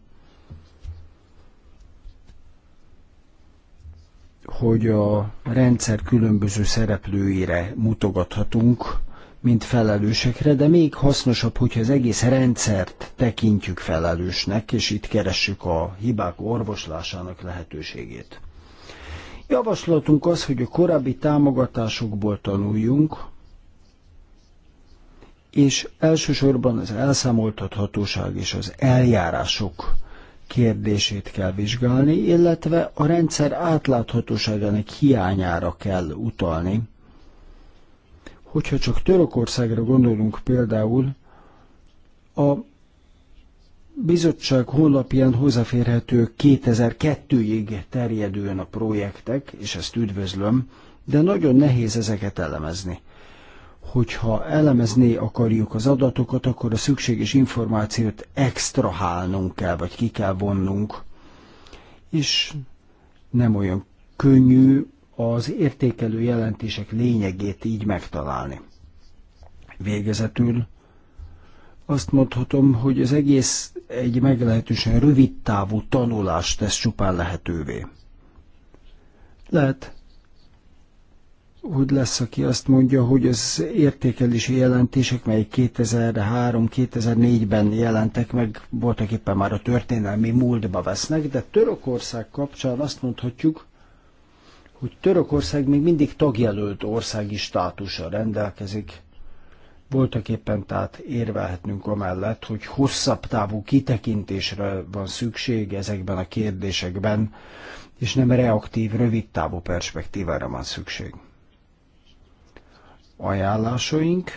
hogy a rendszer különböző szereplőire mutogathatunk, mint felelősekre, de még hasznosabb, hogyha az egész rendszert tekintjük felelősnek, és itt keressük a hibák orvoslásának lehetőségét. Javaslatunk az, hogy a korábbi támogatásokból tanuljunk, és elsősorban az elszámoltathatóság és az eljárások kérdését kell vizsgálni, illetve a rendszer átláthatóságának hiányára kell utalni Hogyha csak Törökországra gondolunk például, a bizottság honlapján hozzáférhető 2002-ig terjedően a projektek, és ezt üdvözlöm, de nagyon nehéz ezeket elemezni. Hogyha elemezni akarjuk az adatokat, akkor a szükséges információt extrahálnunk kell, vagy ki kell vonnunk. És nem olyan könnyű az értékelő jelentések lényegét így megtalálni. Végezetül azt mondhatom, hogy az egész egy meglehetősen rövid távú tanulást tesz csupán lehetővé. Lehet, hogy lesz, aki azt mondja, hogy az értékelési jelentések, melyek 2003-2004-ben jelentek meg, voltak éppen már a történelmi múltba vesznek, de Törökország kapcsán azt mondhatjuk, hogy Törökország még mindig tagjelölt országi státusa rendelkezik. Voltak éppen tehát érvelhetnünk amellett, hogy hosszabb távú kitekintésre van szükség ezekben a kérdésekben, és nem reaktív, rövid távú perspektívára van szükség. Ajánlásaink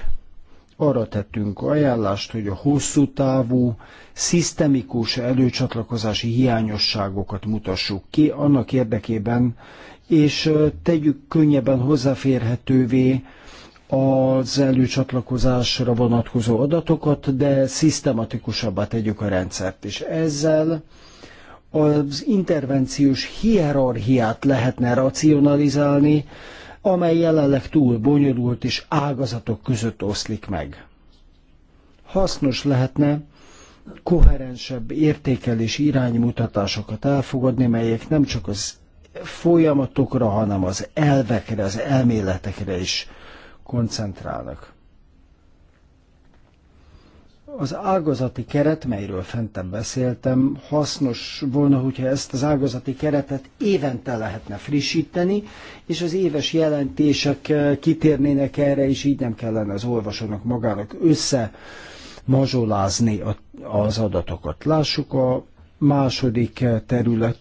arra tettünk ajánlást, hogy a hosszú távú, szisztemikus előcsatlakozási hiányosságokat mutassuk ki, annak érdekében, és tegyük könnyebben hozzáférhetővé az előcsatlakozásra vonatkozó adatokat, de szisztematikusabbá tegyük a rendszert. is ezzel az intervenciós hierarchiát lehetne racionalizálni, amely jelenleg túl bonyolult és ágazatok között oszlik meg. Hasznos lehetne koherensebb értékelés iránymutatásokat elfogadni, melyek nem csak az folyamatokra, hanem az elvekre, az elméletekre is koncentrálnak. Az ágazati keret, melyről fentebb beszéltem, hasznos volna, hogyha ezt az ágazati keretet évente lehetne frissíteni, és az éves jelentések eh, kitérnének erre, és így nem kellene az olvasónak magának össze mazsolázni az adatokat. Lássuk a második terület,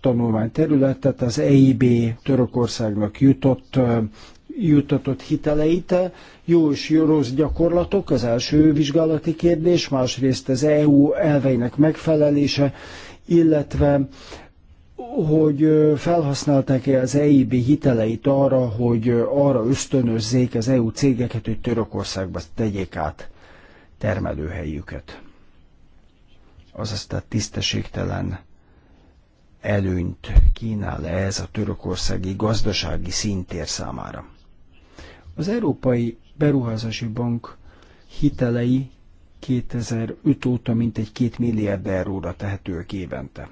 terület, tehát az EIB Törökországnak jutott jutatott hiteleit, jó és jó rossz gyakorlatok, az első vizsgálati kérdés, másrészt az EU elveinek megfelelése, illetve hogy felhasználták-e az EIB hiteleit arra, hogy arra ösztönözzék az EU cégeket, hogy Törökországba tegyék át termelőhelyüket azaz tehát tisztességtelen előnyt kínál ez a törökországi gazdasági szintér számára. Az Európai Beruházási Bank hitelei 2005 óta mintegy 2 milliárd euróra tehetők évente.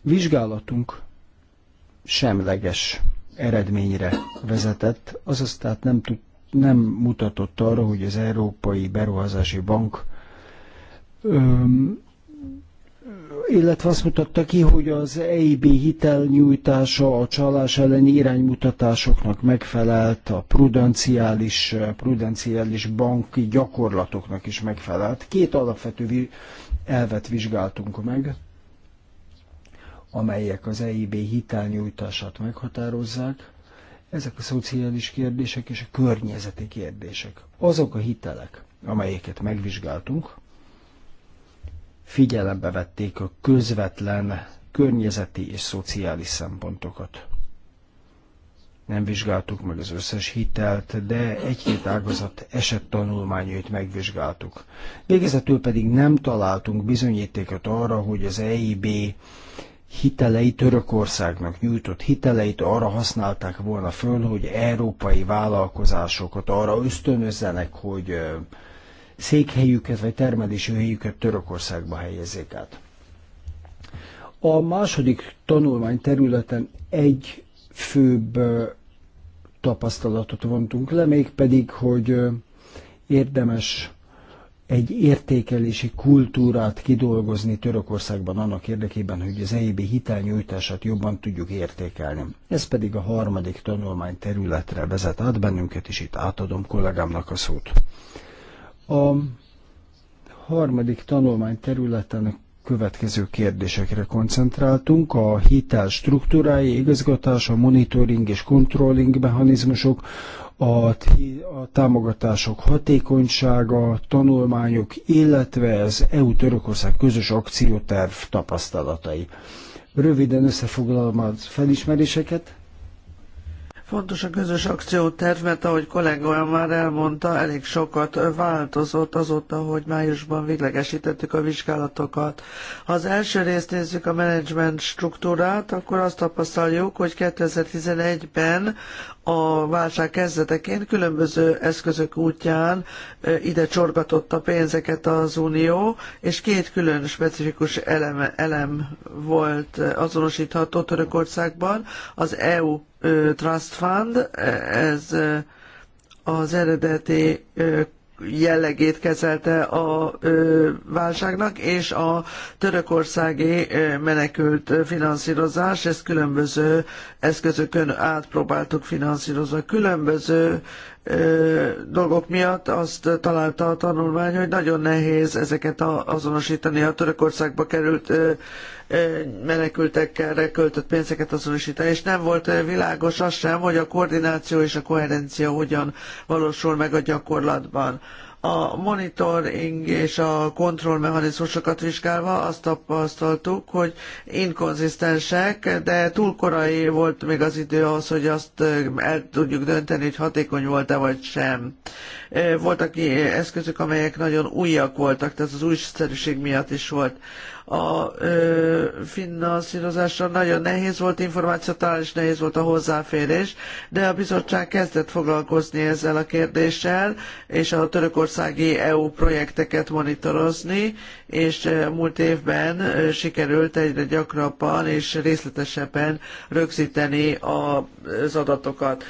Vizsgálatunk semleges eredményre vezetett, azaz tehát nem tudtuk nem mutatott arra, hogy az Európai Beruházási Bank öm, illetve azt mutatta ki, hogy az EIB hitelnyújtása a csalás elleni iránymutatásoknak megfelelt, a prudenciális, prudenciális banki gyakorlatoknak is megfelelt. Két alapvető elvet vizsgáltunk meg, amelyek az EIB hitelnyújtását meghatározzák. Ezek a szociális kérdések és a környezeti kérdések. Azok a hitelek, amelyeket megvizsgáltunk, figyelembe vették a közvetlen környezeti és szociális szempontokat. Nem vizsgáltuk meg az összes hitelt, de egy-két ágazat tanulmányait megvizsgáltuk. Végezetül pedig nem találtunk bizonyítékot arra, hogy az EIB hitelei, Törökországnak nyújtott hiteleit arra használták volna föl, hogy európai vállalkozásokat arra ösztönözzenek, hogy székhelyüket vagy termelési helyüket Törökországba helyezzék át. A második tanulmány területen egy főbb tapasztalatot vontunk le, mégpedig, hogy érdemes egy értékelési kultúrát kidolgozni Törökországban annak érdekében, hogy az EIB hitelnyújtását jobban tudjuk értékelni. Ez pedig a harmadik tanulmány területre vezet át bennünket, és itt átadom kollégámnak a szót. A harmadik tanulmány területen következő kérdésekre koncentráltunk. A hitel struktúrái, igazgatása, monitoring és controlling mechanizmusok, a, a támogatások hatékonysága, tanulmányok, illetve az EU-Törökország közös akcióterv tapasztalatai. Röviden összefoglalom a felismeréseket.
Fontos a közös akcióterv, mert ahogy kollégám már elmondta, elég sokat változott azóta, hogy májusban véglegesítettük a vizsgálatokat. Ha az első részt nézzük a menedzsment struktúrát, akkor azt tapasztaljuk, hogy 2011-ben a válság kezdetekén különböző eszközök útján ide csorgatott a pénzeket az Unió, és két külön specifikus elem, elem volt azonosítható Törökországban, az EU Trust Fund, ez az eredeti jellegét kezelte a válságnak, és a törökországi menekült finanszírozás, ezt különböző eszközökön átpróbáltuk finanszírozni. Különböző dolgok miatt azt találta a tanulmány, hogy nagyon nehéz ezeket azonosítani a Törökországba került menekültekkel ö, költött pénzeket azonosítani, és nem volt világos az sem, hogy a koordináció és a koherencia hogyan valósul meg a gyakorlatban a monitoring és a kontrollmechanizmusokat vizsgálva azt tapasztaltuk, hogy inkonzisztensek, de túl korai volt még az idő ahhoz, hogy azt el tudjuk dönteni, hogy hatékony volt-e vagy sem. Voltak eszközök, amelyek nagyon újak voltak, tehát az újszerűség miatt is volt a ö, finanszírozásra. Nagyon nehéz volt találni, és nehéz volt a hozzáférés, de a bizottság kezdett foglalkozni ezzel a kérdéssel, és a törökországi EU projekteket monitorozni, és múlt évben sikerült egyre gyakrabban és részletesebben rögzíteni az adatokat.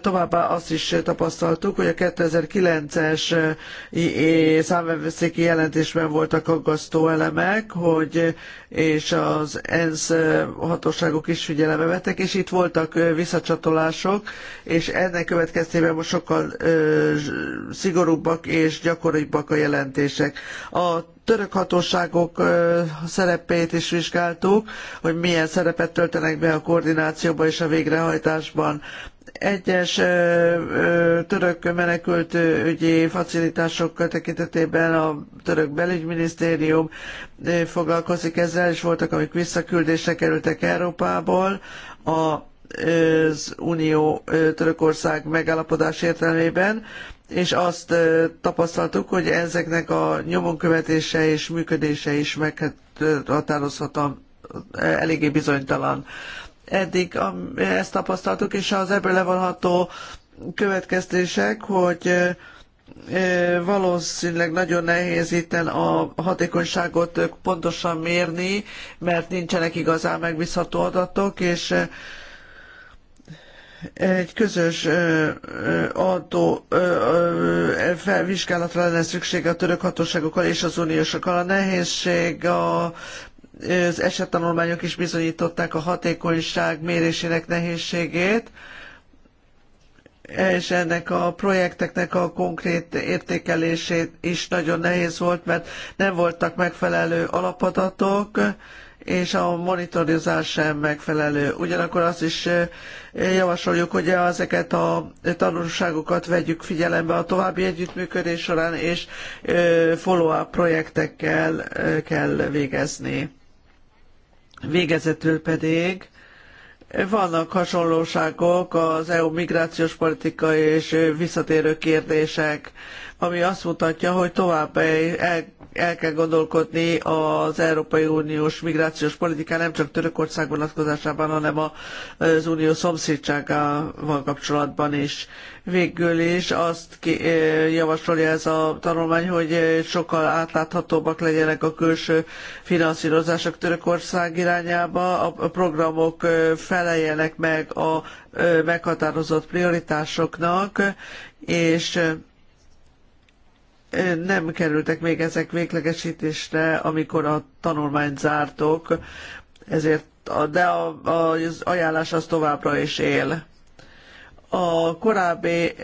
Továbbá azt is tapasztaltuk, hogy a 2009-es számvevőszéki jelentésben voltak aggasztó elemek, hogy hogy és az ENSZ hatóságok is figyelembe vettek, és itt voltak visszacsatolások, és ennek következtében most sokkal szigorúbbak és gyakoribbak a jelentések. A török hatóságok szerepét is vizsgáltuk, hogy milyen szerepet töltenek be a koordinációban és a végrehajtásban egyes török menekült ügyi facilitások tekintetében a török belügyminisztérium foglalkozik ezzel, és voltak, amik visszaküldésre kerültek Európából. az Unió Törökország megállapodás értelmében, és azt tapasztaltuk, hogy ezeknek a nyomon követése és működése is meghatározhatóan eléggé bizonytalan eddig ezt tapasztaltuk, és az ebből levonható következtések, hogy valószínűleg nagyon nehéz itten a hatékonyságot pontosan mérni, mert nincsenek igazán megbízható adatok, és egy közös adó vizsgálatra lenne szükség a török hatóságokkal és az uniósokkal. A nehézség a az esettanulmányok is bizonyították a hatékonyság mérésének nehézségét, és ennek a projekteknek a konkrét értékelését is nagyon nehéz volt, mert nem voltak megfelelő alapadatok, és a monitorozás sem megfelelő. Ugyanakkor azt is javasoljuk, hogy ezeket a tanulságokat vegyük figyelembe a további együttműködés során, és follow-up projektekkel kell végezni. Végezetül pedig vannak hasonlóságok az EU migrációs politika és visszatérő kérdések ami azt mutatja, hogy tovább el, el kell gondolkodni az Európai Uniós migrációs politikán nem csak Törökország vonatkozásában, hanem az unió szomszédságával kapcsolatban is. Végül is azt ki, eh, javasolja ez a tanulmány, hogy sokkal átláthatóbbak legyenek a külső finanszírozások Törökország irányába, a programok eh, feleljenek meg a eh, meghatározott prioritásoknak, és nem kerültek még ezek véglegesítésre, amikor a tanulmányt zártok, ezért de a, a, az ajánlás az továbbra is él. A korábbi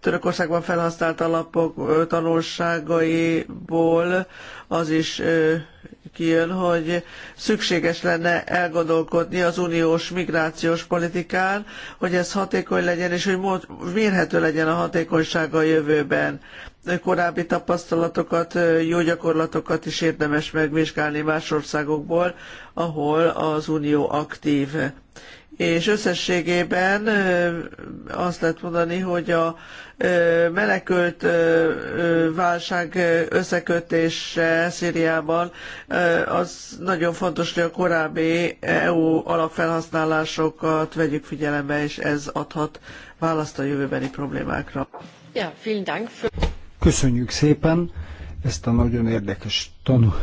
Törökországban felhasznált alapok tanulságaiból az is kijön, hogy szükséges lenne elgondolkodni az uniós migrációs politikán, hogy ez hatékony legyen, és hogy mérhető legyen a hatékonysága a jövőben. Korábbi tapasztalatokat, jó gyakorlatokat is érdemes megvizsgálni más országokból, ahol az unió aktív és összességében azt lehet mondani, hogy a menekült válság összekötése Szíriában az nagyon fontos, hogy a korábbi EU alapfelhasználásokat vegyük figyelembe, és ez adhat választ a jövőbeni problémákra.
Köszönjük szépen ezt a nagyon érdekes tanul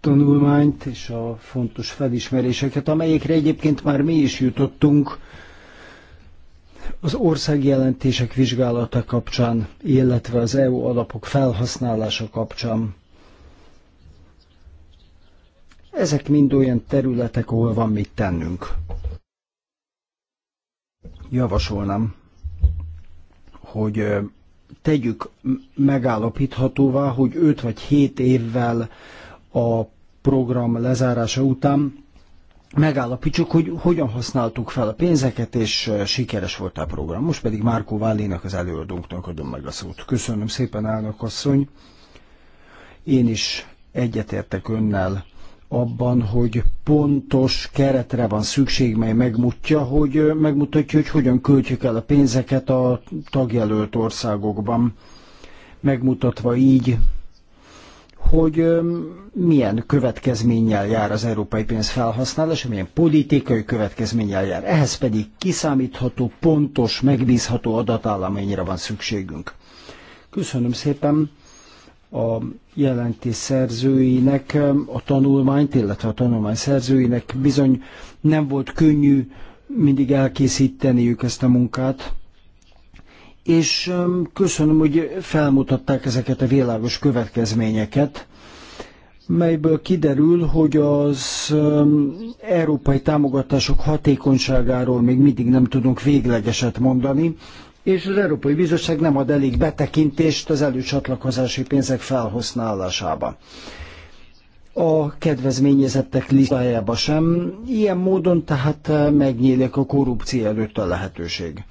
tanulmányt és a fontos felismeréseket, amelyekre egyébként már mi is jutottunk az országjelentések vizsgálata kapcsán, illetve az EU alapok felhasználása kapcsán. Ezek mind olyan területek, ahol van mit tennünk. Javasolnám, hogy tegyük megállapíthatóvá, hogy 5 vagy 7 évvel a program lezárása után megállapítsuk, hogy hogyan használtuk fel a pénzeket, és sikeres volt a program. Most pedig Márkó Vállének, az előadónknak adom meg a szót. Köszönöm szépen, elnök asszony. Én is egyetértek önnel abban, hogy pontos keretre van szükség, mely megmutja, hogy megmutatja, hogy hogyan költjük el a pénzeket a tagjelölt országokban. Megmutatva így, hogy milyen következménnyel jár az európai pénz felhasználása, milyen politikai következménnyel jár. Ehhez pedig kiszámítható, pontos, megbízható amennyire van szükségünk. Köszönöm szépen a jelentés szerzőinek, a tanulmányt, illetve a tanulmány szerzőinek bizony nem volt könnyű mindig elkészíteniük ezt a munkát, és köszönöm, hogy felmutatták ezeket a világos következményeket, melyből kiderül, hogy az európai támogatások hatékonyságáról még mindig nem tudunk véglegeset mondani, és az Európai Bizottság nem ad elég betekintést az előcsatlakozási pénzek felhasználásába a kedvezményezettek listájába sem. Ilyen módon tehát megnyílik a korrupció előtt a lehetőség.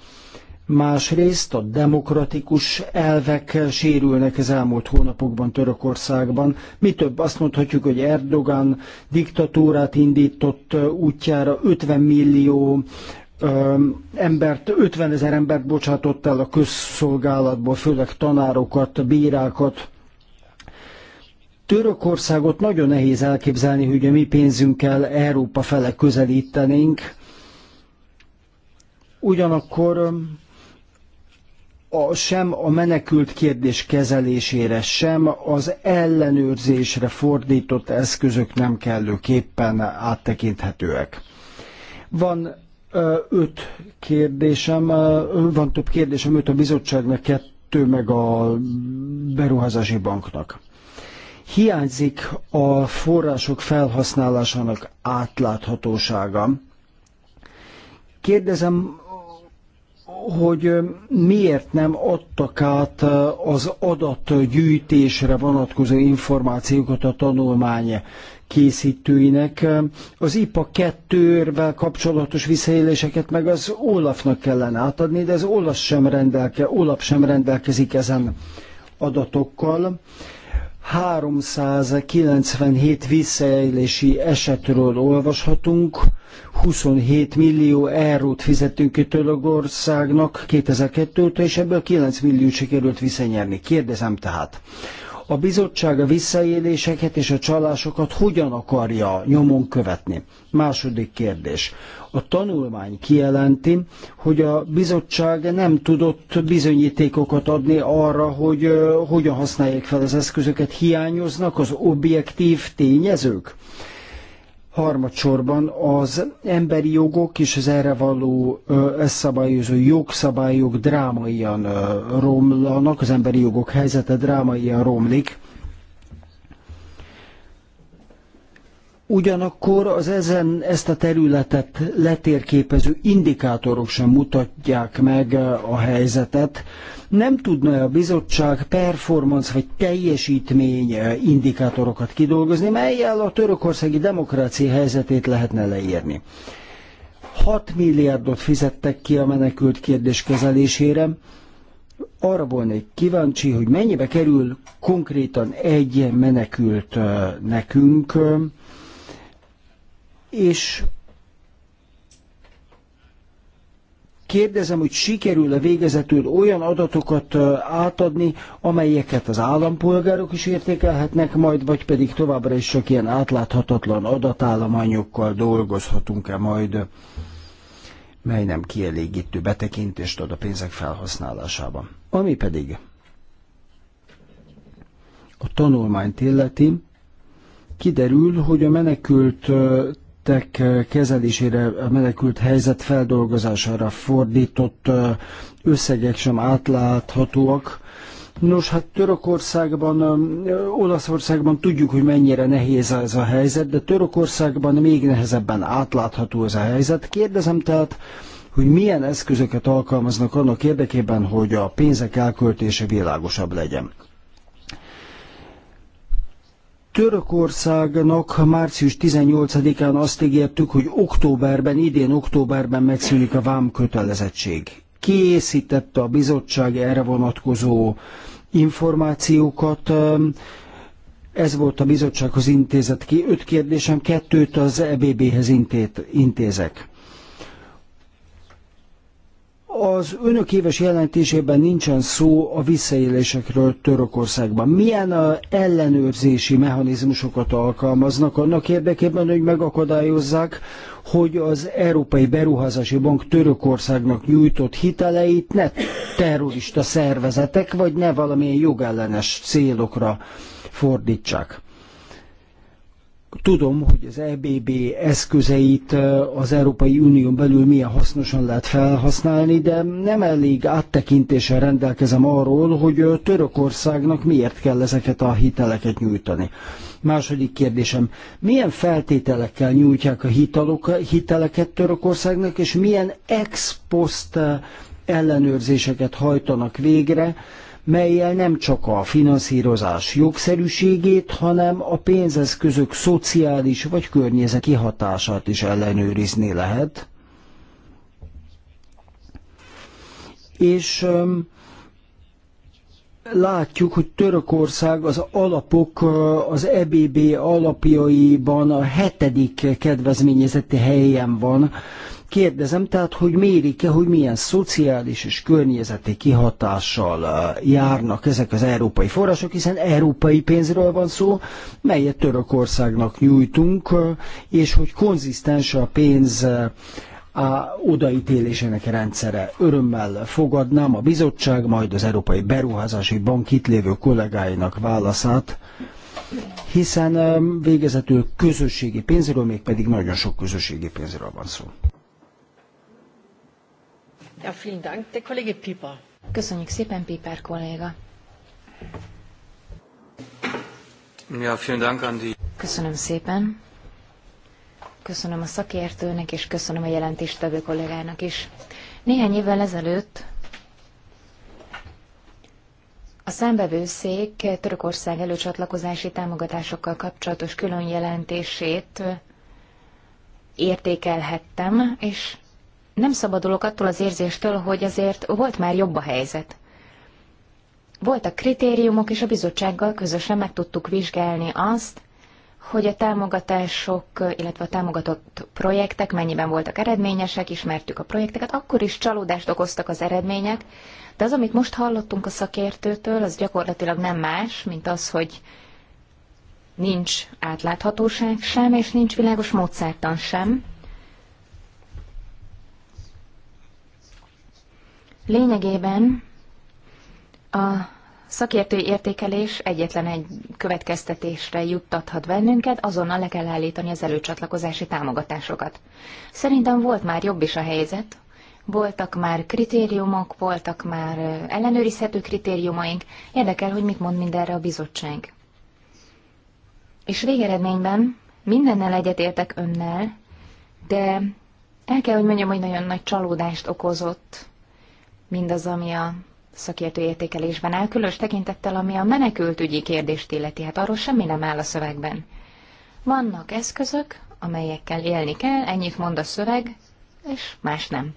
Másrészt a demokratikus elvek sérülnek az elmúlt hónapokban Törökországban. Mi több, azt mondhatjuk, hogy Erdogan diktatúrát indított útjára 50 millió embert, 50 ezer embert bocsátott el a közszolgálatból, főleg tanárokat, bírákat. Törökországot nagyon nehéz elképzelni, hogy a mi pénzünkkel Európa fele közelítenénk. Ugyanakkor a, sem a menekült kérdés kezelésére, sem az ellenőrzésre fordított eszközök nem kellőképpen áttekinthetőek. Van öt kérdésem, van több kérdésem, öt a bizottságnak, kettő meg a beruházási banknak. Hiányzik a források felhasználásának átláthatósága. Kérdezem hogy miért nem adtak át az adatgyűjtésre vonatkozó információkat a tanulmány készítőinek. Az IPA 2-vel kapcsolatos visszaéléseket meg az Olafnak kellene átadni, de az Olaf sem, rendelke, Olaf sem rendelkezik ezen adatokkal. 397 visszaélési esetről olvashatunk, 27 millió eurót fizettünk ki Törökországnak 2002-től, és ebből 9 milliót sikerült visszanyerni. Kérdezem tehát, a bizottság a visszaéléseket és a csalásokat hogyan akarja nyomon követni? Második kérdés. A tanulmány kijelenti, hogy a bizottság nem tudott bizonyítékokat adni arra, hogy hogyan használják fel az eszközöket. Hiányoznak az objektív tényezők? Harmadsorban az emberi jogok és az erre való ezt szabályozó jogszabályok drámaian romlanak, az emberi jogok helyzete drámaian romlik Ugyanakkor az ezen ezt a területet letérképező indikátorok sem mutatják meg eh, a helyzetet. Nem tudna a bizottság performance vagy teljesítmény eh, indikátorokat kidolgozni, melyel a törökországi demokrácia helyzetét lehetne leírni. 6 milliárdot fizettek ki a menekült kérdés kezelésére. Arra volnék kíváncsi, hogy mennyibe kerül konkrétan egy menekült eh, nekünk, és kérdezem, hogy sikerül-e végezetül olyan adatokat átadni, amelyeket az állampolgárok is értékelhetnek majd, vagy pedig továbbra is csak ilyen átláthatatlan adatállományokkal dolgozhatunk-e majd, mely nem kielégítő betekintést ad a pénzek felhasználásában. Ami pedig a tanulmányt illeti, kiderül, hogy a menekült menekültek eh, kezelésére, a menekült helyzet feldolgozására fordított eh, összegek sem átláthatóak. Nos, hát Törökországban, eh, Olaszországban tudjuk, hogy mennyire nehéz ez a helyzet, de Törökországban még nehezebben átlátható ez a helyzet. Kérdezem tehát, hogy milyen eszközöket alkalmaznak annak érdekében, hogy a pénzek elköltése világosabb legyen. Törökországnak március 18-án azt ígértük, hogy októberben, idén októberben megszűnik a vám kötelezettség. Készítette a bizottság erre vonatkozó információkat. Ez volt a bizottsághoz intézett ki. Öt kérdésem, kettőt az EBB-hez intézek. Az önök éves jelentésében nincsen szó a visszaélésekről Törökországban. Milyen uh, ellenőrzési mechanizmusokat alkalmaznak annak érdekében, hogy megakadályozzák, hogy az Európai Beruházási Bank Törökországnak nyújtott hiteleit ne terrorista szervezetek, vagy ne valamilyen jogellenes célokra fordítsák. Tudom, hogy az EBB eszközeit az Európai Unión belül milyen hasznosan lehet felhasználni, de nem elég áttekintéssel rendelkezem arról, hogy Törökországnak miért kell ezeket a hiteleket nyújtani. Második kérdésem, milyen feltételekkel nyújtják a hitalok, hiteleket Törökországnak, és milyen ex post ellenőrzéseket hajtanak végre, melyel nem csak a finanszírozás jogszerűségét, hanem a pénzeszközök szociális vagy környezeti hatását is ellenőrizni lehet. És um, látjuk, hogy Törökország az alapok, az EBB alapjaiban a hetedik kedvezményezeti helyen van. Kérdezem tehát, hogy mérik-e, hogy milyen szociális és környezeti kihatással járnak ezek az európai források, hiszen európai pénzről van szó, melyet Törökországnak nyújtunk, és hogy konzisztens a pénz a odaítélésének rendszere. Örömmel fogadnám a bizottság, majd az Európai Beruházási Bank itt lévő kollégáinak válaszát, hiszen um, végezetül közösségi pénzről, mégpedig nagyon sok közösségi pénzről van szó.
Ja, vielen Dank, der Kollege Pieper. Köszönjük szépen, Piper kolléga. Ja, vielen Dank an die... Köszönöm szépen köszönöm a szakértőnek, és köszönöm a jelentéstevő kollégának is. Néhány évvel ezelőtt a számbevőszék Törökország előcsatlakozási támogatásokkal kapcsolatos külön jelentését értékelhettem, és nem szabadulok attól az érzéstől, hogy azért volt már jobb a helyzet. Voltak kritériumok, és a bizottsággal közösen meg tudtuk vizsgálni azt, hogy a támogatások, illetve a támogatott projektek mennyiben voltak eredményesek, ismertük a projekteket, akkor is csalódást okoztak az eredmények, de az, amit most hallottunk a szakértőtől, az gyakorlatilag nem más, mint az, hogy nincs átláthatóság sem, és nincs világos módszertan sem. Lényegében a szakértői értékelés egyetlen egy következtetésre juttathat bennünket, azonnal le kell állítani az előcsatlakozási támogatásokat. Szerintem volt már jobb is a helyzet, voltak már kritériumok, voltak már ellenőrizhető kritériumaink, érdekel, hogy mit mond mindenre a bizottság. És végeredményben mindennel egyetértek önnel, de el kell, hogy mondjam, hogy nagyon nagy csalódást okozott mindaz, ami a szakértő értékelésben áll, különös tekintettel, ami a menekültügyi kérdést illeti, hát arról semmi nem áll a szövegben. Vannak eszközök, amelyekkel élni kell, ennyit mond a szöveg, és más nem.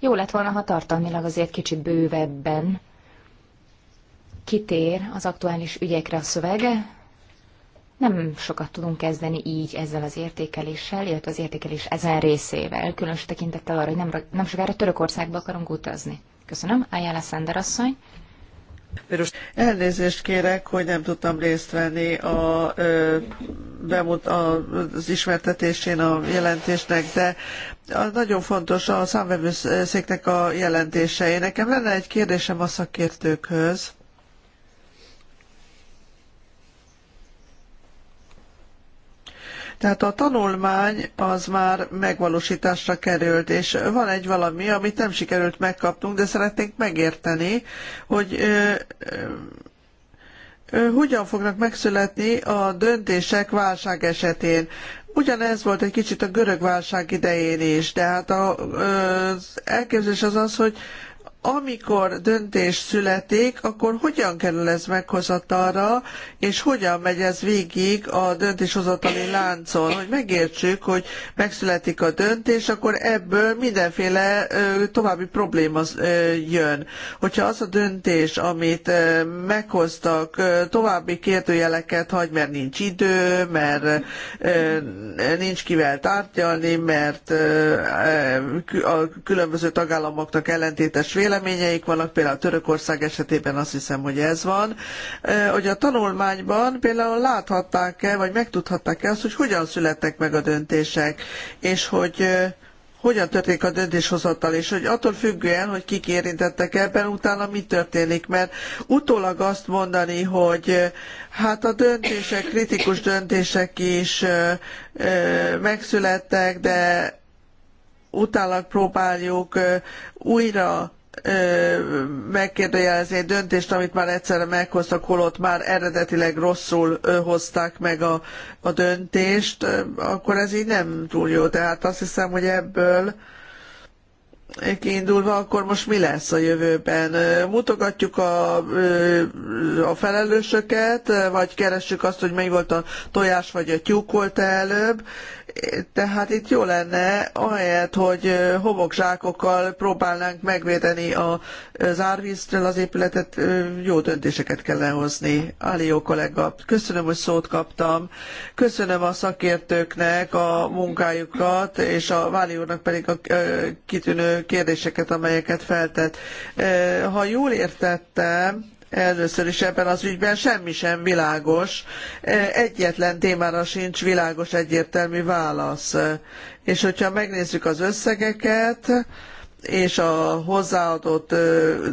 Jó lett volna, ha tartalmilag azért kicsit bővebben kitér az aktuális ügyekre a szövege. Nem sokat tudunk kezdeni így ezzel az értékeléssel, illetve az értékelés ezen részével, különös tekintettel arra, hogy nem, nem sokára Törökországba akarunk utazni. Köszönöm. Ayala Sander asszony. Elnézést
kérek, hogy nem tudtam részt venni a, a, az ismertetésén a jelentésnek, de a, nagyon fontos a számvevőszéknek a jelentése. Én nekem lenne egy kérdésem a szakértőkhöz. Tehát a tanulmány az már megvalósításra került, és van egy valami, amit nem sikerült megkapnunk, de szeretnénk megérteni, hogy ö, ö, hogyan fognak megszületni a döntések válság esetén. Ugyanez volt egy kicsit a görög válság idején is, de hát az elképzelés az az, hogy amikor döntés születik, akkor hogyan kerül ez meghozatalra, és hogyan megy ez végig a döntéshozatali láncon, hogy megértsük, hogy megszületik a döntés, akkor ebből mindenféle további probléma jön. Hogyha az a döntés, amit meghoztak, további kérdőjeleket hagy, mert nincs idő, mert nincs kivel tárgyalni, mert a különböző tagállamoknak ellentétes vélemény, véleményeik vannak, például Törökország esetében azt hiszem, hogy ez van, hogy a tanulmányban például láthatták-e, vagy megtudhatták-e azt, hogy hogyan születtek meg a döntések, és hogy hogyan történik a döntéshozatal, és hogy attól függően, hogy kik érintettek ebben, utána mi történik, mert utólag azt mondani, hogy hát a döntések, kritikus döntések is ö, ö, megszülettek, de utálag próbáljuk újra megkérdőjelezni egy döntést, amit már egyszer meghoztak, holott már eredetileg rosszul hozták meg a, a döntést, akkor ez így nem túl jó. Tehát azt hiszem, hogy ebből kiindulva, akkor most mi lesz a jövőben? Mutogatjuk a, a felelősöket, vagy keressük azt, hogy mely volt a tojás vagy a tyúk volt előbb, tehát itt jó lenne, ahelyett, hogy homokzsákokkal próbálnánk megvédeni a, az árvíztől az épületet, jó döntéseket kellene hozni. Alió kollega, köszönöm, hogy szót kaptam. Köszönöm a szakértőknek a munkájukat, és a Váli úrnak pedig a kitűnő kérdéseket, amelyeket feltett. Ha jól értettem, először is ebben az ügyben semmi sem világos. E, egyetlen témára sincs világos egyértelmű válasz. E, és hogyha megnézzük az összegeket, és a hozzáadott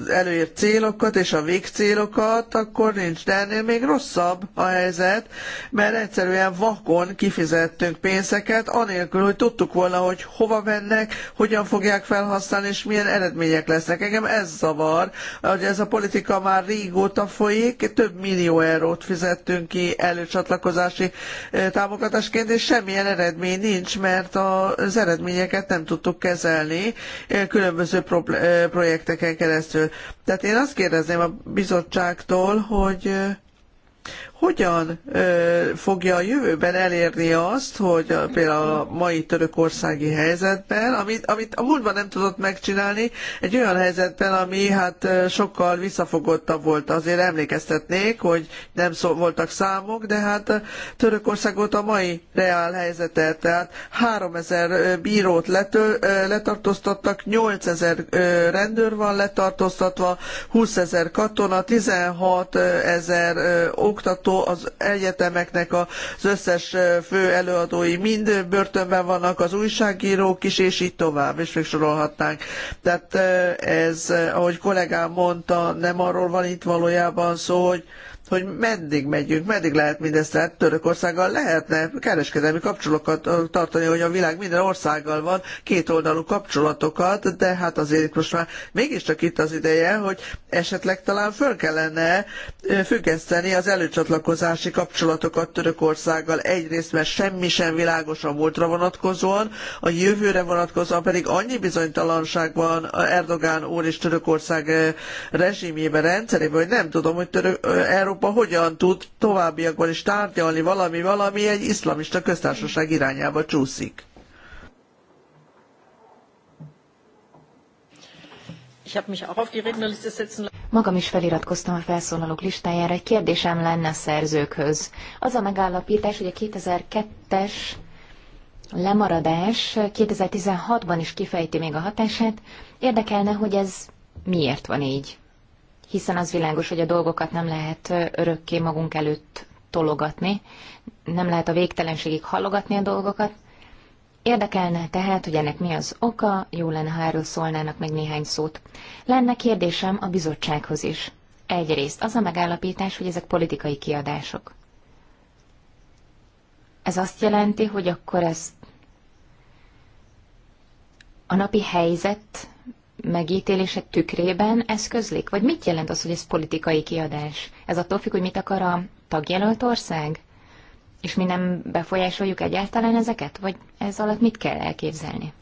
előírt célokat és a végcélokat, akkor nincs. De ennél még rosszabb a helyzet, mert egyszerűen vakon kifizettünk pénzeket, anélkül, hogy tudtuk volna, hogy hova mennek, hogyan fogják felhasználni, és milyen eredmények lesznek. Engem ez zavar, hogy ez a politika már régóta folyik, több millió eurót fizettünk ki előcsatlakozási támogatásként, és semmilyen eredmény nincs, mert az eredményeket nem tudtuk kezelni, különböző különböző projekteken keresztül. Tehát én azt kérdezném a bizottságtól, hogy hogyan fogja a jövőben elérni azt, hogy például a mai törökországi helyzetben, amit, amit a múltban nem tudott megcsinálni, egy olyan helyzetben, ami hát sokkal visszafogottabb volt. Azért emlékeztetnék, hogy nem szó, voltak számok, de hát Törökországot a mai reál helyzetet, tehát 3000 bírót letől, letartóztattak, 8000 rendőr van letartóztatva, 20 ezer katona, 16 ezer oktató, előadó, az egyetemeknek az összes fő előadói mind börtönben vannak, az újságírók is, és így tovább, és még sorolhatnánk. Tehát ez, ahogy kollégám mondta, nem arról van itt valójában szó, hogy hogy meddig megyünk, meddig lehet mindezt tehát Törökországgal lehetne kereskedelmi kapcsolatokat tartani, hogy a világ minden országgal van kétoldalú kapcsolatokat, de hát azért most már mégiscsak itt az ideje, hogy esetleg talán föl kellene függeszteni az előcsatlakozási kapcsolatokat Törökországgal egyrészt, mert semmi sem világos a múltra vonatkozóan, a jövőre vonatkozóan pedig annyi bizonytalanság van Erdogán úr és Törökország rezsimjében, rendszerében, hogy nem tudom, hogy Török, Európa Európa hogyan tud továbbiakban is tárgyalni valami, valami egy iszlamista köztársaság irányába csúszik.
Magam is feliratkoztam a felszólalók listájára, egy kérdésem lenne a szerzőkhöz. Az a megállapítás, hogy a 2002-es lemaradás 2016-ban is kifejti még a hatását. Érdekelne, hogy ez miért van így hiszen az világos, hogy a dolgokat nem lehet örökké magunk előtt tologatni, nem lehet a végtelenségig hallogatni a dolgokat. Érdekelne tehát, hogy ennek mi az oka, jó lenne, ha erről szólnának meg néhány szót. Lenne kérdésem a bizottsághoz is. Egyrészt az a megállapítás, hogy ezek politikai kiadások. Ez azt jelenti, hogy akkor ez a napi helyzet megítélése tükrében ez közlik? Vagy mit jelent az, hogy ez politikai kiadás? Ez attól függ, hogy mit akar a tagjelölt ország? És mi nem befolyásoljuk egyáltalán ezeket? Vagy ez alatt mit kell elképzelni?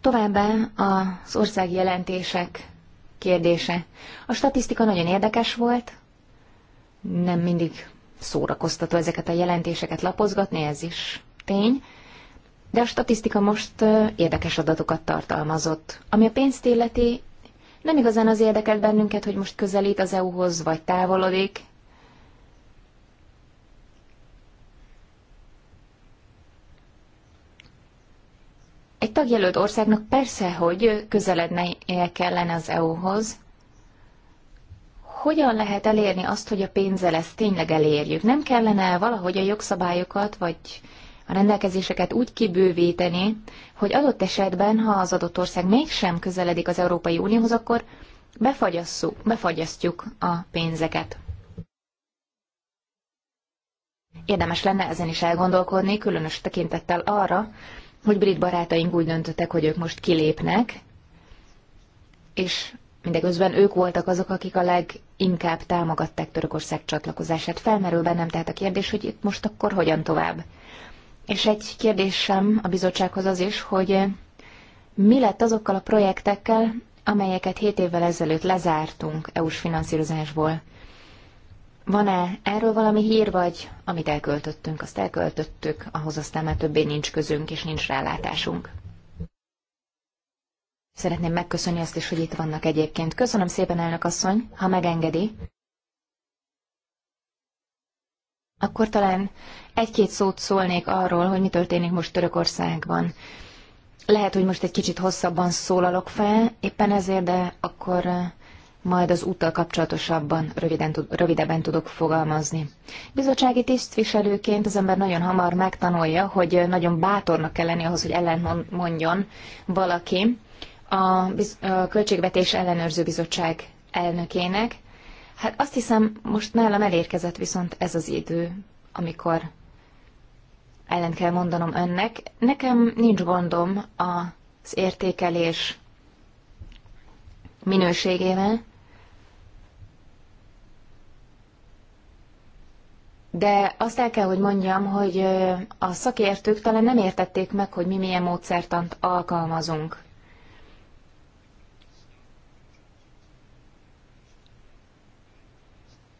Továbbá az ország jelentések kérdése. A statisztika nagyon érdekes volt, nem mindig szórakoztató ezeket a jelentéseket lapozgatni, ez is tény, de a statisztika most érdekes adatokat tartalmazott. Ami a pénzt illeti, nem igazán az érdekelt bennünket, hogy most közelít az EU-hoz, vagy távolodik. Egy tagjelölt országnak persze, hogy közelednie kellene az EU-hoz. Hogyan lehet elérni azt, hogy a pénzzel ezt tényleg elérjük? Nem kellene valahogy a jogszabályokat, vagy a rendelkezéseket úgy kibővíteni, hogy adott esetben, ha az adott ország mégsem közeledik az Európai Unióhoz, akkor befagyasszuk, befagyasztjuk a pénzeket. Érdemes lenne ezen is elgondolkodni, különös tekintettel arra, hogy brit barátaink úgy döntöttek, hogy ők most kilépnek, és mindeközben ők voltak azok, akik a leginkább támogatták Törökország csatlakozását. Felmerül bennem tehát a kérdés, hogy itt most akkor hogyan tovább. És egy kérdésem a bizottsághoz az is, hogy mi lett azokkal a projektekkel, amelyeket 7 évvel ezelőtt lezártunk EU-s finanszírozásból? Van-e erről valami hír, vagy amit elköltöttünk, azt elköltöttük, ahhoz aztán már többé nincs közünk és nincs rálátásunk? Szeretném megköszönni azt is, hogy itt vannak egyébként. Köszönöm szépen, elnök asszony, ha megengedi. Akkor talán egy-két szót szólnék arról, hogy mi történik most Törökországban. Lehet, hogy most egy kicsit hosszabban szólalok fel, éppen ezért, de akkor majd az úttal kapcsolatosabban röviden, rövidebben tudok fogalmazni. Bizottsági tisztviselőként az ember nagyon hamar megtanulja, hogy nagyon bátornak kell lenni ahhoz, hogy ellen mondjon valaki a, biz- a Költségvetés Ellenőrző Bizottság elnökének. Hát azt hiszem, most nálam elérkezett viszont ez az idő, amikor ellen kell mondanom önnek. Nekem nincs gondom az értékelés minőségével, de azt el kell, hogy mondjam, hogy a szakértők talán nem értették meg, hogy mi milyen módszertant alkalmazunk.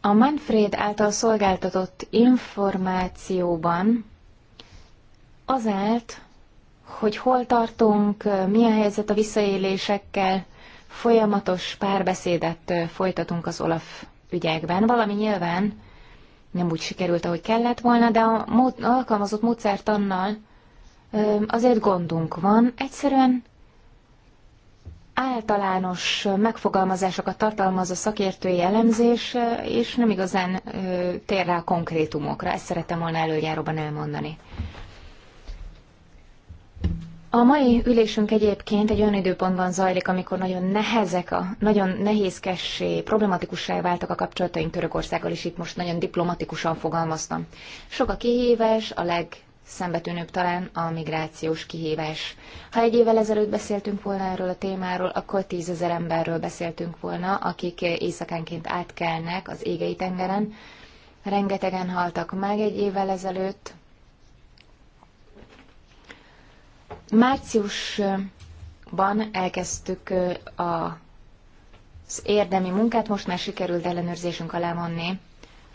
A Manfred által szolgáltatott információban az állt, hogy hol tartunk, milyen helyzet a visszaélésekkel, folyamatos párbeszédet folytatunk az Olaf ügyekben. Valami nyilván nem úgy sikerült, ahogy kellett volna, de a mód, alkalmazott módszertannal azért gondunk van. Egyszerűen általános megfogalmazásokat tartalmaz a szakértői elemzés, és nem igazán tér rá a konkrétumokra. Ezt szerettem volna előjáróban elmondani. A mai ülésünk egyébként egy olyan időpontban zajlik, amikor nagyon nehezek a, nagyon nehézkessé, problematikussá váltak a kapcsolataink Törökországgal, és itt most nagyon diplomatikusan fogalmaztam. Sok a kihívás, a legszembetűnőbb talán a migrációs kihívás. Ha egy évvel ezelőtt beszéltünk volna erről a témáról, akkor tízezer emberről beszéltünk volna, akik éjszakánként átkelnek az égei tengeren. Rengetegen haltak meg egy évvel ezelőtt, Márciusban elkezdtük a az érdemi munkát most már sikerült ellenőrzésünk alá vonni.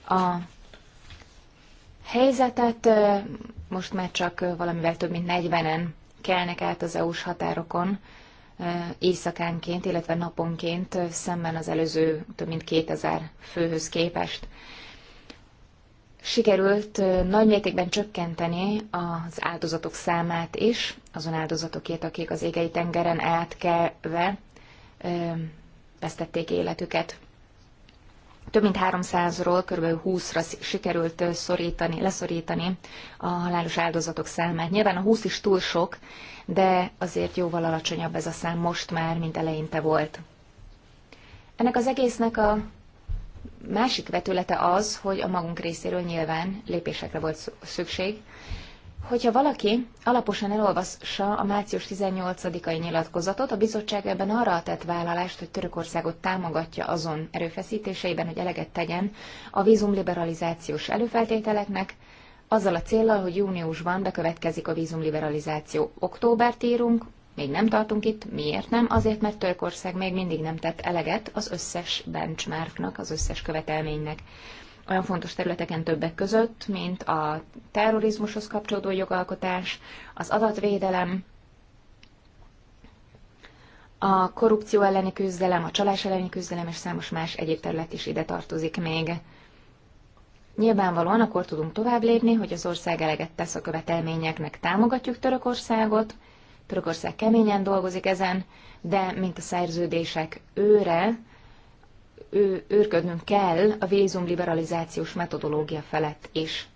A helyzetet most már csak valamivel több mint 40-en kelnek át az EU-s határokon éjszakánként, illetve naponként szemben az előző több mint 2000 főhöz képest sikerült nagymértékben csökkenteni az áldozatok számát is, azon áldozatokét, akik az égei tengeren átkelve vesztették életüket. Több mint 300-ról kb. 20-ra sikerült szorítani, leszorítani a halálos áldozatok számát. Nyilván a 20 is túl sok, de azért jóval alacsonyabb ez a szám most már, mint eleinte volt. Ennek az egésznek a másik vetülete az, hogy a magunk részéről nyilván lépésekre volt szükség. Hogyha valaki alaposan elolvassa a március 18-ai nyilatkozatot, a bizottság ebben arra tett vállalást, hogy Törökországot támogatja azon erőfeszítéseiben, hogy eleget tegyen a vízumliberalizációs előfeltételeknek, azzal a céllal, hogy júniusban bekövetkezik a vízumliberalizáció. Októbert írunk, még nem tartunk itt. Miért nem? Azért, mert Törökország még mindig nem tett eleget az összes benchmarknak, az összes követelménynek. Olyan fontos területeken többek között, mint a terrorizmushoz kapcsolódó jogalkotás, az adatvédelem, a korrupció elleni küzdelem, a csalás elleni küzdelem és számos más egyéb terület is ide tartozik még. Nyilvánvalóan akkor tudunk tovább lépni, hogy az ország eleget tesz a követelményeknek, támogatjuk Törökországot, Törökország keményen dolgozik ezen, de mint a szerződések őre, ő, őrködnünk kell a vízum liberalizációs metodológia felett is.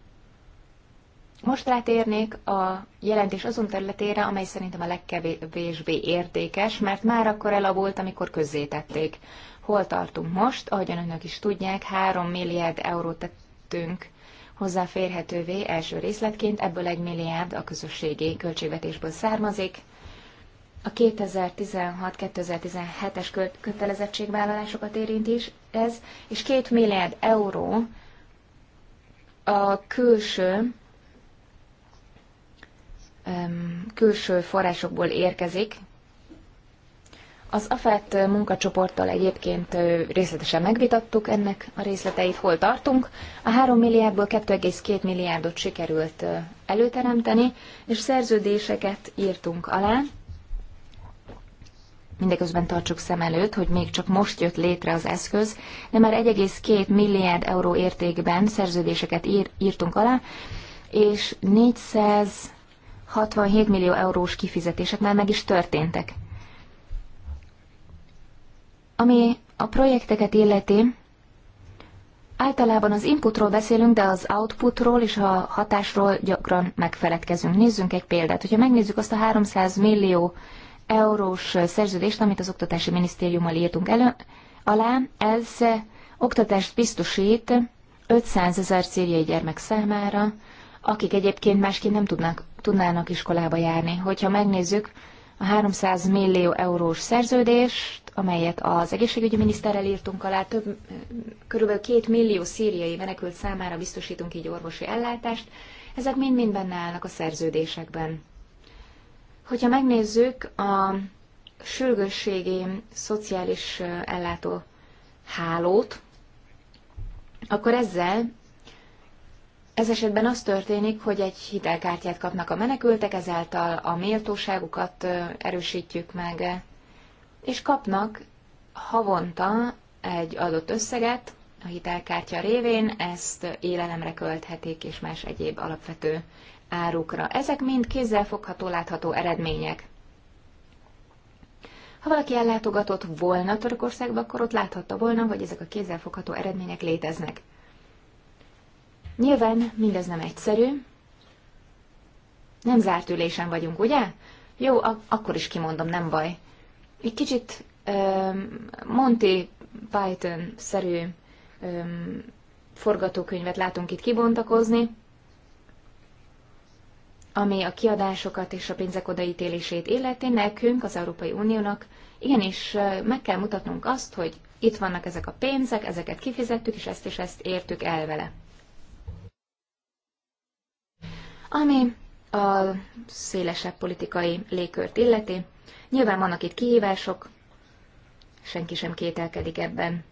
Most rátérnék a jelentés azon területére, amely szerintem a legkevésbé értékes, mert már akkor elavult, amikor közzétették. Hol tartunk most? Ahogyan önök is tudják, 3 milliárd eurót tettünk hozzáférhetővé első részletként, ebből egy milliárd a közösségi költségvetésből származik. A 2016-2017-es kötelezettségvállalásokat érint is ez, és két milliárd euró a külső külső forrásokból érkezik, az AFET munkacsoporttal egyébként részletesen megvitattuk ennek a részleteit, hol tartunk. A 3 milliárdból 2,2 milliárdot sikerült előteremteni, és szerződéseket írtunk alá. Mindeközben tartsuk szem előtt, hogy még csak most jött létre az eszköz, de már 1,2 milliárd euró értékben szerződéseket ír, írtunk alá, és 467 millió eurós kifizetések már meg is történtek. Ami a projekteket illeti, általában az inputról beszélünk, de az outputról és a hatásról gyakran megfeledkezünk. Nézzünk egy példát. Hogyha megnézzük azt a 300 millió eurós szerződést, amit az Oktatási Minisztériummal írtunk elő, alá, ez oktatást biztosít 500 ezer szíriai gyermek számára, akik egyébként másként nem tudnak, tudnának iskolába járni. Hogyha megnézzük a 300 millió eurós szerződést, amelyet az egészségügyi miniszterrel írtunk alá, több, körülbelül két millió szíriai menekült számára biztosítunk így orvosi ellátást, ezek mind-mind benne állnak a szerződésekben. Hogyha megnézzük a sürgősségi szociális ellátó hálót, akkor ezzel ez esetben az történik, hogy egy hitelkártyát kapnak a menekültek, ezáltal a méltóságukat erősítjük meg, és kapnak havonta egy adott összeget a hitelkártya révén, ezt élelemre költhetik és más egyéb alapvető árukra. Ezek mind kézzelfogható, látható eredmények. Ha valaki ellátogatott volna Törökországba, akkor ott láthatta volna, hogy ezek a kézzelfogható eredmények léteznek. Nyilván mindez nem egyszerű. Nem zárt ülésen vagyunk, ugye? Jó, ak- akkor is kimondom, nem baj. Egy kicsit um, Monty Python-szerű um, forgatókönyvet látunk itt kibontakozni, ami a kiadásokat és a pénzek odaítélését illeti, nekünk, az Európai Uniónak igenis meg kell mutatnunk azt, hogy itt vannak ezek a pénzek, ezeket kifizettük, és ezt és ezt értük el vele. Ami a szélesebb politikai légkört illeti, nyilván vannak itt kihívások, senki sem kételkedik ebben.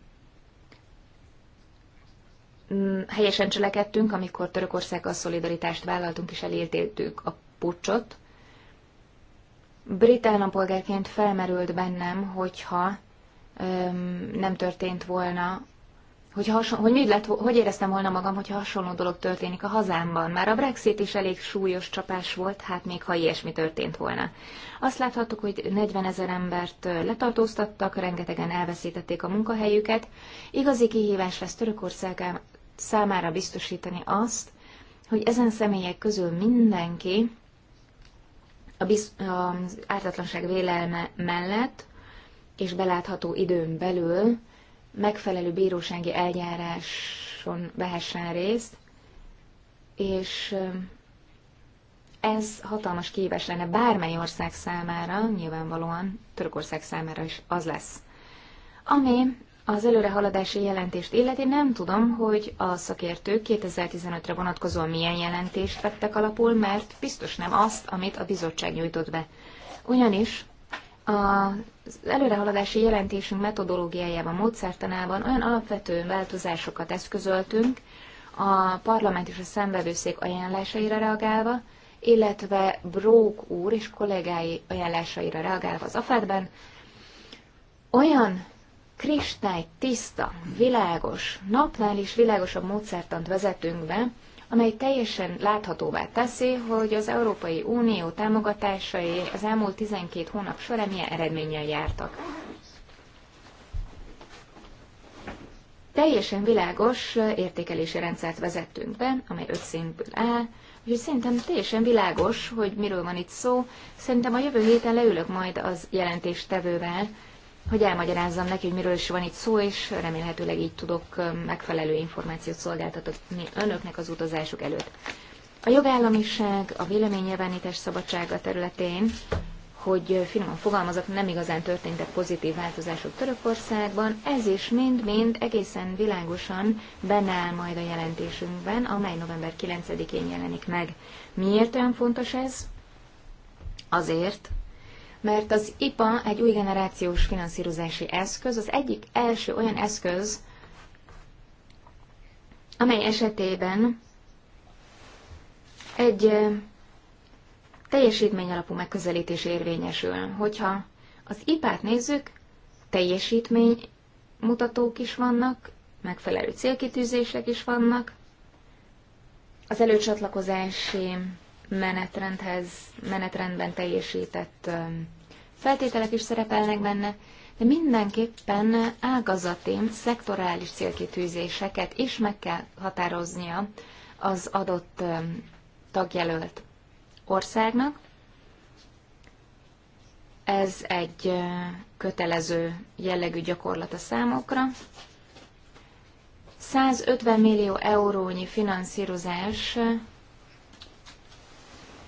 Mm, helyesen cselekedtünk, amikor Törökországgal szolidaritást vállaltunk és elértéltük a pucsot. Brit állampolgárként felmerült bennem, hogyha öm, nem történt volna hogy, hason, hogy, mit lett, hogy éreztem volna magam, hogyha hasonló dolog történik a hazámban. Már a Brexit is elég súlyos csapás volt, hát még ha ilyesmi történt volna. Azt láthattuk, hogy 40 ezer embert letartóztattak, rengetegen elveszítették a munkahelyüket. Igazi kihívás lesz Törökország számára biztosítani azt, hogy ezen személyek közül mindenki a biz, az ártatlanság vélelme mellett és belátható időn belül megfelelő bírósági eljáráson vehessen részt, és ez hatalmas kihívás lenne bármely ország számára, nyilvánvalóan Törökország számára is az lesz. Ami az előrehaladási jelentést illeti, nem tudom, hogy a szakértők 2015-re vonatkozóan milyen jelentést vettek alapul, mert biztos nem azt, amit a bizottság nyújtott be. Ugyanis az előrehaladási jelentésünk metodológiájában, módszertanában olyan alapvető változásokat eszközöltünk, a parlament és a szembevőszék ajánlásaira reagálva, illetve Brók úr és kollégái ajánlásaira reagálva az afed olyan kristály, tiszta, világos, napnál is világosabb módszertant vezetünk be, amely teljesen láthatóvá teszi, hogy az Európai Unió támogatásai az elmúlt 12 hónap során milyen eredménnyel jártak. Teljesen világos értékelési rendszert vezettünk be, amely öt szintből áll, úgyhogy szerintem teljesen világos, hogy miről van itt szó. Szerintem a jövő héten leülök majd az jelentéstevővel, hogy elmagyarázzam neki, hogy miről is van itt szó, és remélhetőleg így tudok megfelelő információt szolgáltatni önöknek az utazásuk előtt. A jogállamiság, a véleménynyilvánítás szabadsága területén, hogy finoman fogalmazok, nem igazán történtek pozitív változások Törökországban, ez is mind-mind egészen világosan benne áll majd a jelentésünkben, amely november 9-én jelenik meg. Miért olyan fontos ez? Azért, mert az IPA egy új generációs finanszírozási eszköz, az egyik első olyan eszköz, amely esetében egy teljesítmény alapú megközelítés érvényesül. Hogyha az IPA-t nézzük, teljesítmény mutatók is vannak, megfelelő célkitűzések is vannak, az előcsatlakozási menetrendhez, menetrendben teljesített feltételek is szerepelnek benne, de mindenképpen ágazati, szektorális célkitűzéseket is meg kell határoznia az adott tagjelölt országnak. Ez egy kötelező jellegű gyakorlat a számokra. 150 millió eurónyi finanszírozás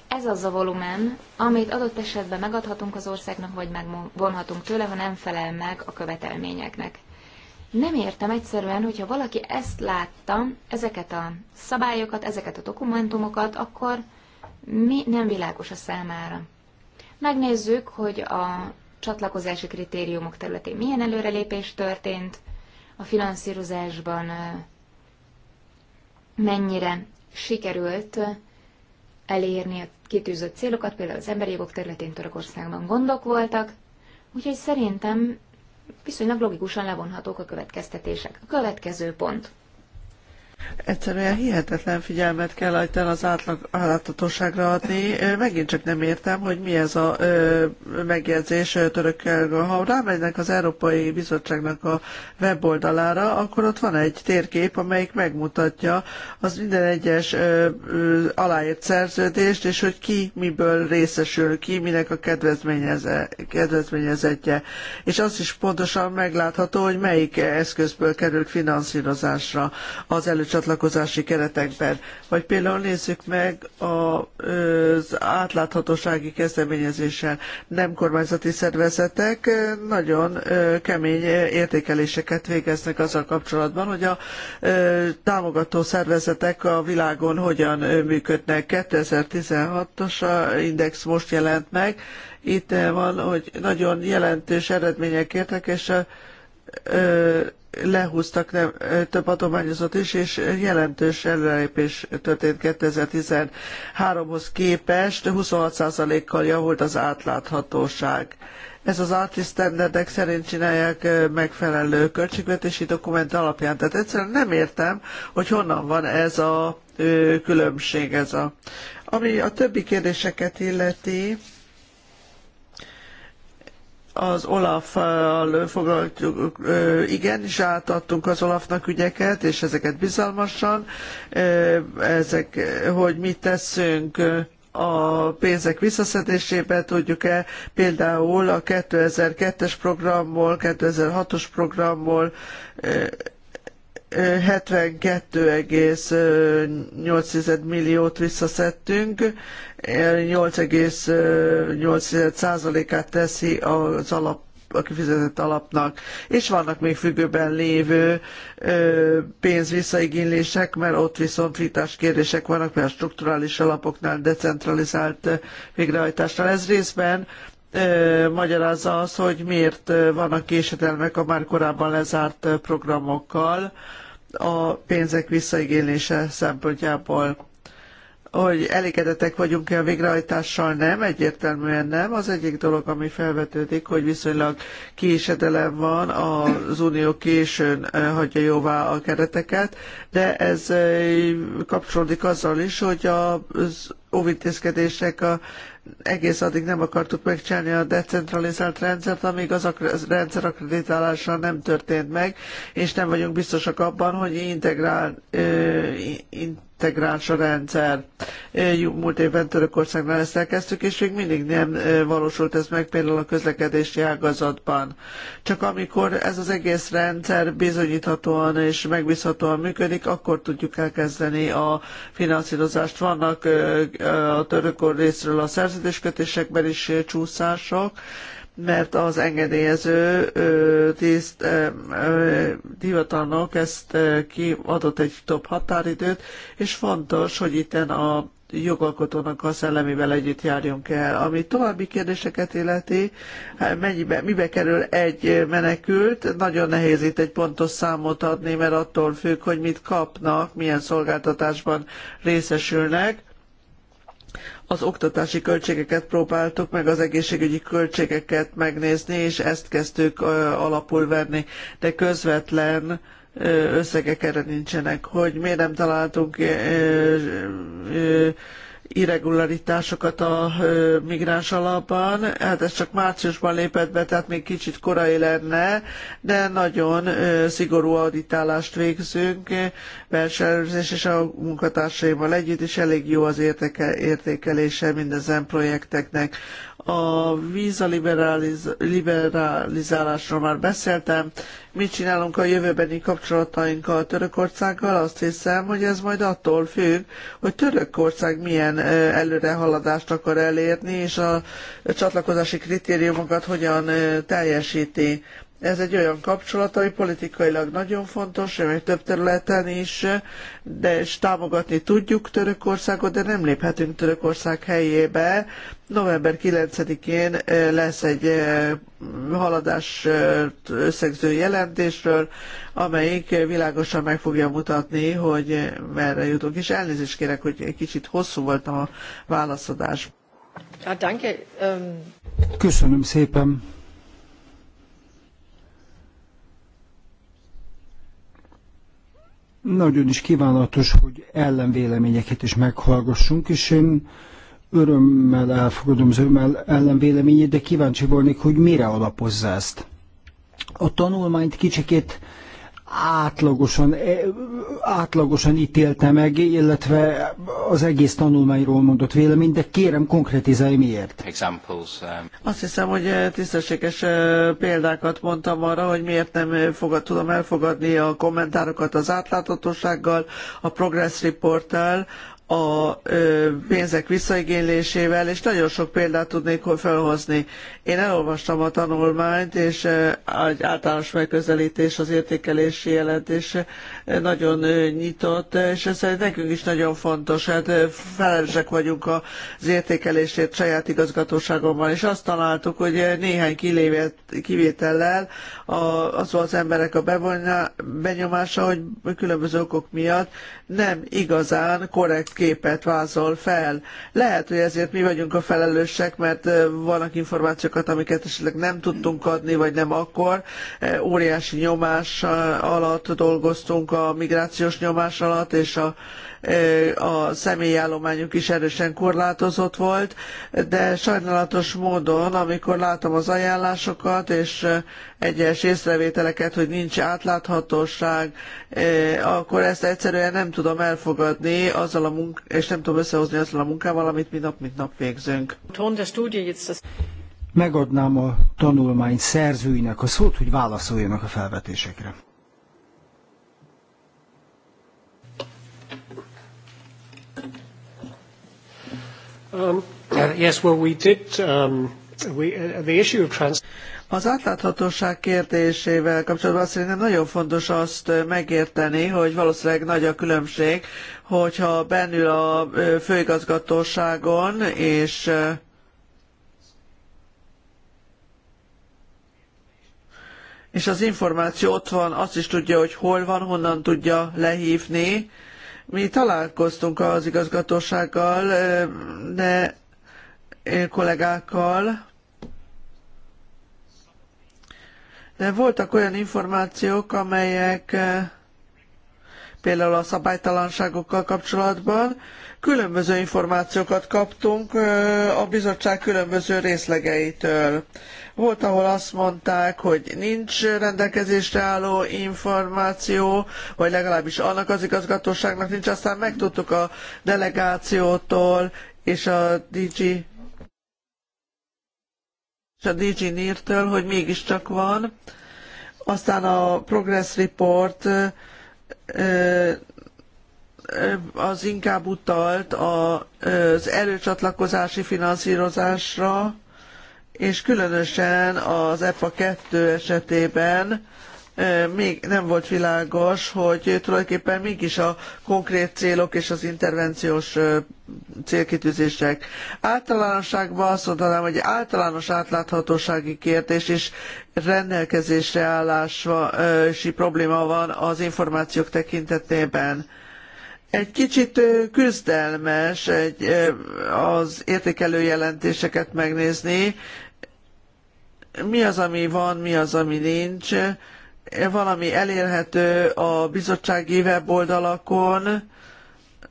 ez az a volumen, amit adott esetben megadhatunk az országnak, vagy megvonhatunk tőle, ha nem felel meg a követelményeknek. Nem értem egyszerűen, hogyha valaki ezt látta, ezeket a szabályokat, ezeket a dokumentumokat, akkor mi nem világos a számára. Megnézzük, hogy a csatlakozási kritériumok területén milyen előrelépés történt, a finanszírozásban mennyire sikerült elérni a kitűzött célokat, például az emberi jogok területén Törökországban gondok voltak, úgyhogy szerintem viszonylag logikusan levonhatók a következtetések. A következő pont.
Egyszerűen hihetetlen figyelmet kell ajtel az átlag, átláthatóságra adni. Megint csak nem értem, hogy mi ez a ö, megjegyzés törökkel. Ha rámegynek az Európai Bizottságnak a weboldalára, akkor ott van egy térkép, amelyik megmutatja az minden egyes ö, ö, szerződést, és hogy ki miből részesül, ki minek a kedvezményeze, kedvezményezetje. És az is pontosan meglátható, hogy melyik eszközből kerül finanszírozásra az elő csatlakozási keretekben. Vagy például nézzük meg az átláthatósági kezdeményezéssel. Nem kormányzati szervezetek nagyon kemény értékeléseket végeznek azzal kapcsolatban, hogy a támogató szervezetek a világon hogyan működnek. 2016-os index most jelent meg. Itt van, hogy nagyon jelentős eredmények értek, és a, lehúztak nem, több adományozót is, és jelentős előrelépés történt 2013-hoz képest, 26%-kal javult az átláthatóság. Ez az arti standardek szerint csinálják megfelelő költségvetési dokument alapján. Tehát egyszerűen nem értem, hogy honnan van ez a különbség, ez a... Ami a többi kérdéseket illeti, az Olaf-al foglalt igen, és átadtunk az Olafnak ügyeket, és ezeket bizalmasan, ezek, hogy mit teszünk a pénzek visszaszedésébe tudjuk-e például a 2002-es programból, 2006-os programból 72,8 milliót visszaszedtünk, 8,8%-át teszi az alap a kifizetett alapnak, és vannak még függőben lévő pénz pénzvisszaigénylések, mert ott viszont vitás kérdések vannak, mert a strukturális alapoknál decentralizált végrehajtásnál. Ez részben magyarázza az, hogy miért vannak késedelmek a már korábban lezárt programokkal a pénzek visszaigénylése szempontjából. Hogy elégedettek vagyunk-e a végrehajtással? Nem, egyértelműen nem. Az egyik dolog, ami felvetődik, hogy viszonylag késedelem van, az Unió későn hagyja jóvá a kereteket, de ez kapcsolódik azzal is, hogy az óvintézkedések a egész addig nem akartuk megcsinálni a decentralizált rendszert, amíg az a rendszer akreditálása nem történt meg, és nem vagyunk biztosak abban, hogy integrál, ö, in, integráns a rendszer. Múlt évben Törökországnál ezt elkezdtük, és még mindig nem valósult ez meg például a közlekedési ágazatban. Csak amikor ez az egész rendszer bizonyíthatóan és megbízhatóan működik, akkor tudjuk elkezdeni a finanszírozást. Vannak a török részről a szerződéskötésekben is csúszások, mert az engedélyező tiszt hivatalnok ezt kiadott egy top határidőt, és fontos, hogy itten a jogalkotónak a szellemével együtt járjunk el. Ami további kérdéseket illeti, hát mennyibe, mibe kerül egy menekült, nagyon nehéz itt egy pontos számot adni, mert attól függ, hogy mit kapnak, milyen szolgáltatásban részesülnek, az oktatási költségeket próbáltuk meg az egészségügyi költségeket megnézni, és ezt kezdtük alapul venni, de közvetlen összegek erre nincsenek, hogy miért nem találtunk irregularitásokat a migráns alapban. Hát ez csak márciusban lépett be, tehát még kicsit korai lenne, de nagyon szigorú auditálást végzünk belső előzés és a munkatársaimmal együtt, és elég jó az értéke, értékelése mindezen projekteknek. A víza liberaliz- liberalizálásról már beszéltem. Mit csinálunk a jövőbeni kapcsolatainkkal Törökországgal? Azt hiszem, hogy ez majd attól függ, hogy Törökország milyen előrehaladást akar elérni, és a csatlakozási kritériumokat hogyan teljesíti. Ez egy olyan kapcsolat, ami politikailag nagyon fontos, ami több területen is, de és támogatni tudjuk Törökországot, de nem léphetünk Törökország helyébe. November 9-én eh, lesz egy eh, haladás eh, összegző jelentésről, amelyik világosan meg fogja mutatni, hogy merre jutunk. És elnézést kérek, hogy egy kicsit hosszú volt a válaszadás. Ähm. Köszönöm szépen.
nagyon is kívánatos, hogy ellenvéleményeket is meghallgassunk, és én örömmel elfogadom az örömmel ellenvéleményét, de kíváncsi volnék, hogy mire alapozza ezt. A tanulmányt kicsikét átlagosan, e, átlagosan ítélte meg, illetve az egész tanulmányról mondott vélemény, de kérem konkrétizálj miért.
Um,
Azt hiszem, hogy eh, tisztességes eh, példákat mondtam arra, hogy miért nem eh, fogad, tudom elfogadni a kommentárokat az átláthatósággal, a progress reporttel, a pénzek visszaigénylésével, és nagyon sok példát tudnék felhozni. Én elolvastam a tanulmányt, és egy általános megközelítés az értékelési jelentése nagyon nyitott, és ez nekünk is nagyon fontos, hát felelősek vagyunk az értékelésért saját igazgatóságommal, és azt találtuk, hogy néhány kivétellel az az emberek a bevonja, benyomása, hogy különböző okok miatt nem igazán korrekt képet vázol fel. Lehet, hogy ezért mi vagyunk a felelősek, mert vannak információkat, amiket esetleg nem tudtunk adni, vagy nem akkor. Óriási nyomás alatt dolgoztunk a migrációs nyomás alatt, és a, a személyállományuk is erősen korlátozott volt, de sajnálatos módon, amikor látom az ajánlásokat és egyes észrevételeket, hogy nincs átláthatóság, akkor ezt egyszerűen nem tudom elfogadni azzal a munk- és nem tudom összehozni azzal a munkával, amit mi nap mint nap végzünk. Megadnám
a tanulmány szerzőinek a szót, hogy válaszoljanak a felvetésekre.
Um,
yes, well, we did, um,
we, uh, the issue of trans- az átláthatóság kérdésével kapcsolatban szerintem nagyon fontos azt megérteni, hogy valószínűleg nagy a különbség, hogyha bennül a főigazgatóságon és és az információ ott van, azt is tudja, hogy hol van, honnan tudja lehívni, mi találkoztunk az igazgatósággal, de kollégákkal, de voltak olyan információk, amelyek például a szabálytalanságokkal kapcsolatban különböző információkat kaptunk a bizottság különböző részlegeitől. Volt, ahol azt mondták, hogy nincs rendelkezésre álló információ, vagy legalábbis annak az igazgatóságnak nincs, aztán megtudtuk a delegációtól és a DG és a DG NIR-től, hogy mégiscsak van. Aztán a Progress Report az inkább utalt az előcsatlakozási finanszírozásra, és különösen az EPA 2 esetében még nem volt világos, hogy tulajdonképpen mik is a konkrét célok és az intervenciós célkitűzések. Általánosságban azt mondanám, hogy általános átláthatósági kérdés és rendelkezésre állási probléma van az információk tekintetében. Egy kicsit küzdelmes egy, az értékelő jelentéseket megnézni, mi az, ami van, mi az, ami nincs. Valami elérhető a bizottsági weboldalakon,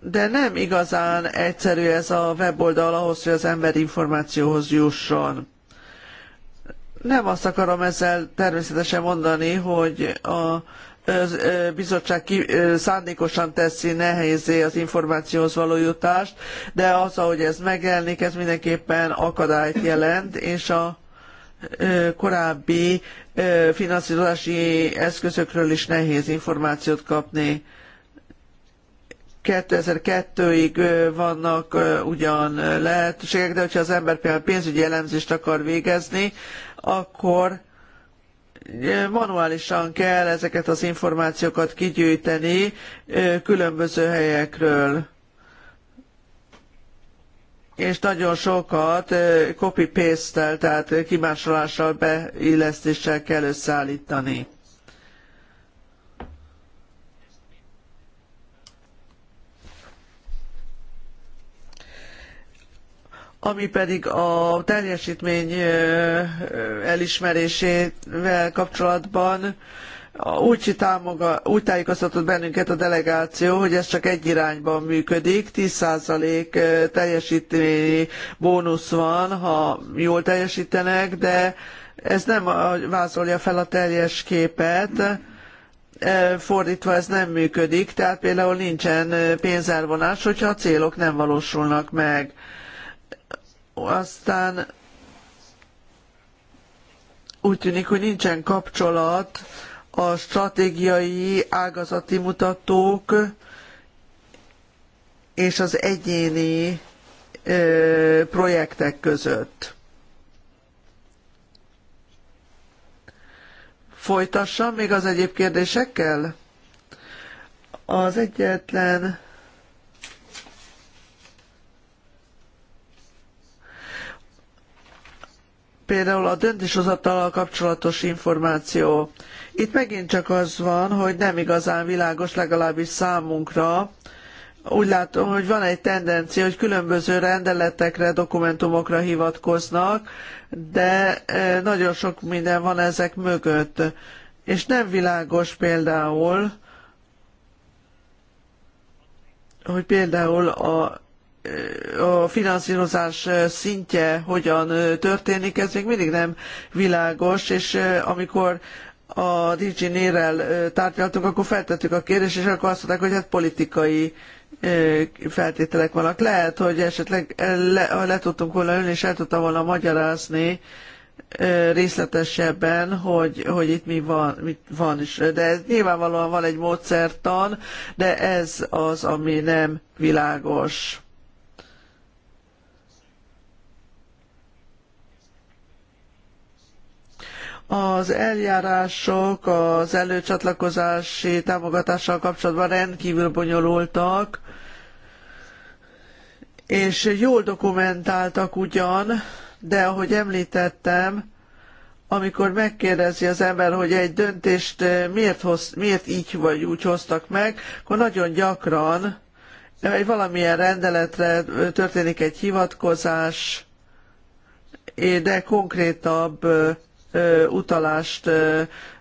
de nem igazán egyszerű ez a weboldal ahhoz, hogy az ember információhoz jusson. Nem azt akarom ezzel természetesen mondani, hogy a bizottság szándékosan teszi nehézé az információhoz való jutást, de az, ahogy ez megjelenik, ez mindenképpen akadályt jelent, és a korábbi finanszírozási eszközökről is nehéz információt kapni. 2002-ig vannak ugyan lehetőségek, de hogyha az ember például pénzügyi elemzést akar végezni, akkor manuálisan kell ezeket az információkat kigyűjteni különböző helyekről és nagyon sokat copy-paste-tel, tehát kimásolással, beillesztéssel kell összeállítani. ami pedig a teljesítmény elismerésével kapcsolatban úgy, támoga, úgy tájékoztatott bennünket a delegáció, hogy ez csak egy irányban működik, 10% teljesítményi bónusz van, ha jól teljesítenek, de ez nem vázolja fel a teljes képet, fordítva ez nem működik, tehát például nincsen pénzelvonás, hogyha a célok nem valósulnak meg. Aztán úgy tűnik, hogy nincsen kapcsolat, a stratégiai ágazati mutatók és az egyéni projektek között. Folytassam még az egyéb kérdésekkel? Az egyetlen például a döntéshozatalal kapcsolatos információ. Itt megint csak az van, hogy nem igazán világos legalábbis számunkra, úgy látom, hogy van egy tendencia, hogy különböző rendeletekre, dokumentumokra hivatkoznak, de e, nagyon sok minden van ezek mögött. És nem világos például, hogy például a, e, a finanszírozás szintje hogyan e, történik, ez még mindig nem világos, és amikor a DG Nérel tárgyaltunk, akkor feltettük a kérdést, és akkor azt mondták, hogy hát politikai feltételek vannak. Lehet, hogy esetleg le, ha le tudtunk volna ülni, és el tudtam volna magyarázni részletesebben, hogy, hogy itt mi van, mit van is. De ez nyilvánvalóan van egy módszertan, de ez az, ami nem világos. Az eljárások az előcsatlakozási támogatással kapcsolatban rendkívül bonyolultak, és jól dokumentáltak ugyan, de ahogy említettem, amikor megkérdezi az ember, hogy egy döntést miért, hoz, miért így vagy úgy hoztak meg, akkor nagyon gyakran egy valamilyen rendeletre történik egy hivatkozás, de konkrétabb utalást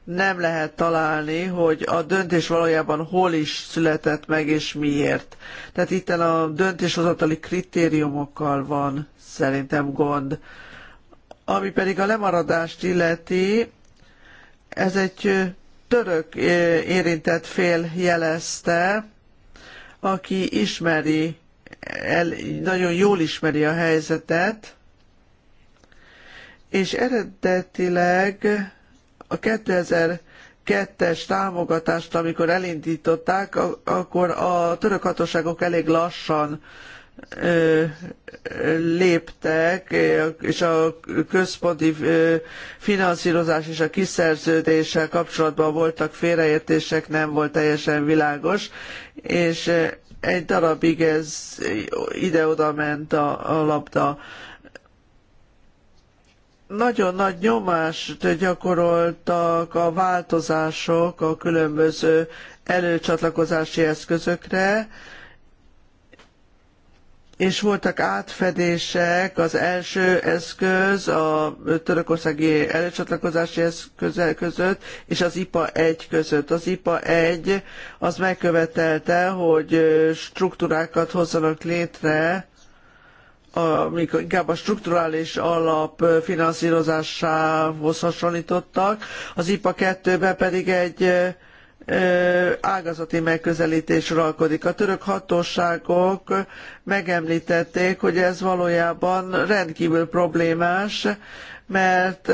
nem lehet találni, hogy a döntés valójában hol is született meg és miért. Tehát itt a döntéshozatali kritériumokkal van szerintem gond. Ami pedig a lemaradást illeti, ez egy török érintett fél jelezte, aki ismeri, el, nagyon jól ismeri a helyzetet, és eredetileg a 2002-es támogatást, amikor elindították, akkor a török hatóságok elég lassan léptek, és a központi finanszírozás és a kiszerződéssel kapcsolatban voltak félreértések, nem volt teljesen világos, és egy darabig ez ide-oda ment a, a labda nagyon nagy nyomást gyakoroltak a változások a különböző előcsatlakozási eszközökre, és voltak átfedések, az első eszköz a törökországi előcsatlakozási eszköz között, és az IPA 1 között. Az IPA 1 az megkövetelte, hogy struktúrákat hozzanak létre, amikor inkább a strukturális alap finanszírozásához hasonlítottak, az IPA 2-ben pedig egy ágazati megközelítés uralkodik. A török hatóságok megemlítették, hogy ez valójában rendkívül problémás, mert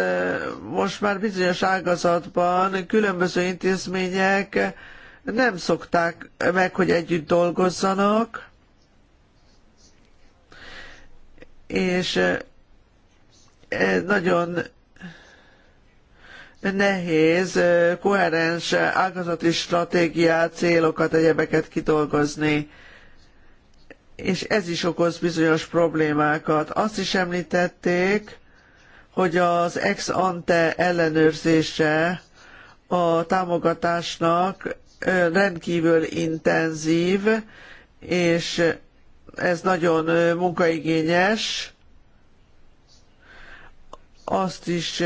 most már bizonyos ágazatban különböző intézmények nem szokták meg, hogy együtt dolgozzanak, és nagyon nehéz koherens ágazati stratégiát, célokat, egyebeket kidolgozni és ez is okoz bizonyos problémákat. Azt is említették, hogy az ex ante ellenőrzése a támogatásnak rendkívül intenzív, és ez nagyon munkaigényes. Azt is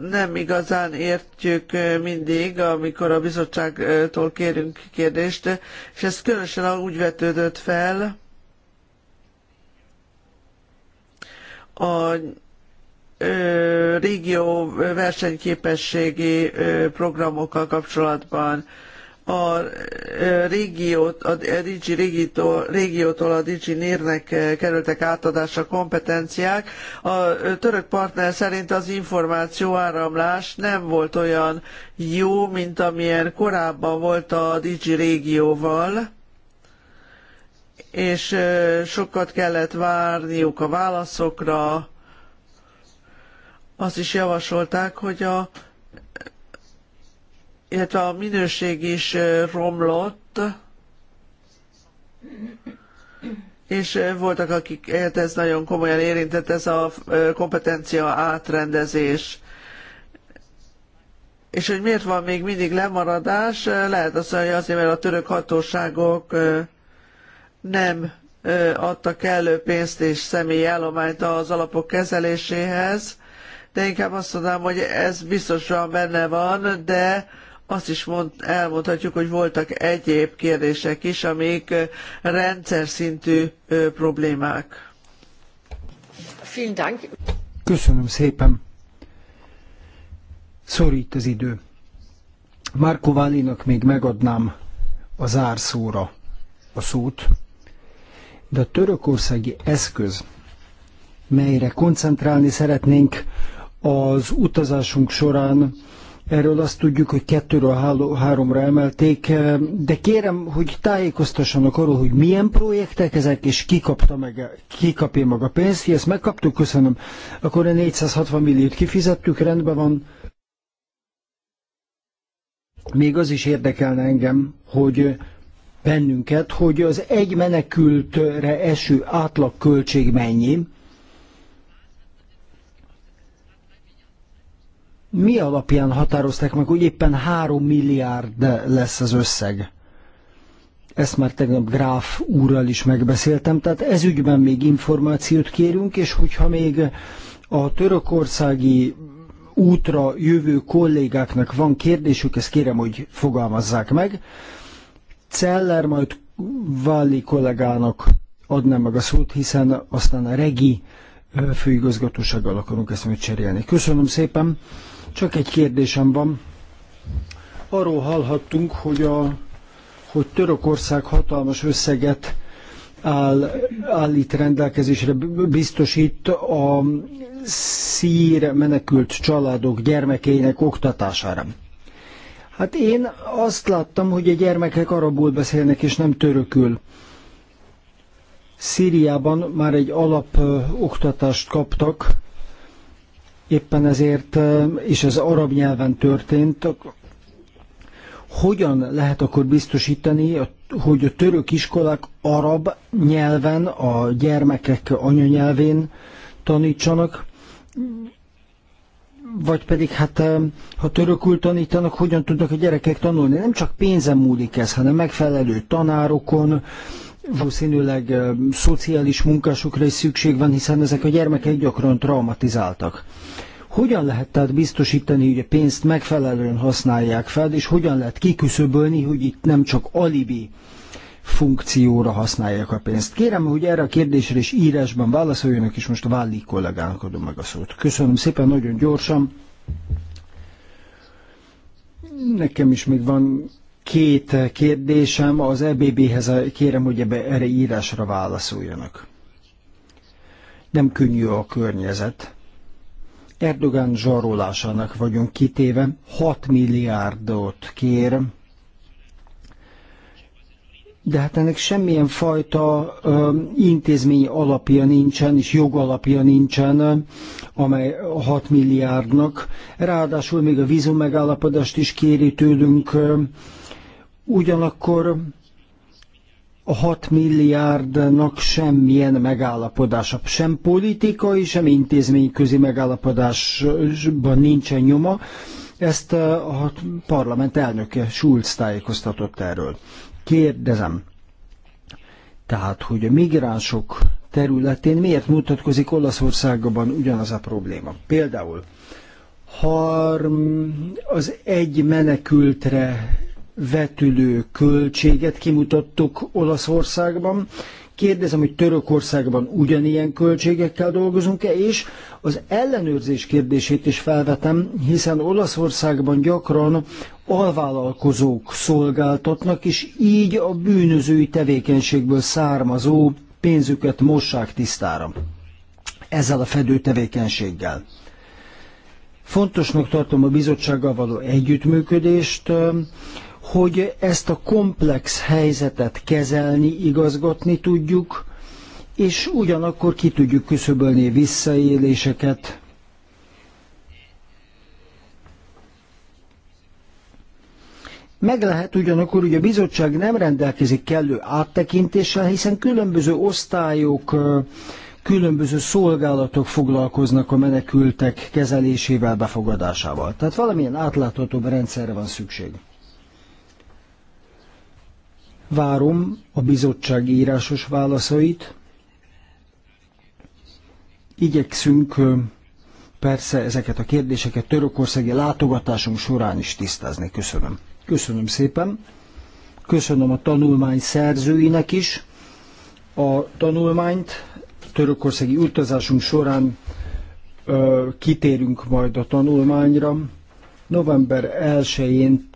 nem igazán értjük mindig, amikor a bizottságtól kérünk kérdést, és ez különösen úgy vetődött fel a régió versenyképességi programokkal kapcsolatban a e, régiót, a Digi régítól, régiótól a Digi Nérnek e, kerültek átadásra kompetenciák. A e, török partner szerint az információ áramlás nem volt olyan jó, mint amilyen korábban volt a Digi régióval és sokat kellett várniuk a válaszokra. Azt is javasolták, hogy a illetve a minőség is romlott, és voltak, akik hát ez nagyon komolyan érintett, ez a kompetencia átrendezés. És hogy miért van még mindig lemaradás, lehet azt mondani, hogy azért, mert a török hatóságok nem adtak elő pénzt és személyi állományt az alapok kezeléséhez, de inkább azt mondanám, hogy ez biztosan benne van, de azt is mond, elmondhatjuk, hogy voltak egyéb kérdések is, amik rendszer szintű problémák.
Köszönöm szépen. Szorít az idő. Márko Válinak még megadnám a zárszóra a szót, de a törökországi eszköz, melyre koncentrálni szeretnénk az utazásunk során, Erről azt tudjuk, hogy kettőről háromra emelték, eh, de kérem, hogy tájékoztassanak arról, hogy milyen projektek ezek, és ki, kapta meg, ki kapja maga pénzt. Ezt megkaptuk, köszönöm. Akkor a 460 milliót kifizettük, rendben van. Még az is érdekelne engem, hogy bennünket, hogy az egy menekültre eső átlagköltség mennyi, mi alapján határozták meg, hogy éppen 3 milliárd lesz az összeg? Ezt már tegnap Gráf úrral is megbeszéltem, tehát ez ügyben még információt kérünk, és hogyha még a törökországi útra jövő kollégáknak van kérdésük, ezt kérem, hogy fogalmazzák meg. Celler majd Valli kollégának adnám meg a szót, hiszen aztán a regi főigazgatósággal akarunk ezt cserélni. Köszönöm szépen! Csak egy kérdésem van. Arról hallhattunk, hogy, a, hogy Törökország hatalmas összeget áll, állít rendelkezésre, biztosít a szír menekült családok gyermekeinek oktatására. Hát én azt láttam, hogy a gyermekek arabul beszélnek, és nem törökül. Szíriában már egy alapoktatást kaptak, éppen ezért, és ez arab nyelven történt, hogyan lehet akkor biztosítani, hogy a török iskolák arab nyelven, a gyermekek anyanyelvén tanítsanak, vagy pedig hát ha törökül tanítanak, hogyan tudnak a gyerekek tanulni? Nem csak pénzen múlik ez, hanem megfelelő tanárokon, valószínűleg szociális munkásokra is szükség van, hiszen ezek a gyermekek gyakran traumatizáltak. Hogyan lehet tehát biztosítani, hogy a pénzt megfelelően használják fel, és hogyan lehet kiküszöbölni, hogy itt nem csak alibi funkcióra használják a pénzt. Kérem, hogy erre a kérdésre is írásban válaszoljanak, és most a Válli kollégának adom meg a szót. Köszönöm szépen, nagyon gyorsan. Nekem is még van két kérdésem az EBB-hez, kérem, hogy ebbe, erre írásra válaszoljanak. Nem könnyű a környezet. Erdogan zsarolásának vagyunk kitéve, 6 milliárdot kér, de hát ennek semmilyen fajta ö, intézmény alapja nincsen, és jogalapja nincsen, amely 6 milliárdnak. Ráadásul még a vízum megállapodást is kéri tőlünk, ö, Ugyanakkor a 6 milliárdnak semmilyen megállapodása, sem politikai, sem intézményközi megállapodásban nincsen nyoma. Ezt a parlament elnöke Schulz tájékoztatott erről. Kérdezem, tehát, hogy a migránsok területén miért mutatkozik Olaszországban ugyanaz a probléma? Például, ha az egy menekültre vetülő költséget kimutattuk Olaszországban. Kérdezem, hogy Törökországban ugyanilyen költségekkel dolgozunk-e, és az ellenőrzés kérdését is felvetem, hiszen Olaszországban gyakran alvállalkozók szolgáltatnak, és így a bűnözői tevékenységből származó pénzüket mossák tisztára ezzel a fedő tevékenységgel. Fontosnak tartom a bizottsággal való együttműködést, hogy ezt a komplex helyzetet kezelni, igazgatni tudjuk, és ugyanakkor ki tudjuk küszöbölni visszaéléseket, Meg lehet ugyanakkor, hogy a bizottság nem rendelkezik kellő áttekintéssel, hiszen különböző osztályok, különböző szolgálatok foglalkoznak a menekültek kezelésével, befogadásával. Tehát valamilyen átláthatóbb rendszerre van szükség. Várom a bizottság írásos válaszait. Igyekszünk persze ezeket a kérdéseket törökországi látogatásunk során is tisztázni. Köszönöm. Köszönöm szépen. Köszönöm a tanulmány szerzőinek is a tanulmányt. Törökországi utazásunk során ö, kitérünk majd a tanulmányra. November 1-én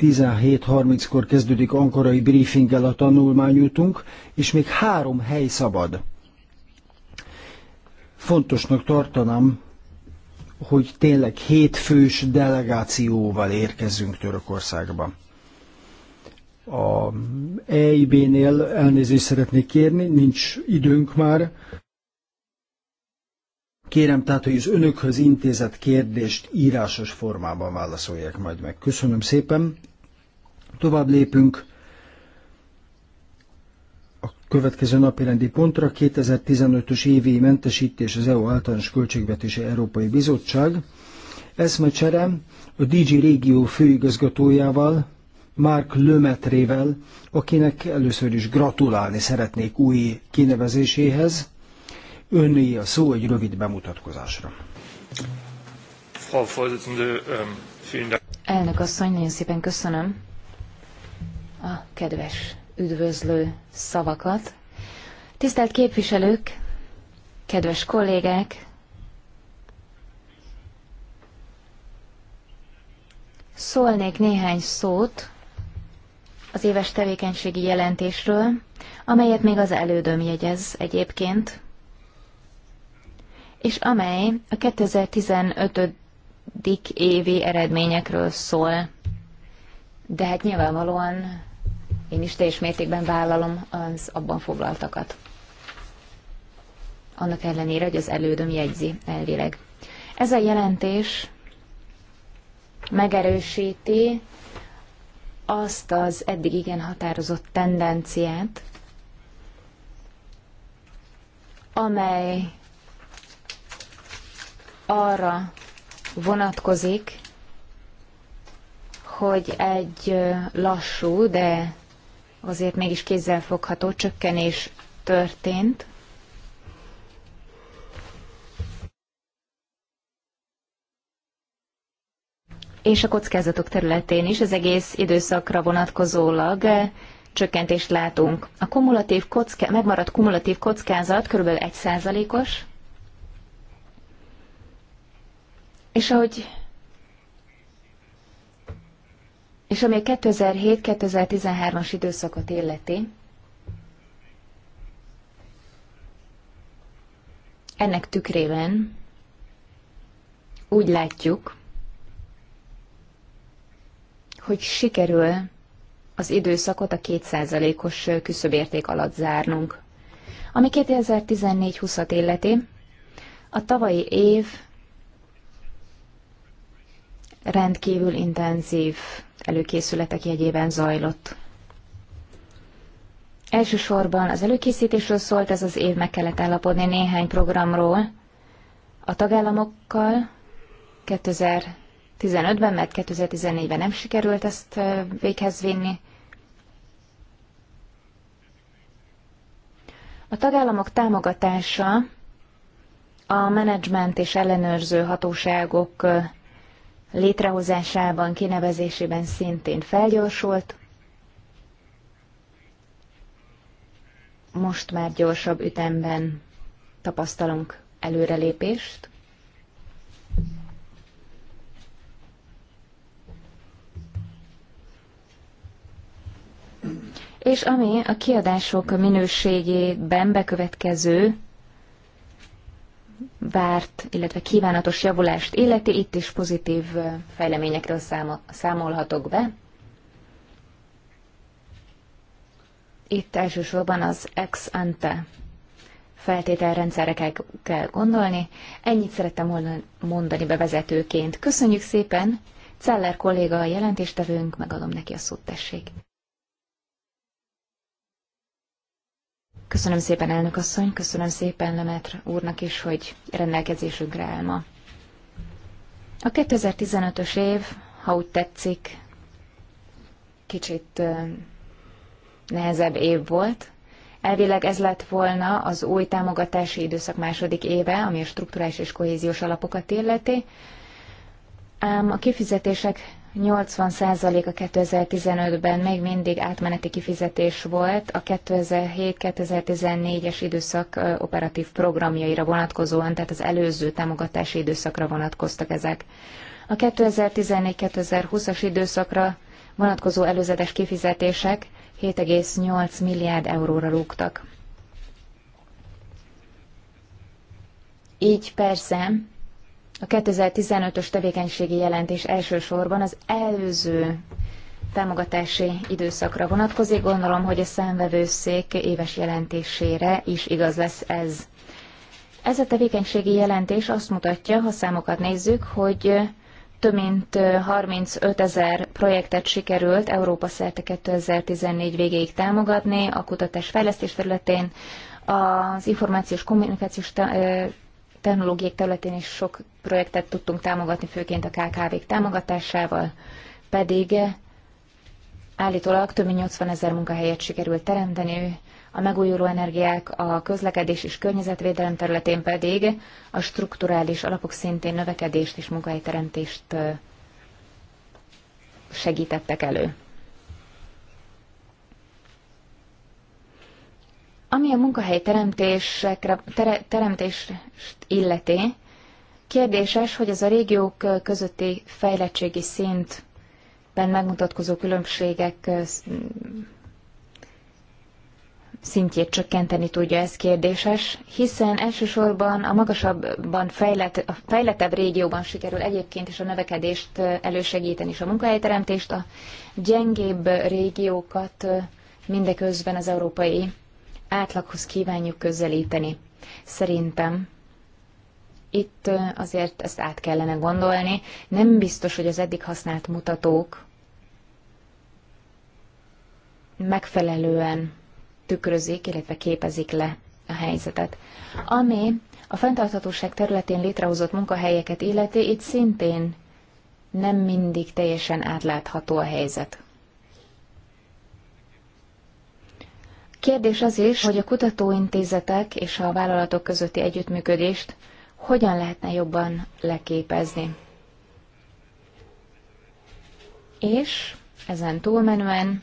17.30-kor kezdődik ankarai briefinggel a tanulmányútunk, és még három hely szabad. Fontosnak tartanám, hogy tényleg hétfős delegációval érkezzünk Törökországba. A EIB-nél elnézést szeretnék kérni, nincs időnk már. Kérem tehát, hogy az önökhöz intézett kérdést írásos formában válaszolják majd meg. Köszönöm szépen, Tovább lépünk a következő napirendi pontra, 2015-ös évi mentesítés az EU általános költségvetése Európai Bizottság. Eszmecserem a DG régió főigazgatójával, Mark Lömetrével, akinek először is gratulálni szeretnék új kinevezéséhez. Önné a szó egy rövid bemutatkozásra.
Frau Vorsitzende, ähm,
Elnök asszony, nagyon szépen köszönöm a kedves üdvözlő szavakat. Tisztelt képviselők, kedves kollégák, szólnék néhány szót az éves tevékenységi jelentésről, amelyet még az elődöm jegyez egyébként, és amely a 2015 évi eredményekről szól. De hát nyilvánvalóan én is teljes mértékben vállalom az abban foglaltakat. Annak ellenére, hogy az elődöm jegyzi elvileg. Ez a jelentés megerősíti azt az eddig igen határozott tendenciát, amely arra vonatkozik, hogy egy lassú, de azért mégis kézzelfogható csökkenés történt. És a kockázatok területén is az egész időszakra vonatkozólag eh, csökkentést látunk. A kumulatív kocka, megmaradt kumulatív kockázat kb. 1%-os, és ahogy És ami a 2007-2013-as időszakot illeti, ennek tükrében úgy látjuk, hogy sikerül az időszakot a 2%-os küszöbérték alatt zárnunk. Ami 2014-20-at illeti, a tavalyi év rendkívül intenzív előkészületek jegyében zajlott. Elsősorban az előkészítésről szólt, ez az év meg kellett állapodni néhány programról a tagállamokkal 2015-ben, mert 2014-ben nem sikerült ezt véghez vinni. A tagállamok támogatása a menedzsment és ellenőrző hatóságok létrehozásában, kinevezésében szintén felgyorsult. Most már gyorsabb ütemben tapasztalunk előrelépést. És ami a kiadások minőségében bekövetkező várt, illetve kívánatos javulást illeti, itt is pozitív fejleményekről számolhatok be. Itt elsősorban az ex ante feltételrendszerre kell, kell gondolni. Ennyit szerettem volna mondani bevezetőként. Köszönjük szépen! Celler kolléga a jelentéstevőnk, megadom neki a szót, tessék. Köszönöm szépen, elnök asszony, köszönöm szépen Lemet úrnak is, hogy rendelkezésünkre áll ma. A 2015-ös év, ha úgy tetszik, kicsit nehezebb év volt. Elvileg ez lett volna az új támogatási időszak második éve, ami a strukturális és kohéziós alapokat illeti. Ám a kifizetések 80%-a 2015-ben még mindig átmeneti kifizetés volt a 2007-2014-es időszak operatív programjaira vonatkozóan, tehát az előző támogatási időszakra vonatkoztak ezek. A 2014-2020-as időszakra vonatkozó előzetes kifizetések 7,8 milliárd euróra rúgtak. Így persze a 2015-ös tevékenységi jelentés elsősorban az előző támogatási időszakra vonatkozik. Gondolom, hogy a számvevőszék éves jelentésére is igaz lesz ez. Ez a tevékenységi jelentés azt mutatja, ha számokat nézzük, hogy több mint 35 ezer projektet sikerült Európa szerte 2014 végéig támogatni a kutatás fejlesztés területén, az információs kommunikációs technológiák területén is sok projektet tudtunk támogatni, főként a KKV-k támogatásával, pedig állítólag több mint 80 ezer munkahelyet sikerült teremteni, a megújuló energiák, a közlekedés és környezetvédelem területén pedig a strukturális alapok szintén növekedést és munkahelyteremtést segítettek elő. Ami a munkahely teremtésekre, tere, teremtést illeti, kérdéses, hogy ez a régiók közötti fejlettségi szintben megmutatkozó különbségek szintjét csökkenteni tudja, ez kérdéses, hiszen elsősorban a magasabban fejlett, a fejlettebb régióban sikerül egyébként is a növekedést elősegíteni, és a munkahelyteremtést, a gyengébb régiókat mindeközben az európai átlaghoz kívánjuk közelíteni. Szerintem itt azért ezt át kellene gondolni. Nem biztos, hogy az eddig használt mutatók megfelelően tükrözik, illetve képezik le a helyzetet. Ami a fenntarthatóság területén létrehozott munkahelyeket illeti, itt szintén nem mindig teljesen átlátható a helyzet. Kérdés az is, hogy a kutatóintézetek és a vállalatok közötti együttműködést hogyan lehetne jobban leképezni. És ezen túlmenően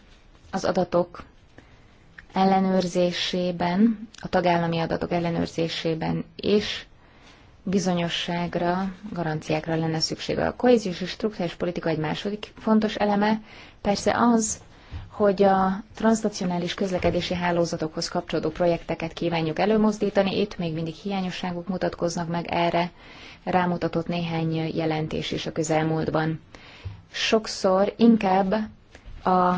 az adatok ellenőrzésében, a tagállami adatok ellenőrzésében is bizonyosságra, garanciákra lenne szüksége. A kohéziós és struktúrás politika egy második fontos eleme, persze az, hogy a transnacionális közlekedési hálózatokhoz kapcsolódó projekteket kívánjuk előmozdítani. Itt még mindig hiányosságok mutatkoznak meg, erre rámutatott néhány jelentés is a közelmúltban. Sokszor inkább a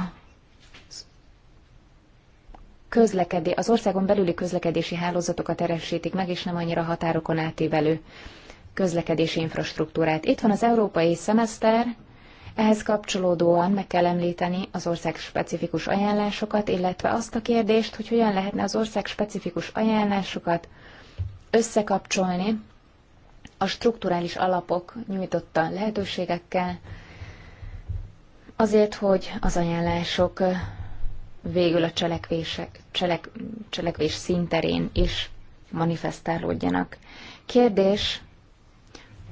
közlekedé, az országon belüli közlekedési hálózatokat erősítik meg, és nem annyira határokon átívelő közlekedési infrastruktúrát. Itt van az európai szemeszter, ehhez kapcsolódóan meg kell említeni az ország specifikus ajánlásokat, illetve azt a kérdést, hogy hogyan lehetne az ország specifikus ajánlásokat összekapcsolni a strukturális alapok nyújtotta lehetőségekkel, azért, hogy az ajánlások végül a cselekvések, cselek, cselekvés színterén is manifestálódjanak. Kérdés,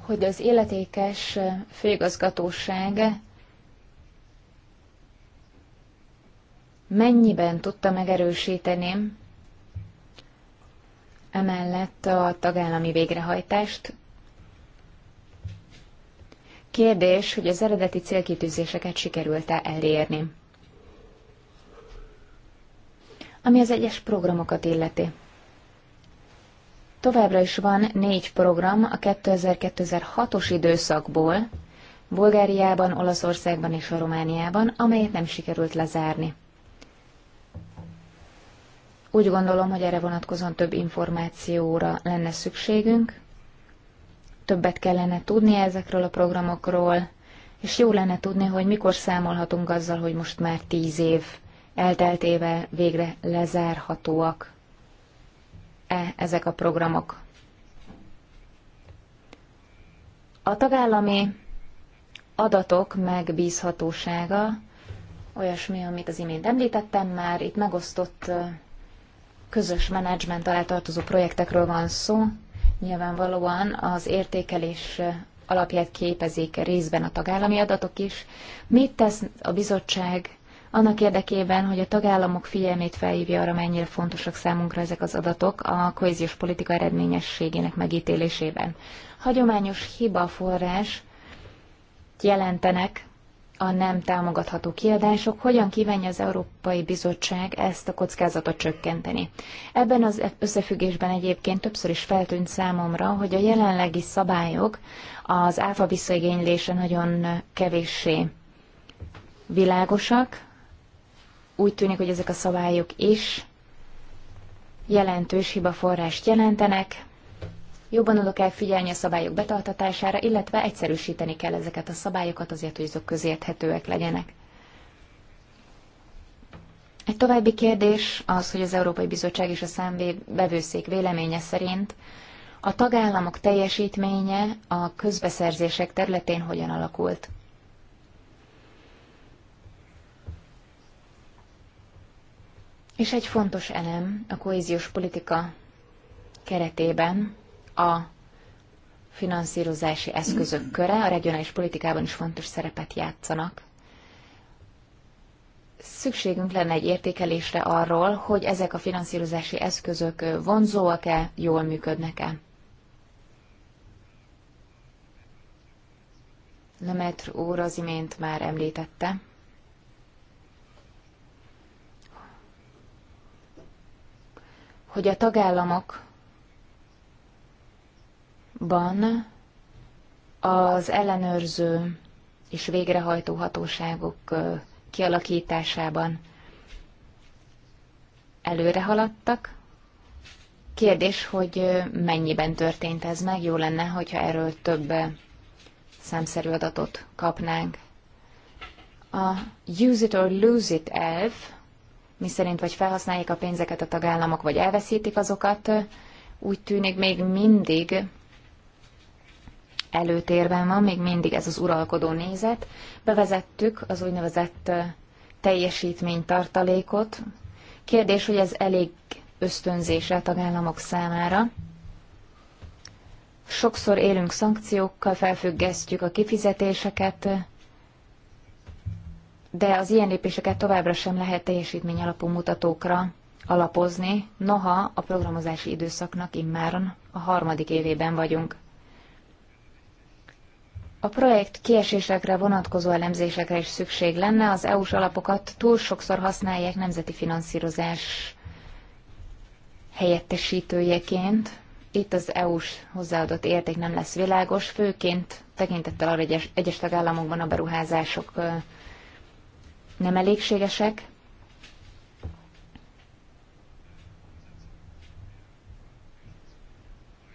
hogy az életékes főigazgatóság mennyiben tudta megerősíteni emellett a tagállami végrehajtást. Kérdés, hogy az eredeti célkitűzéseket sikerült-e elérni, ami az egyes programokat illeti. Továbbra is van négy program a 2000-2006-os időszakból, Bulgáriában, Olaszországban és a Romániában, amelyet nem sikerült lezárni. Úgy gondolom, hogy erre vonatkozóan több információra lenne szükségünk, többet kellene tudni ezekről a programokról, és jó lenne tudni, hogy mikor számolhatunk azzal, hogy most már tíz év elteltével végre lezárhatóak -e ezek a programok. A tagállami adatok megbízhatósága olyasmi, amit az imént említettem már, itt megosztott közös menedzsment alá tartozó projektekről van szó, nyilvánvalóan az értékelés alapját képezik részben a tagállami adatok is. Mit tesz a bizottság annak érdekében, hogy a tagállamok figyelmét felhívja arra, mennyire fontosak számunkra ezek az adatok a kohéziós politika eredményességének megítélésében. Hagyományos hiba forrás jelentenek a nem támogatható kiadások, hogyan kívánja az Európai Bizottság ezt a kockázatot csökkenteni. Ebben az összefüggésben egyébként többször is feltűnt számomra, hogy a jelenlegi szabályok az áfa visszaigénylése nagyon kevéssé világosak, úgy tűnik, hogy ezek a szabályok is jelentős hibaforrást jelentenek, jobban oda kell figyelni a szabályok betartatására, illetve egyszerűsíteni kell ezeket a szabályokat azért, hogy azok közérthetőek legyenek. Egy további kérdés az, hogy az Európai Bizottság és a számbevőszék véleménye szerint a tagállamok teljesítménye a közbeszerzések területén hogyan alakult. És egy fontos elem a kohéziós politika keretében a finanszírozási eszközök köre a regionális politikában is fontos szerepet játszanak. Szükségünk lenne egy értékelésre arról, hogy ezek a finanszírozási eszközök vonzóak-e, jól működnek-e. Lemetr úr az imént már említette, hogy a tagállamokban az ellenőrző és végrehajtó hatóságok kialakításában előre haladtak. Kérdés, hogy mennyiben történt ez meg, jó lenne, hogyha erről több számszerű adatot kapnánk. A use it or lose it elv miszerint vagy felhasználják a pénzeket a tagállamok, vagy elveszítik azokat, úgy tűnik még mindig előtérben van, még mindig ez az uralkodó nézet. Bevezettük az úgynevezett eh, teljesítménytartalékot. Kérdés, hogy ez elég ösztönzése a tagállamok számára. Sokszor élünk szankciókkal, felfüggesztjük a kifizetéseket, de az ilyen lépéseket továbbra sem lehet teljesítmény alapú mutatókra alapozni, noha a programozási időszaknak immáron a harmadik évében vagyunk. A projekt kiesésekre vonatkozó elemzésekre is szükség lenne, az EU-s alapokat túl sokszor használják nemzeti finanszírozás helyettesítőjeként. Itt az EU-s hozzáadott érték nem lesz világos, főként tekintettel arra, hogy egyes tagállamokban a beruházások nem elégségesek.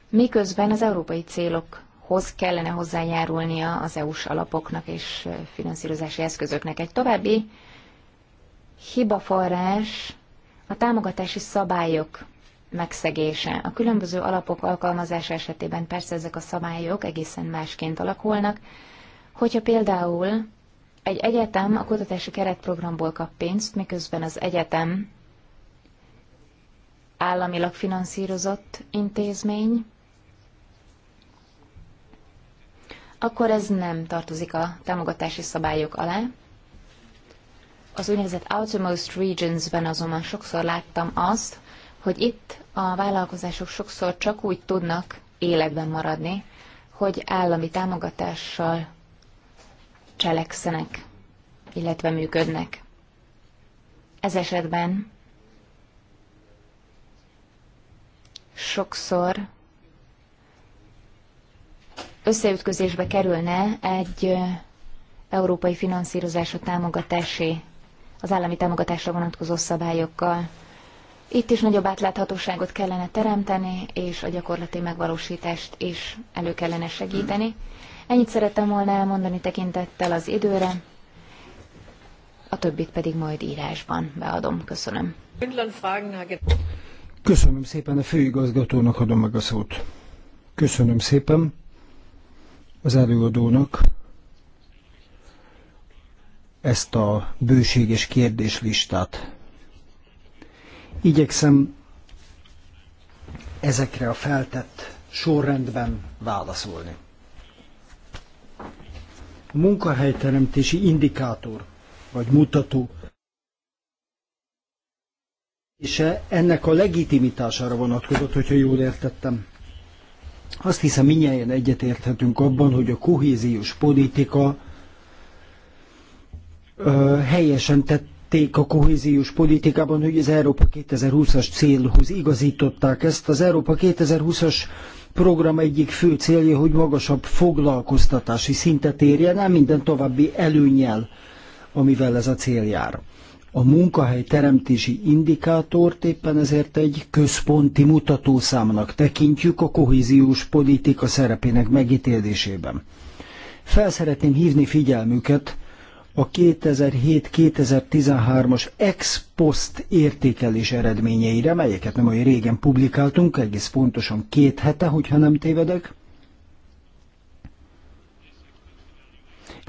Miközben az európai célokhoz kellene hozzájárulnia az EU-s alapoknak és finanszírozási eszközöknek. Egy további hibaforrás a támogatási szabályok megszegése. A különböző alapok alkalmazása esetében persze ezek a szabályok egészen másként alakulnak. Hogyha például egy egyetem a kutatási keretprogramból kap pénzt, miközben az egyetem államilag finanszírozott intézmény, akkor ez nem tartozik a támogatási szabályok alá. Az úgynevezett outermost regions-ben azonban sokszor láttam azt, hogy itt a vállalkozások sokszor csak úgy tudnak életben maradni, hogy állami támogatással cselekszenek, illetve működnek. Ez esetben sokszor összeütközésbe kerülne egy európai finanszírozása támogatási, az állami támogatásra vonatkozó szabályokkal. Itt is nagyobb átláthatóságot kellene teremteni, és a gyakorlati megvalósítást is elő kellene segíteni. Ennyit szerettem volna elmondani tekintettel az időre, a többit pedig majd írásban beadom. Köszönöm.
Köszönöm szépen, a főigazgatónak adom meg a szót. Köszönöm szépen az előadónak ezt a bőséges kérdéslistát. Igyekszem ezekre a feltett sorrendben válaszolni. A munkahelyteremtési indikátor, vagy mutató, és e, ennek a legitimitására vonatkozott, hogyha jól értettem. Azt hiszem, minnyáján egyetérthetünk abban, hogy a kohéziós politika ö, helyesen tették a kohéziós politikában, hogy az Európa 2020-as célhoz igazították ezt. Az Európa 2020-as program egyik fő célja, hogy magasabb foglalkoztatási szintet érjen el minden további előnyel, amivel ez a cél jár. A munkahely teremtési indikátort éppen ezért egy központi mutatószámnak tekintjük a kohéziós politika szerepének megítélésében. Fel szeretném hívni figyelmüket a 2007-2013-as ex post értékelés eredményeire, melyeket nem olyan régen publikáltunk, egész pontosan két hete, hogyha nem tévedek.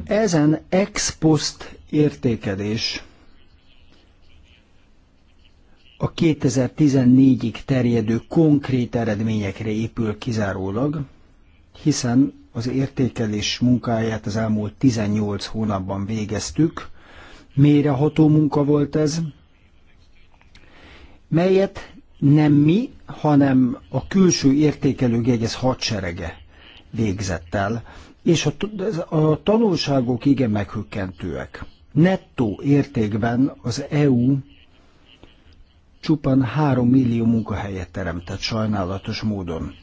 Ezen ex post értékelés a 2014-ig terjedő konkrét eredményekre épül kizárólag, hiszen az értékelés munkáját az elmúlt 18 hónapban végeztük. Méreható munka volt ez, melyet nem mi, hanem a külső értékelő egész hadserege végzett el, és a, a tanulságok igen meghökkentőek. Nettó értékben az EU csupán 3 millió munkahelyet teremtett sajnálatos módon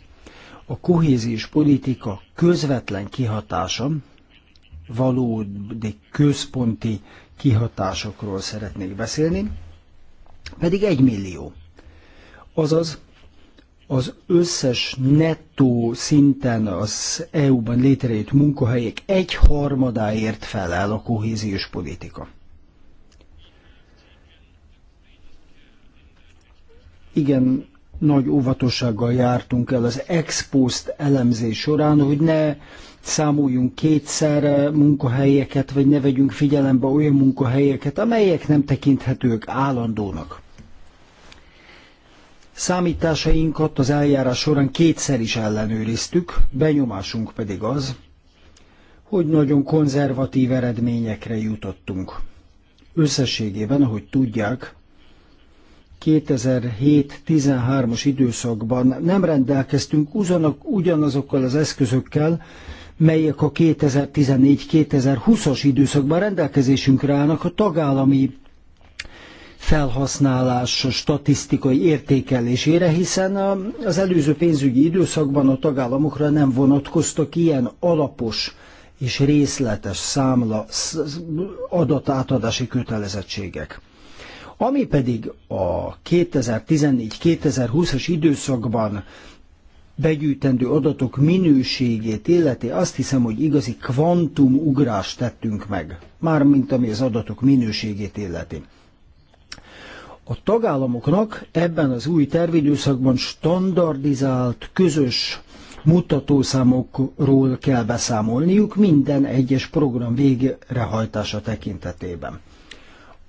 a kohéziós politika közvetlen kihatása, valódi központi kihatásokról szeretnék beszélni, pedig egy millió. Azaz az összes nettó szinten az EU-ban létrejött munkahelyek egy harmadáért felel a kohéziós politika. Igen, nagy óvatossággal jártunk el az ex post elemzés során, hogy ne számoljunk kétszer munkahelyeket, vagy ne vegyünk figyelembe olyan munkahelyeket, amelyek nem tekinthetők állandónak. Számításainkat az eljárás során kétszer is ellenőriztük, benyomásunk pedig az, hogy nagyon konzervatív eredményekre jutottunk. Összességében, ahogy tudják, 2007-13-as időszakban nem rendelkeztünk uzanak, ugyanazokkal az eszközökkel, melyek a 2014-2020-as időszakban rendelkezésünkre állnak a tagállami felhasználás statisztikai értékelésére, hiszen az előző pénzügyi időszakban a tagállamokra nem vonatkoztak ilyen alapos és részletes számla adatátadási kötelezettségek. Ami pedig a 2014-2020-as időszakban begyűjtendő adatok minőségét illeti, azt hiszem, hogy igazi kvantumugrást tettünk meg, mármint ami az adatok minőségét illeti. A tagállamoknak ebben az új tervidőszakban standardizált, közös mutatószámokról kell beszámolniuk minden egyes program végrehajtása tekintetében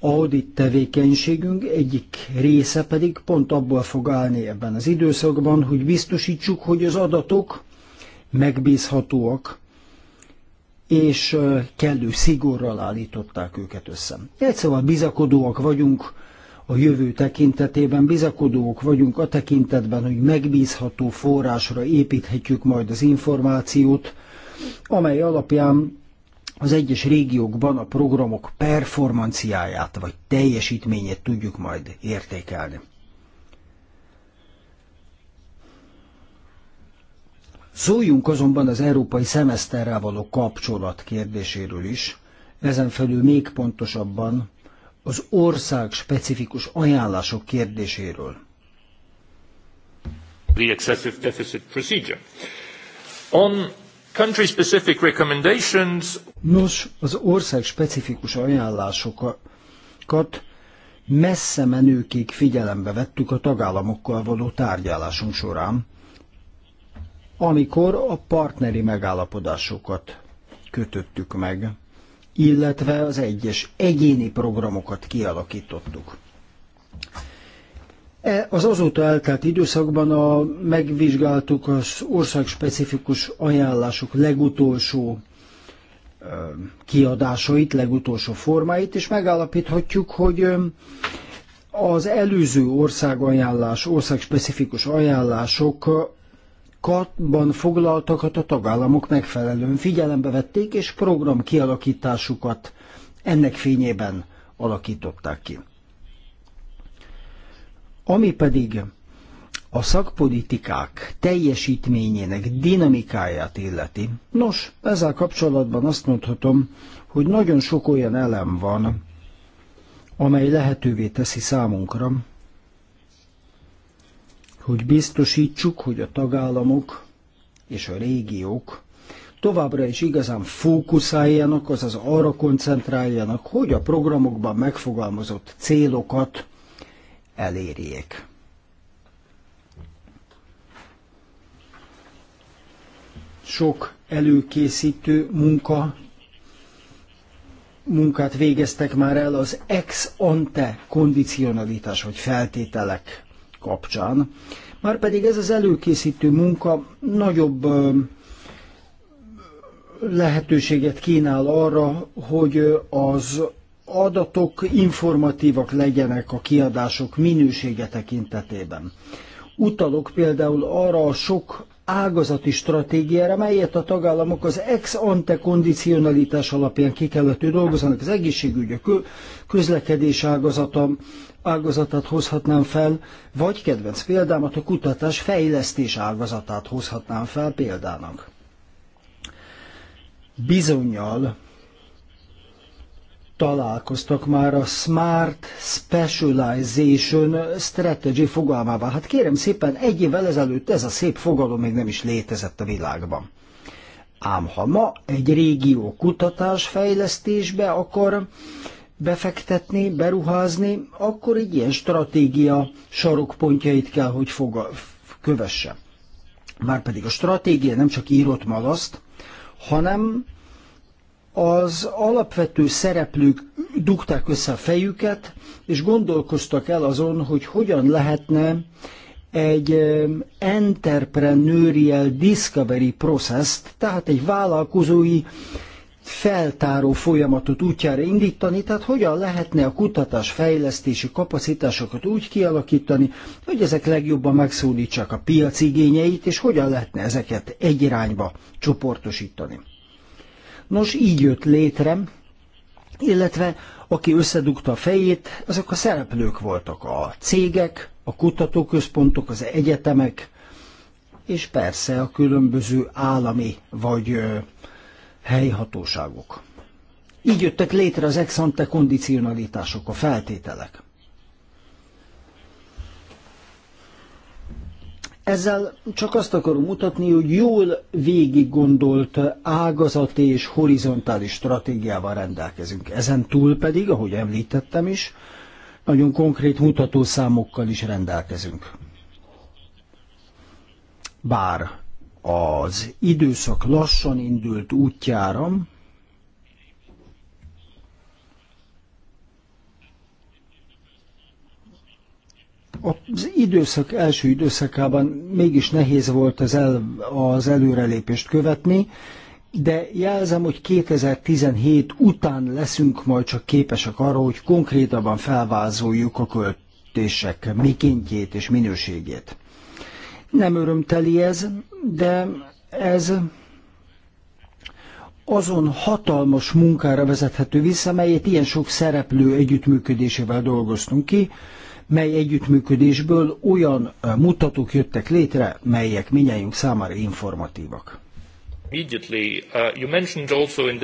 audit tevékenységünk egyik része pedig pont abból fog állni ebben az időszakban, hogy biztosítsuk, hogy az adatok megbízhatóak, és kellő szigorral állították őket össze. Egy szóval bizakodóak vagyunk a jövő tekintetében, bizakodóak vagyunk a tekintetben, hogy megbízható forrásra építhetjük majd az információt, amely alapján az egyes régiókban a programok performanciáját vagy teljesítményét tudjuk majd értékelni. Szóljunk azonban az európai szemeszterrel való kapcsolat kérdéséről is, ezen felül még pontosabban az ország specifikus ajánlások kérdéséről.
The excessive deficit procedure. On Country-specific recommendations.
Nos, az ország specifikus ajánlásokat messze menőkig figyelembe vettük a tagállamokkal való tárgyalásunk során, amikor a partneri megállapodásokat kötöttük meg, illetve az egyes egyéni programokat kialakítottuk. Az azóta eltelt időszakban a, megvizsgáltuk az országspecifikus ajánlások legutolsó kiadásait, legutolsó formáit, és megállapíthatjuk, hogy az előző országajánlás, országspecifikus ajánlásokban foglaltakat a tagállamok megfelelően figyelembe vették, és program kialakításukat ennek fényében alakították ki. Ami pedig a szakpolitikák teljesítményének dinamikáját illeti. Nos, ezzel kapcsolatban azt mondhatom, hogy nagyon sok olyan elem van, amely lehetővé teszi számunkra, hogy biztosítsuk, hogy a tagállamok és a régiók továbbra is igazán fókuszáljanak, azaz arra koncentráljanak, hogy a programokban megfogalmazott célokat elérjék. Sok előkészítő munka munkát végeztek már el az ex ante kondicionalitás vagy feltételek kapcsán. Márpedig ez az előkészítő munka nagyobb lehetőséget kínál arra, hogy az adatok informatívak legyenek a kiadások minősége tekintetében. Utalok például arra a sok ágazati stratégiára, melyet a tagállamok az ex ante kondicionalitás alapján ki kellett, hogy dolgozzanak. Az egészségügy, a közlekedés ágazata, ágazatát hozhatnám fel, vagy kedvenc példámat a kutatás fejlesztés ágazatát hozhatnám fel példának. Bizonyal találkoztak már a Smart Specialization Strategy fogalmával. Hát kérem szépen, egy évvel ezelőtt ez a szép fogalom még nem is létezett a világban. Ám ha ma egy régió kutatás fejlesztésbe akar befektetni, beruházni, akkor egy ilyen stratégia sarokpontjait kell, hogy foga, kövesse. Márpedig a stratégia nem csak írott malaszt, hanem az alapvető szereplők dugták össze a fejüket, és gondolkoztak el azon, hogy hogyan lehetne egy entrepreneurial discovery process-t, tehát egy vállalkozói feltáró folyamatot útjára indítani, tehát hogyan lehetne a kutatás fejlesztési kapacitásokat úgy kialakítani, hogy ezek legjobban megszólítsák a piac igényeit, és hogyan lehetne ezeket egy irányba csoportosítani. Nos, így jött létre, illetve aki összedugta a fejét, azok a szereplők voltak, a cégek, a kutatóközpontok, az egyetemek, és persze a különböző állami vagy ö, helyhatóságok. Így jöttek létre az ex ante kondicionalitások, a feltételek. Ezzel csak azt akarom mutatni, hogy jól végig gondolt ágazati és horizontális stratégiával rendelkezünk. Ezen túl pedig, ahogy említettem is, nagyon konkrét mutatószámokkal is rendelkezünk. Bár az időszak lassan indult útjára, Az időszak első időszakában mégis nehéz volt az, el, az előrelépést követni, de jelzem, hogy 2017 után leszünk majd csak képesek arra, hogy konkrétabban felvázoljuk a költések mikéntjét és minőségét. Nem örömteli ez, de ez azon hatalmas munkára vezethető vissza, melyet ilyen sok szereplő együttműködésével dolgoztunk ki, mely együttműködésből olyan mutatók jöttek létre, melyek minnyájunk számára informatívak.
Uh, uh,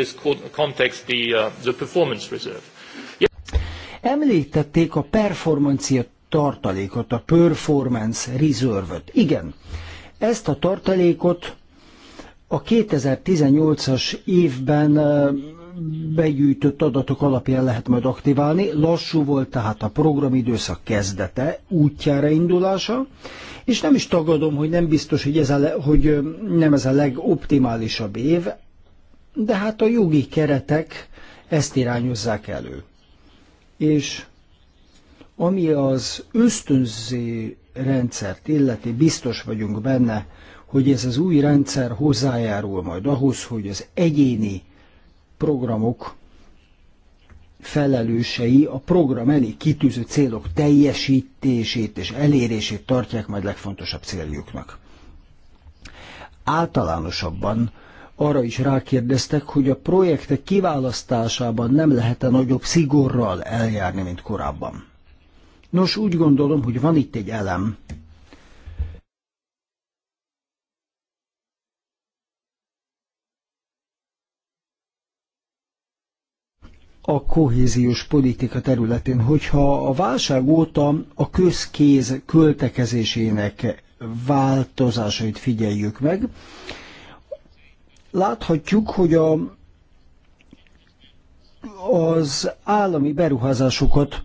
performance
Említették a performancia tartalékot, a performance reserve-öt. Igen, ezt a tartalékot a 2018-as évben begyűjtött adatok alapján lehet majd aktiválni. Lassú volt tehát a programidőszak kezdete, útjára indulása, és nem is tagadom, hogy nem biztos, hogy, ez a le, hogy nem ez a legoptimálisabb év, de hát a jogi keretek ezt irányozzák elő. És ami az ösztönző rendszert illeti, biztos vagyunk benne, hogy ez az új rendszer hozzájárul majd ahhoz, hogy az egyéni programok felelősei a program elé kitűző célok teljesítését és elérését tartják majd legfontosabb céljuknak. Általánosabban arra is rákérdeztek, hogy a projektek kiválasztásában nem lehet-e nagyobb szigorral eljárni, mint korábban. Nos, úgy gondolom, hogy van itt egy elem, a kohéziós politika területén. Hogyha a válság óta a közkéz költekezésének változásait figyeljük meg, láthatjuk, hogy a, az állami beruházásokat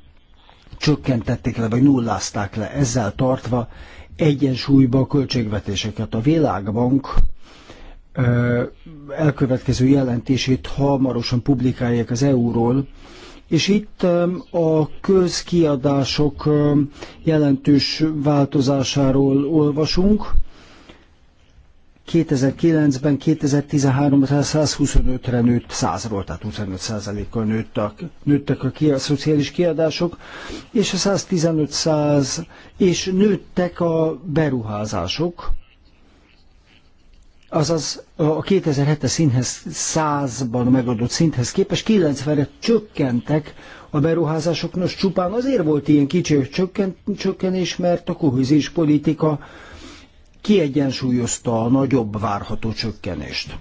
csökkentették le, vagy nullázták le, ezzel tartva egyensúlyba a költségvetéseket. A Világbank elkövetkező jelentését hamarosan publikálják az EU-ról, és itt a közkiadások jelentős változásáról olvasunk. 2009-ben 2013-ra 125-re nőtt 100-ról, tehát 25 kal nőttek, nőttek a, ki, a szociális kiadások, és a 115 100 és nőttek a beruházások, azaz a 2007-es szinthez 100-ban megadott szinthez képest 90-re csökkentek a beruházások. Nos, csupán azért volt ilyen kicsi csökken, csökkenés, mert a kohéziós politika kiegyensúlyozta a nagyobb várható csökkenést.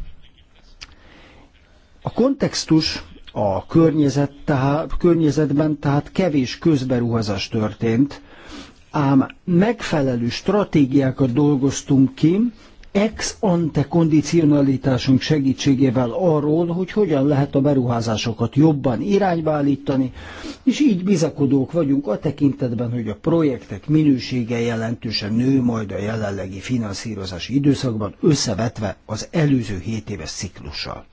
A kontextus a környezet, tehát, környezetben tehát kevés közberuházás történt, ám megfelelő stratégiákat dolgoztunk ki, ex ante kondicionalitásunk segítségével arról, hogy hogyan lehet a beruházásokat jobban irányba állítani, és így bizakodók vagyunk a tekintetben, hogy a projektek minősége jelentősen nő majd a jelenlegi finanszírozási időszakban összevetve az előző 7 éves ciklussal.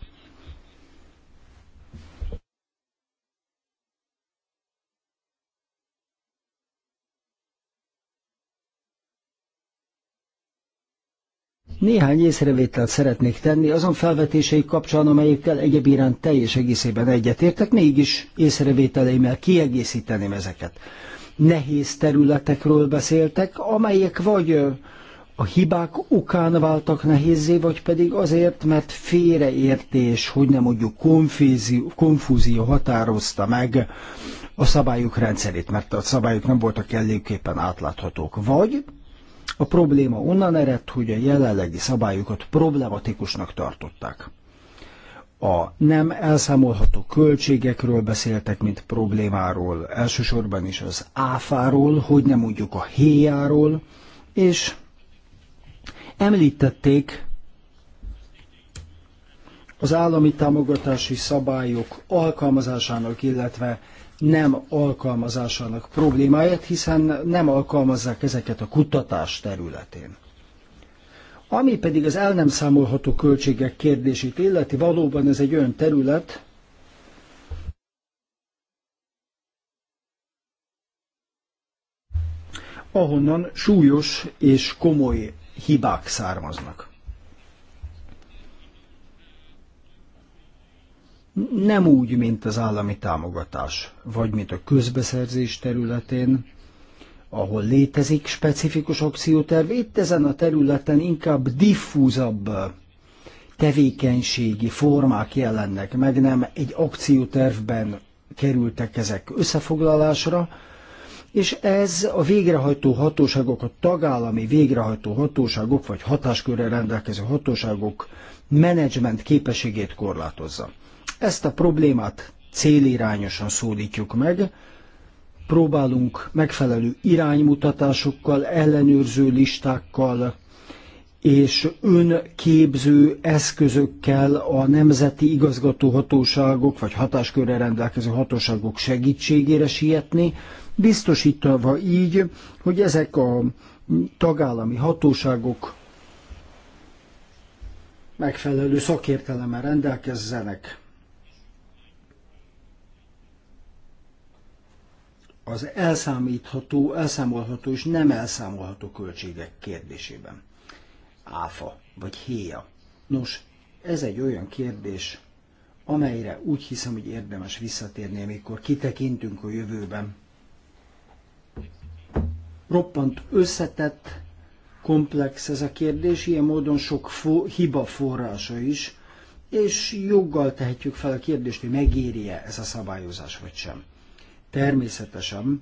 Néhány észrevételt szeretnék tenni azon felvetései kapcsán, amelyekkel egyéb iránt teljes egészében egyetértek, mégis észrevételeimmel kiegészíteném ezeket. Nehéz területekről beszéltek, amelyek vagy a hibák okán váltak nehézé, vagy pedig azért, mert félreértés, hogy nem mondjuk konfúzió, konfúzió határozta meg a szabályok rendszerét, mert a szabályok nem voltak előképpen átláthatók. Vagy a probléma onnan eredt, hogy a jelenlegi szabályokat problematikusnak tartották. A nem elszámolható költségekről beszéltek, mint problémáról, elsősorban is az áfáról, hogy nem mondjuk a héjáról, és említették az állami támogatási szabályok alkalmazásának, illetve nem alkalmazásának problémáját, hiszen nem alkalmazzák ezeket a kutatás területén. Ami pedig az el nem számolható költségek kérdését illeti, valóban ez egy olyan terület, ahonnan súlyos és komoly hibák származnak. nem úgy, mint az állami támogatás, vagy mint a közbeszerzés területén, ahol létezik specifikus akcióterv, itt ezen a területen inkább diffúzabb tevékenységi formák jelennek meg, nem egy akciótervben kerültek ezek összefoglalásra, és ez a végrehajtó hatóságok, a tagállami végrehajtó hatóságok, vagy hatáskörre rendelkező hatóságok menedzsment képességét korlátozza. Ezt a problémát célirányosan szólítjuk meg, próbálunk megfelelő iránymutatásokkal, ellenőrző listákkal, és önképző eszközökkel a nemzeti igazgatóhatóságok vagy hatáskörre rendelkező hatóságok segítségére sietni, biztosítva így, hogy ezek a tagállami hatóságok megfelelő szakértelemmel rendelkezzenek az elszámítható, elszámolható és nem elszámolható költségek kérdésében. Áfa vagy héja. Nos, ez egy olyan kérdés, amelyre úgy hiszem, hogy érdemes visszatérni, amikor kitekintünk a jövőben. Roppant összetett, komplex ez a kérdés, ilyen módon sok fo- hiba forrása is, és joggal tehetjük fel a kérdést, hogy megéri-e ez a szabályozás vagy sem. Természetesen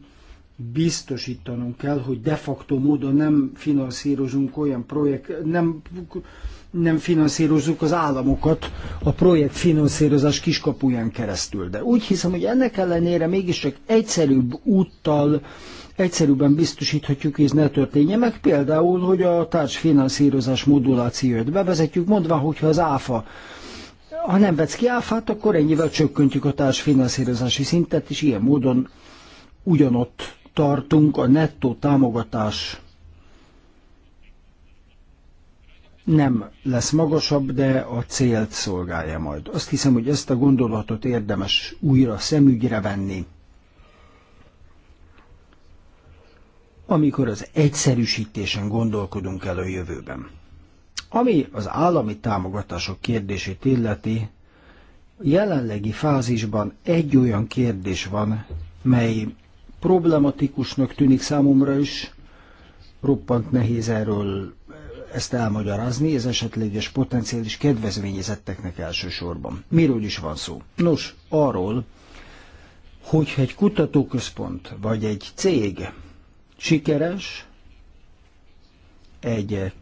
biztosítanunk kell, hogy de facto módon nem finanszírozunk olyan projekt, nem, nem finanszírozzuk az államokat a projekt finanszírozás kiskapuján keresztül. De úgy hiszem, hogy ennek ellenére mégiscsak egyszerűbb úttal egyszerűbben biztosíthatjuk, hogy ez ne történje meg, például, hogy a társfinanszírozás modulációt bevezetjük, mondva, hogyha az áfa ha nem vesz ki áfát, akkor ennyivel csökkentjük a társfinanszírozási szintet, és ilyen módon ugyanott tartunk a nettó támogatás nem lesz magasabb, de a célt szolgálja majd. Azt hiszem, hogy ezt a gondolatot érdemes újra szemügyre venni. amikor az egyszerűsítésen gondolkodunk el a jövőben. Ami az állami támogatások kérdését illeti, jelenlegi fázisban egy olyan kérdés van, mely problematikusnak tűnik számomra is, roppant nehéz erről ezt elmagyarázni, ez esetleges potenciális kedvezményezetteknek elsősorban. Miről is van szó? Nos, arról, hogyha egy kutatóközpont vagy egy cég sikeres, egy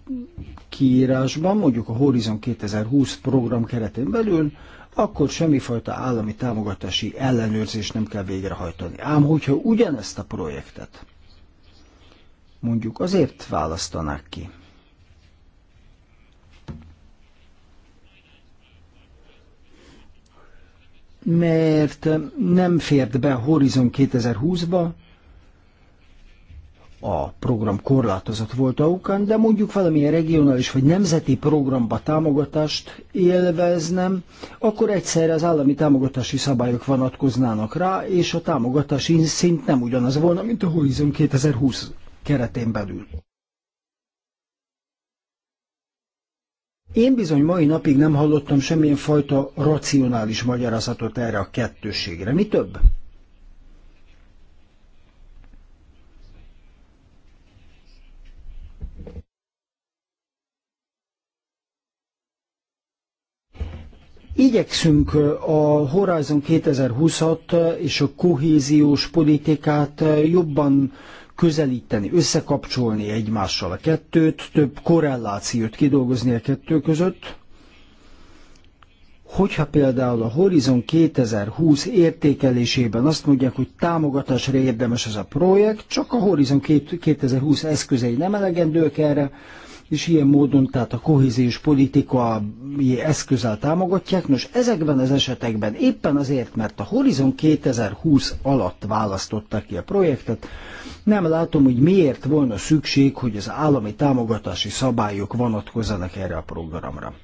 kiírásban, mondjuk a Horizon 2020 program keretén belül, akkor semmifajta állami támogatási ellenőrzést nem kell végrehajtani. Ám hogyha ugyanezt a projektet mondjuk azért választanák ki, mert nem fért be Horizon 2020-ba, a program korlátozott volt aukan, de mondjuk valamilyen regionális vagy nemzeti programba támogatást élveznem, akkor egyszerre az állami támogatási szabályok vonatkoznának rá, és a támogatási szint nem ugyanaz volna, mint a Horizon 2020 keretén belül. Én bizony mai napig nem hallottam semmilyen fajta racionális magyarázatot erre a kettősségre. Mi több? Igyekszünk a Horizon 2020-at és a kohéziós politikát jobban közelíteni, összekapcsolni egymással a kettőt, több korrelációt kidolgozni a kettő között. Hogyha például a Horizon 2020 értékelésében azt mondják, hogy támogatásra érdemes ez a projekt, csak a Horizon 2020 eszközei nem elegendők erre, és ilyen módon tehát a kohéziós politikai eszközzel támogatják. Nos, ezekben az esetekben éppen azért, mert a Horizon 2020 alatt választották ki a projektet, nem látom, hogy miért volna szükség, hogy az állami támogatási szabályok vonatkozzanak erre a programra.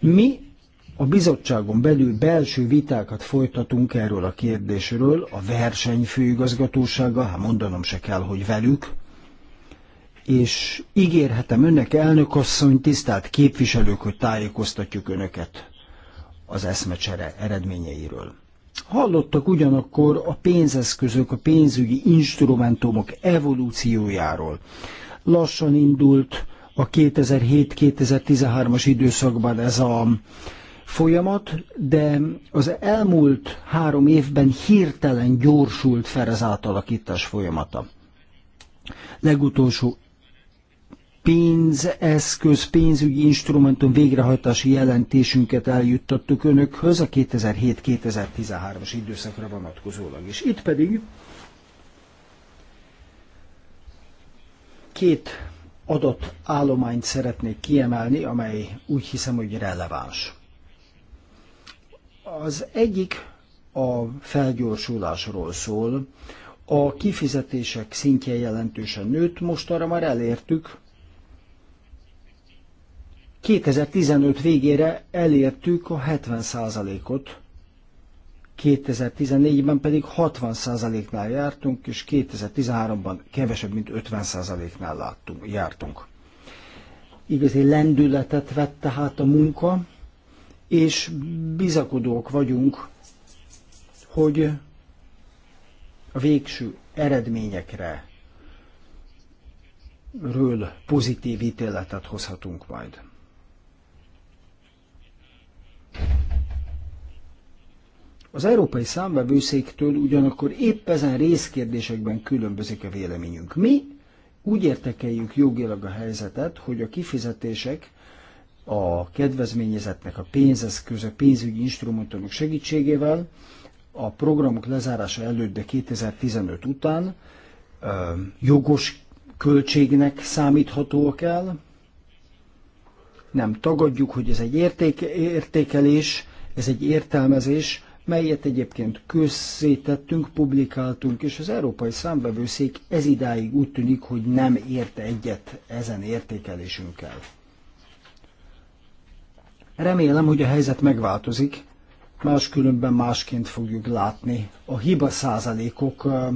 Mi a bizottságon belül belső vitákat folytatunk erről a kérdésről, a verseny főigazgatósága, hát mondanom se kell, hogy velük, és ígérhetem önnek, elnök asszony, tisztelt képviselők, hogy tájékoztatjuk önöket az eszmecsere eredményeiről. Hallottak ugyanakkor a pénzeszközök, a pénzügyi instrumentumok evolúciójáról. Lassan indult a 2007-2013-as időszakban ez a folyamat, de az elmúlt három évben hirtelen gyorsult fel az átalakítás folyamata. Legutolsó pénzeszköz, pénzügyi instrumentum végrehajtási jelentésünket eljuttattuk önökhöz a 2007-2013-as időszakra vonatkozólag. És itt pedig két adott állományt szeretnék kiemelni, amely úgy hiszem, hogy releváns. Az egyik a felgyorsulásról szól. A kifizetések szintje jelentősen nőtt, most arra már elértük, 2015 végére elértük a 70%-ot, 2014-ben pedig 60%-nál jártunk, és 2013-ban kevesebb, mint 50%-nál láttunk, jártunk. Igazi lendületet vett tehát a munka, és bizakodók vagyunk, hogy a végső eredményekre ről pozitív ítéletet hozhatunk majd. Az Európai Számbevőszéktől ugyanakkor épp ezen részkérdésekben különbözik a véleményünk. Mi úgy értekeljük jogilag a helyzetet, hogy a kifizetések a kedvezményezetnek a pénzeszköze, pénzügyi instrumentumok segítségével a programok lezárása előtt, de 2015 után jogos költségnek számíthatóak el, nem tagadjuk, hogy ez egy érték, értékelés, ez egy értelmezés, melyet egyébként közzétettünk, publikáltunk, és az Európai Számbevőszék ez idáig úgy tűnik, hogy nem érte egyet ezen értékelésünkkel. Remélem, hogy a helyzet megváltozik, máskülönben másként fogjuk látni a hiba százalékok eh,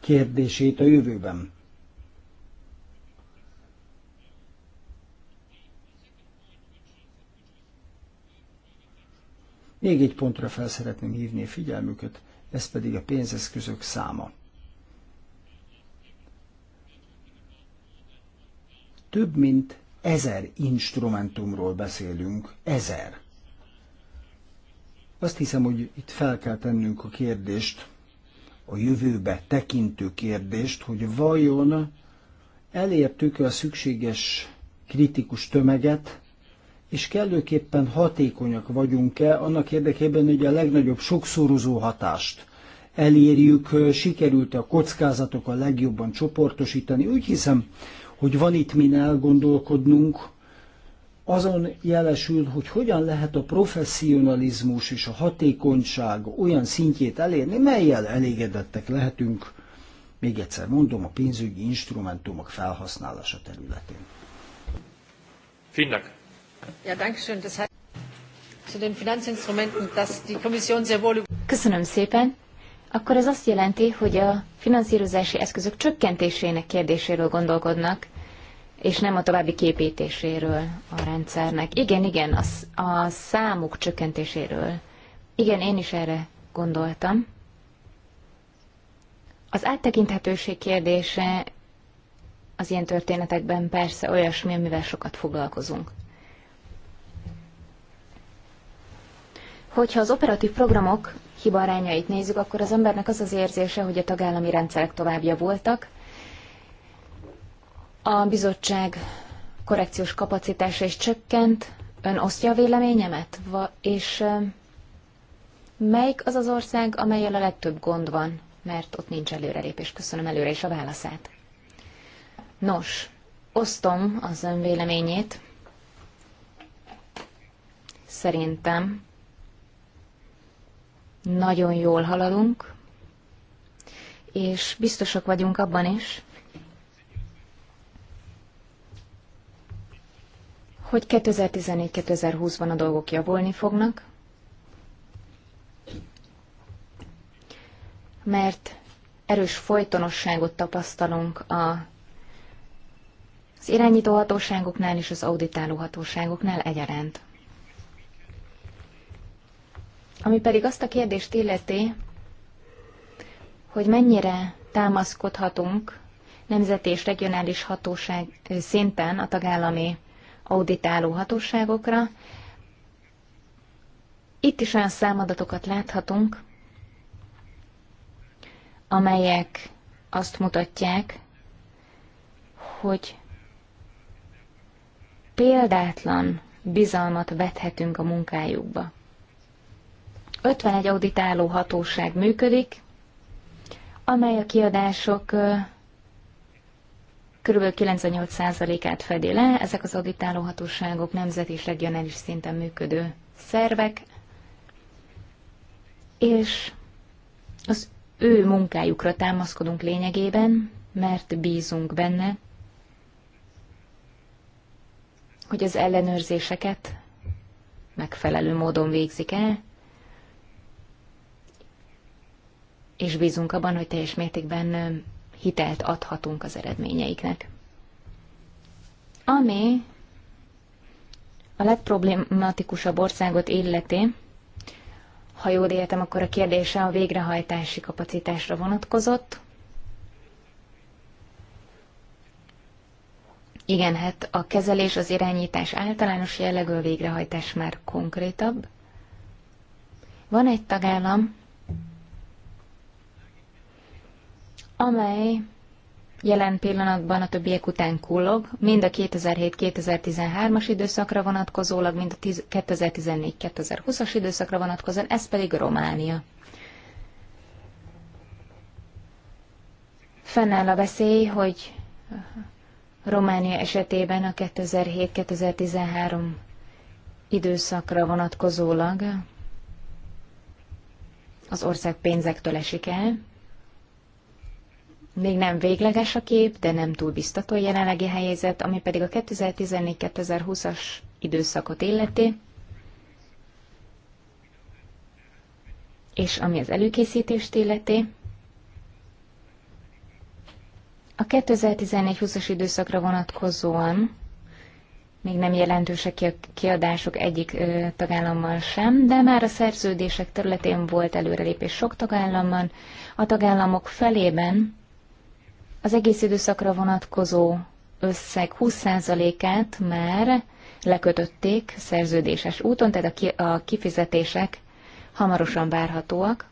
kérdését a jövőben. Még egy pontra fel szeretném hívni a figyelmüket, ez pedig a pénzeszközök száma. Több mint ezer instrumentumról beszélünk, ezer. Azt hiszem, hogy itt fel kell tennünk a kérdést, a jövőbe tekintő kérdést, hogy vajon elértük -e a szükséges kritikus tömeget, és kellőképpen hatékonyak vagyunk-e annak érdekében, hogy a legnagyobb sokszorozó hatást elérjük, sikerült-e a kockázatok a legjobban csoportosítani. Úgy hiszem, hogy van itt min elgondolkodnunk, azon jelesül, hogy hogyan lehet a professzionalizmus és a hatékonyság olyan szintjét elérni, melyel elégedettek lehetünk, még egyszer mondom, a pénzügyi instrumentumok felhasználása
területén. Finnek.
Ja, danke schön. Das heißt, zu den Finanzinstrumenten, dass die Kommission sehr wohl...
Köszönöm szépen. Akkor ez azt jelenti, hogy a finanszírozási eszközök csökkentésének kérdéséről gondolkodnak, és nem a további képítéséről a rendszernek. Igen, igen, a, a számuk csökkentéséről. Igen, én is erre gondoltam. Az áttekinthetőség kérdése az ilyen történetekben persze olyasmi, amivel sokat foglalkozunk. Hogyha az operatív programok hibarányait nézzük, akkor az embernek az az érzése, hogy a tagállami rendszerek továbbja voltak. A bizottság korrekciós kapacitása is csökkent. Ön osztja a véleményemet? Va- és melyik az az ország, amelyel a legtöbb gond van? Mert ott nincs előrelépés. Köszönöm előre is a válaszát. Nos, osztom az ön véleményét. Szerintem nagyon jól haladunk, és biztosak vagyunk abban is, hogy 2014-2020-ban a dolgok javulni fognak, mert erős folytonosságot tapasztalunk a, az irányító hatóságoknál és az auditáló hatóságoknál egyaránt. Ami pedig azt a kérdést illeti, hogy mennyire támaszkodhatunk nemzeti és regionális hatóság szinten a tagállami auditáló hatóságokra. Itt is olyan számadatokat láthatunk, amelyek azt mutatják, hogy példátlan bizalmat vethetünk a munkájukba. 51 auditáló hatóság működik, amely a kiadások kb. 98%-át fedi le. Ezek az auditáló hatóságok nemzeti és regionális szinten működő szervek, és az ő munkájukra támaszkodunk lényegében, mert bízunk benne, hogy az ellenőrzéseket megfelelő módon végzik el, és bízunk abban, hogy teljes mértékben hitelt adhatunk az eredményeiknek. Ami a legproblematikusabb országot illeti, ha jól értem, akkor a kérdése a végrehajtási kapacitásra vonatkozott. Igen, hát a kezelés, az irányítás általános jellegű, a végrehajtás már konkrétabb. Van egy tagállam, amely jelen pillanatban a többiek után kullog, mind a 2007-2013-as időszakra vonatkozólag, mind a 2014-2020-as időszakra vonatkozóan, ez pedig Románia. Fennáll a veszély, hogy Románia esetében a 2007-2013 időszakra vonatkozólag az ország pénzektől esik el, még nem végleges a kép, de nem túl biztató a jelenlegi helyzet, ami pedig a 2014-2020-as időszakot illeti, és ami az előkészítést illeti. A 2014-20-as időszakra vonatkozóan még nem jelentősek ki a kiadások egyik tagállammal sem, de már a szerződések területén volt előrelépés sok tagállamban. A tagállamok felében az egész időszakra vonatkozó összeg 20%-át már lekötötték szerződéses úton, tehát a, ki, a kifizetések hamarosan várhatóak.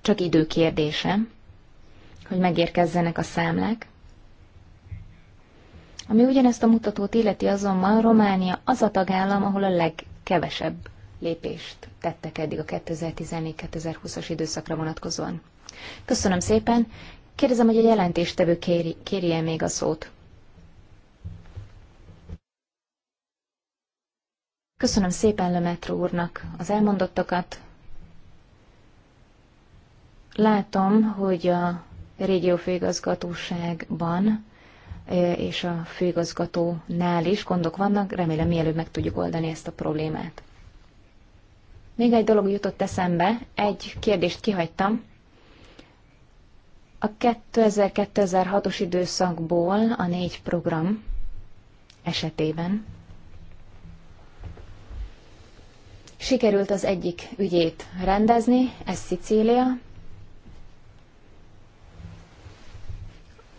Csak idő kérdése, hogy megérkezzenek a számlák. Ami ugyanezt a mutatót illeti azonban, Románia az a tagállam, ahol a legkevesebb lépést tettek eddig a 2014-2020-as időszakra vonatkozóan. Köszönöm szépen. Kérdezem, hogy a jelentéstevő kéri, kéri -e még a szót. Köszönöm szépen Lömetró úrnak az elmondottakat. Látom, hogy a régió főigazgatóságban és a főigazgatónál is gondok vannak, remélem mielőbb meg tudjuk oldani ezt a problémát. Még egy dolog jutott eszembe, egy kérdést kihagytam. A 2000-2006-os időszakból a négy program esetében sikerült az egyik ügyét rendezni, ez Szicília,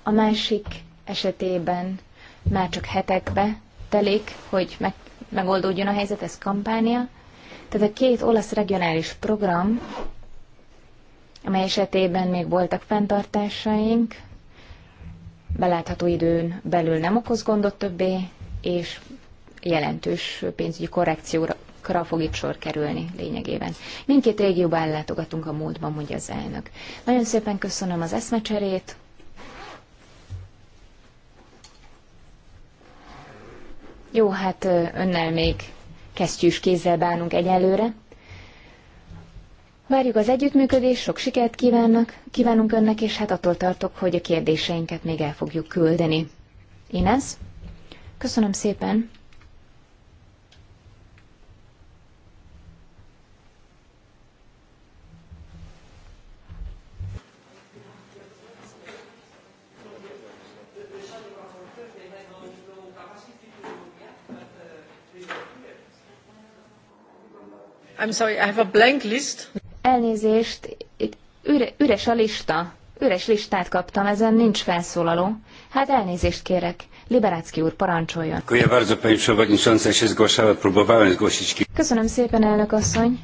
a másik esetében már csak hetekbe telik, hogy meg, megoldódjon a helyzet, ez kampánia. Tehát a két olasz regionális program amely esetében még voltak fenntartásaink, belátható időn belül nem okoz gondot többé, és jelentős pénzügyi korrekcióra fog itt sor kerülni lényegében. Mindkét régióban ellátogatunk a múltban, mondja az elnök. Nagyon szépen köszönöm az eszmecserét. Jó, hát önnel még kesztyűs kézzel bánunk egyelőre. Várjuk az együttműködést, sok sikert kívánnak, kívánunk önnek, és hát attól tartok, hogy a kérdéseinket még el fogjuk küldeni. Inez? Köszönöm szépen!
I'm sorry, I have a blank list.
Elnézést, itt üre, üres a lista. Üres listát kaptam, ezen nincs felszólaló. Hát elnézést kérek. Liberácki úr, parancsoljon. Köszönöm szépen, elnök asszony.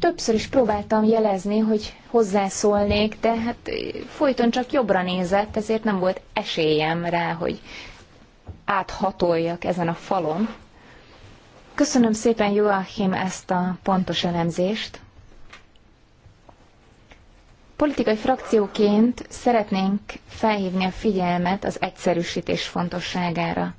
Többször is próbáltam jelezni, hogy hozzászólnék, de hát folyton csak jobbra nézett, ezért nem volt esélyem rá, hogy áthatoljak ezen a falon. Köszönöm szépen, Joachim, ezt a pontos elemzést. Politikai frakcióként szeretnénk felhívni a figyelmet az egyszerűsítés fontosságára,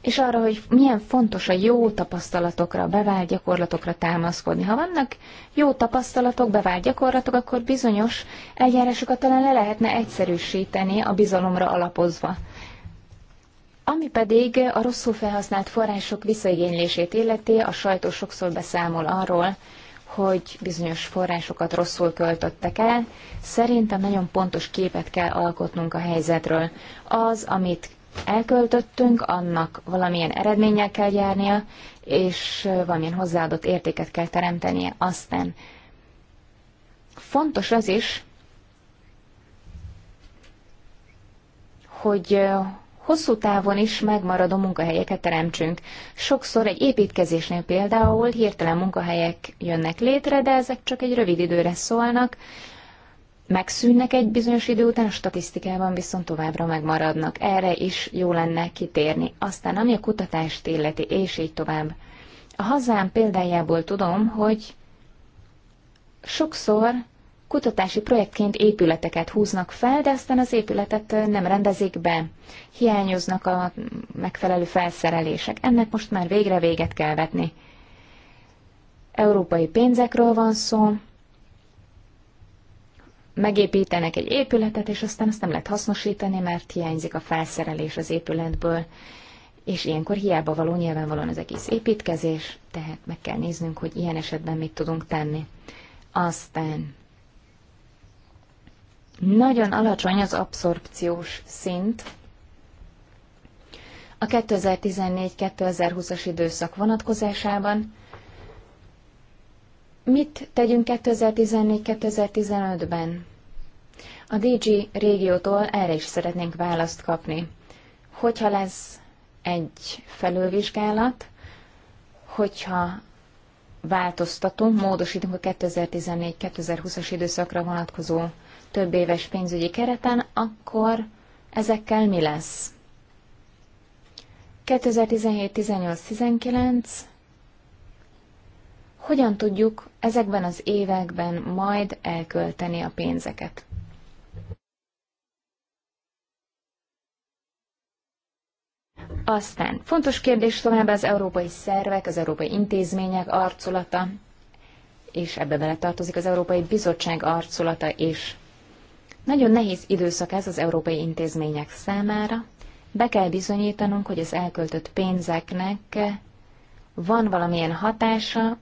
és arra, hogy milyen fontos a jó tapasztalatokra, bevált gyakorlatokra támaszkodni. Ha vannak jó tapasztalatok, bevált gyakorlatok, akkor bizonyos eljárásokat talán le lehetne egyszerűsíteni a bizalomra alapozva. Ami pedig a rosszul felhasznált források visszaigénylését illeti, a sajtó sokszor beszámol arról, hogy bizonyos forrásokat rosszul költöttek el. Szerintem nagyon pontos képet kell alkotnunk a helyzetről. Az, amit elköltöttünk, annak valamilyen eredménnyel kell járnia, és valamilyen hozzáadott értéket kell teremtenie. Aztán fontos az is, hogy hosszú távon is megmaradó munkahelyeket teremtsünk. Sokszor egy építkezésnél például hirtelen munkahelyek jönnek létre, de ezek csak egy rövid időre szólnak, megszűnnek egy bizonyos idő után, a statisztikában viszont továbbra megmaradnak. Erre is jó lenne kitérni. Aztán ami a kutatást illeti, és így tovább. A hazám példájából tudom, hogy sokszor kutatási projektként épületeket húznak fel, de aztán az épületet nem rendezik be. Hiányoznak a megfelelő felszerelések. Ennek most már végre véget kell vetni. Európai pénzekről van szó, megépítenek egy épületet, és aztán azt nem lehet hasznosítani, mert hiányzik a felszerelés az épületből, és ilyenkor hiába való nyilvánvalóan az egész építkezés, tehát meg kell néznünk, hogy ilyen esetben mit tudunk tenni. Aztán nagyon alacsony az abszorpciós szint. A 2014-2020-as időszak vonatkozásában mit tegyünk 2014-2015-ben? A DG régiótól erre is szeretnénk választ kapni. Hogyha lesz egy felülvizsgálat, hogyha változtatunk, módosítunk a 2014-2020-as időszakra vonatkozó több éves pénzügyi kereten, akkor ezekkel mi lesz? 2017-18-19 hogyan tudjuk ezekben az években majd elkölteni a pénzeket? Aztán fontos kérdés továbbá az európai szervek, az európai intézmények arculata, és ebbe beletartozik az Európai Bizottság arculata is. Nagyon nehéz időszak ez az európai intézmények számára. Be kell bizonyítanunk, hogy az elköltött pénzeknek van valamilyen hatása,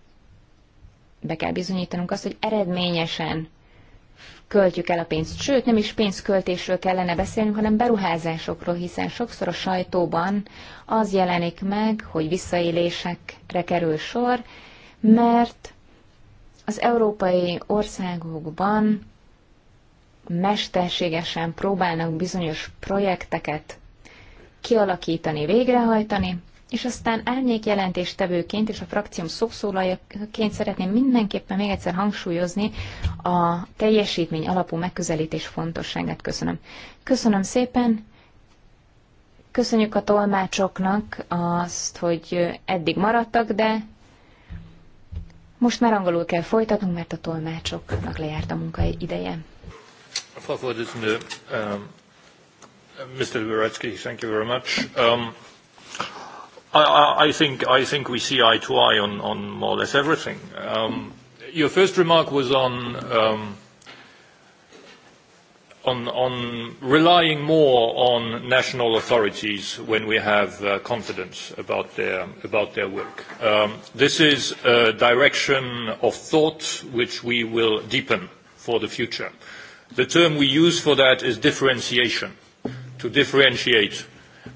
be kell bizonyítanunk azt, hogy eredményesen költjük el a pénzt. Sőt, nem is pénzköltésről kellene beszélnünk, hanem beruházásokról, hiszen sokszor a sajtóban az jelenik meg, hogy visszaélésekre kerül sor, mert az európai országokban mesterségesen próbálnak bizonyos projekteket kialakítani, végrehajtani, és aztán jelentéstevőként és a frakcióm szokszólajaként szeretném mindenképpen még egyszer hangsúlyozni a teljesítmény alapú megközelítés fontosságát. Köszönöm. Köszönöm szépen. Köszönjük a tolmácsoknak azt, hogy eddig maradtak, de most már angolul kell folytatnunk, mert a tolmácsoknak lejárt a munkai ideje.
Frau Vorsitzende, um, ähm, Mr. Liberetsky, thank you very much. Um, I, I, think, I think we see eye to eye on, on more or less everything. Um, your first remark was on, um, on, on relying more on national authorities when we have uh, confidence about their, about their work. Um, this is a direction of thought which we will deepen for the future. Uh, The term we use for that is differentiation, to differentiate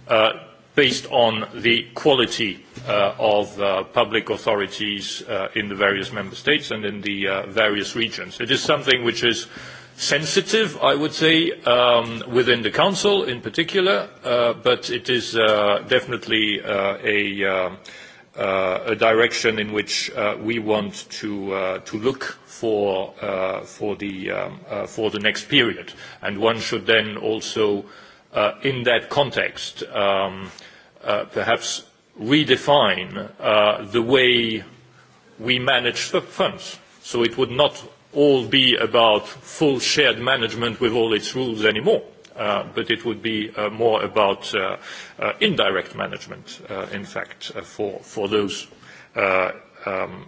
uh, based on the quality uh, of uh, public authorities uh, in the various member states and in the uh, various regions. It is something which is sensitive, I would say, um, within the Council in particular, uh, but it is uh, definitely uh, a uh, Uh, a direction in which uh, we want to, uh, look um, for, the, next period. one should then also, in that context, um, perhaps redefine the way we manage the funds. it would not all be about full shared management with all its rules anymore. Uh, but it would be uh, more about uh, uh, indirect management, uh, in fact, uh, for, for those uh, um,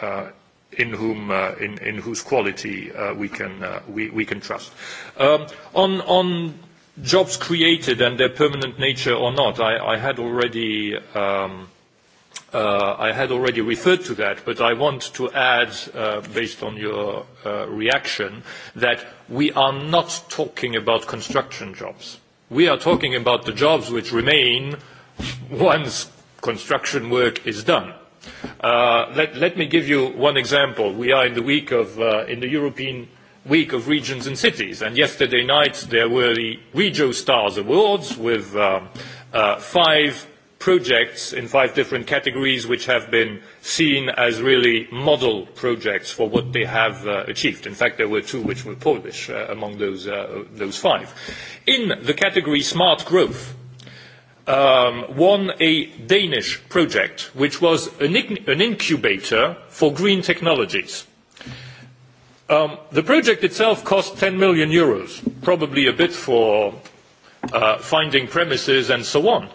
uh, in whom uh, in, in whose quality uh, we can uh, we, we can trust. Um, on on jobs created and their permanent nature or not, I, I had already. Um, Uh, I had already referred to that, but I want to add, uh, based on your uh, reaction, that we are not talking about construction jobs. We are talking about the jobs which remain once construction work is done. Uh, let, let me give you one example. We are in the week of, uh, in the European Week of Regions and Cities, and yesterday night there were the Regio Stars Awards with um, uh, five projects in five different categories which have been seen as really model projects for what they have uh, achieved. In fact, there were two which were Polish uh, among those, uh, those five. In the category smart growth, um, won a Danish project which was an, an incubator for green technologies. Um, the project itself cost 10 million euros, probably a bit for uh, finding premises and so on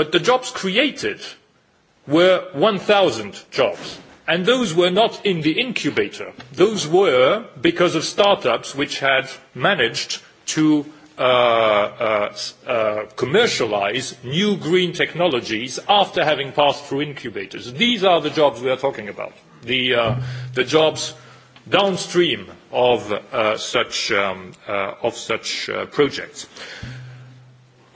But the jobs created were 1,000 jobs. And those were not in the incubator. Those were because of startups which had managed to uh, uh, uh, commercialize new green technologies after having passed through incubators. These are the jobs we are talking about. The, uh, the jobs downstream of uh, such, um, uh, of such uh, projects.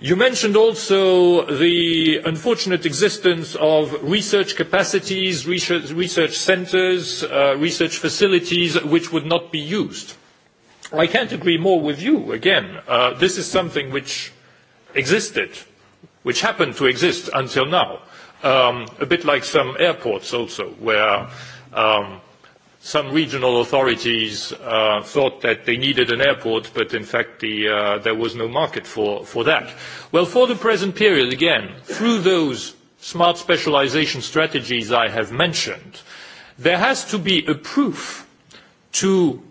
You mentioned also the unfortunate existence of research capacities, research, research centres, uh, research facilities which would not be used. I can't agree more with you again. Uh, this is something which existed, which happened to exist until now. Um, a bit like some airports also, where um, some regional authorities uh, thought that they needed an airport, but in fact the, uh, there was no market for, for that. Well, for the present period, again, through those smart specialization strategies I have mentioned, there has to be a proof to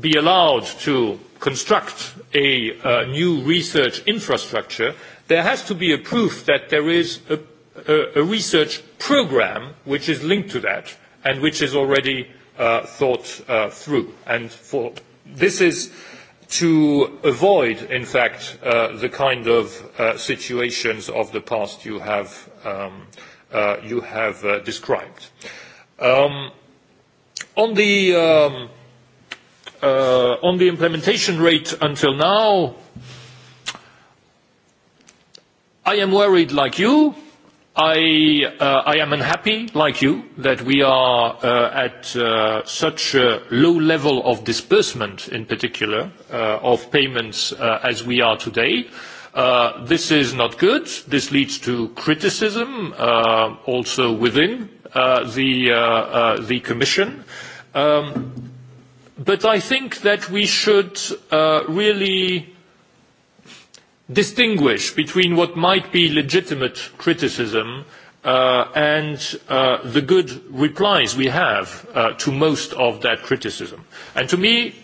be allowed to construct a uh, new research infrastructure, there has to be a proof that there is a, a, a research program which is linked to that and which is already Uh, thought uh, through. And for, this is to avoid, in fact, uh, the kind of uh, situations of the past you have, um, uh, you have uh, described. Um, on the um, uh, on the implementation rate until now, I am worried like you I, uh, I am unhappy, like you, that we are uh, at uh, such a low level of disbursement, in particular, uh, of payments uh, as we are today. Uh, this is not good. This leads to criticism uh, also within uh, the, uh, uh, the Commission. Um, but I think that we should uh, really distinguish between what might be legitimate criticism uh, and uh, the good replies we have uh, to most of that criticism. And to me,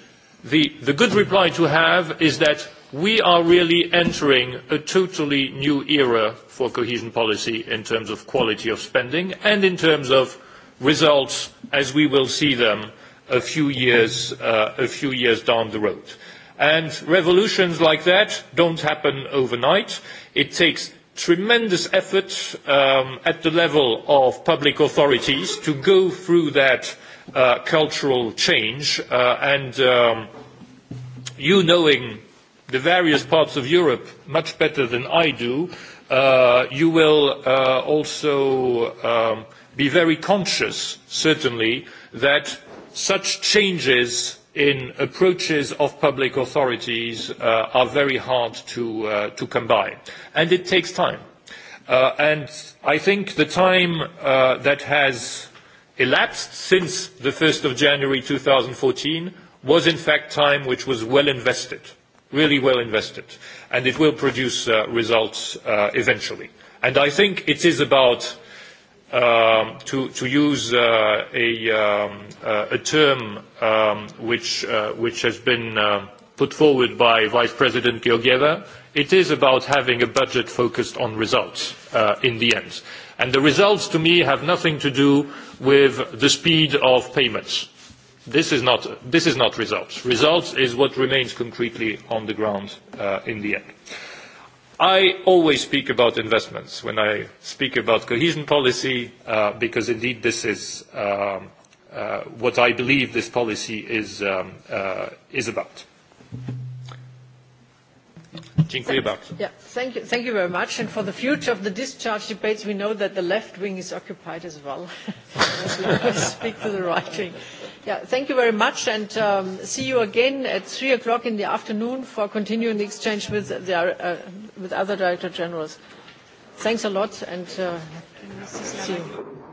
the, the good reply to have is that we are really entering a totally new era for cohesion policy in terms of quality of spending and in terms of results as we will see them a few years, uh, a few years down the road. And revolutions like that don't happen overnight. It takes tremendous effort um, at the level of public authorities to go through that uh, cultural change. Uh, and um, you knowing the various parts of Europe much better than I do, uh, you will uh, also um, be very conscious, certainly, that such changes in approaches of public authorities uh, are very hard to, uh, to come by. And it takes time. Uh, and I think the time uh, that has elapsed since the 1st of January 2014 was in fact time which was well invested, really well invested. And it will produce uh, results uh, eventually. And I think it is about Uh, to, to use uh, a, um, uh, a term um, which, uh, which has been uh, put forward by Vice President Georgieva, it is about having a budget focused on results uh, in the end. And the results, to me, have nothing to do with the speed of payments. This is not, this is not results. Results is what remains concretely on the ground uh, in the end. I always speak about investments when I speak about cohesion policy, uh, because indeed this is um, uh, what I believe this policy is, um, uh, is about. Dziękuję
Yeah, thank, you, thank you very much. And for the future of the discharge debates, we know that the left wing is occupied as well. so we speak to the right wing thank you very much and um, see you again at three o'clock in the afternoon for continuing the exchange with, uh, other Director Generals. Thanks a lot and uh, see
you.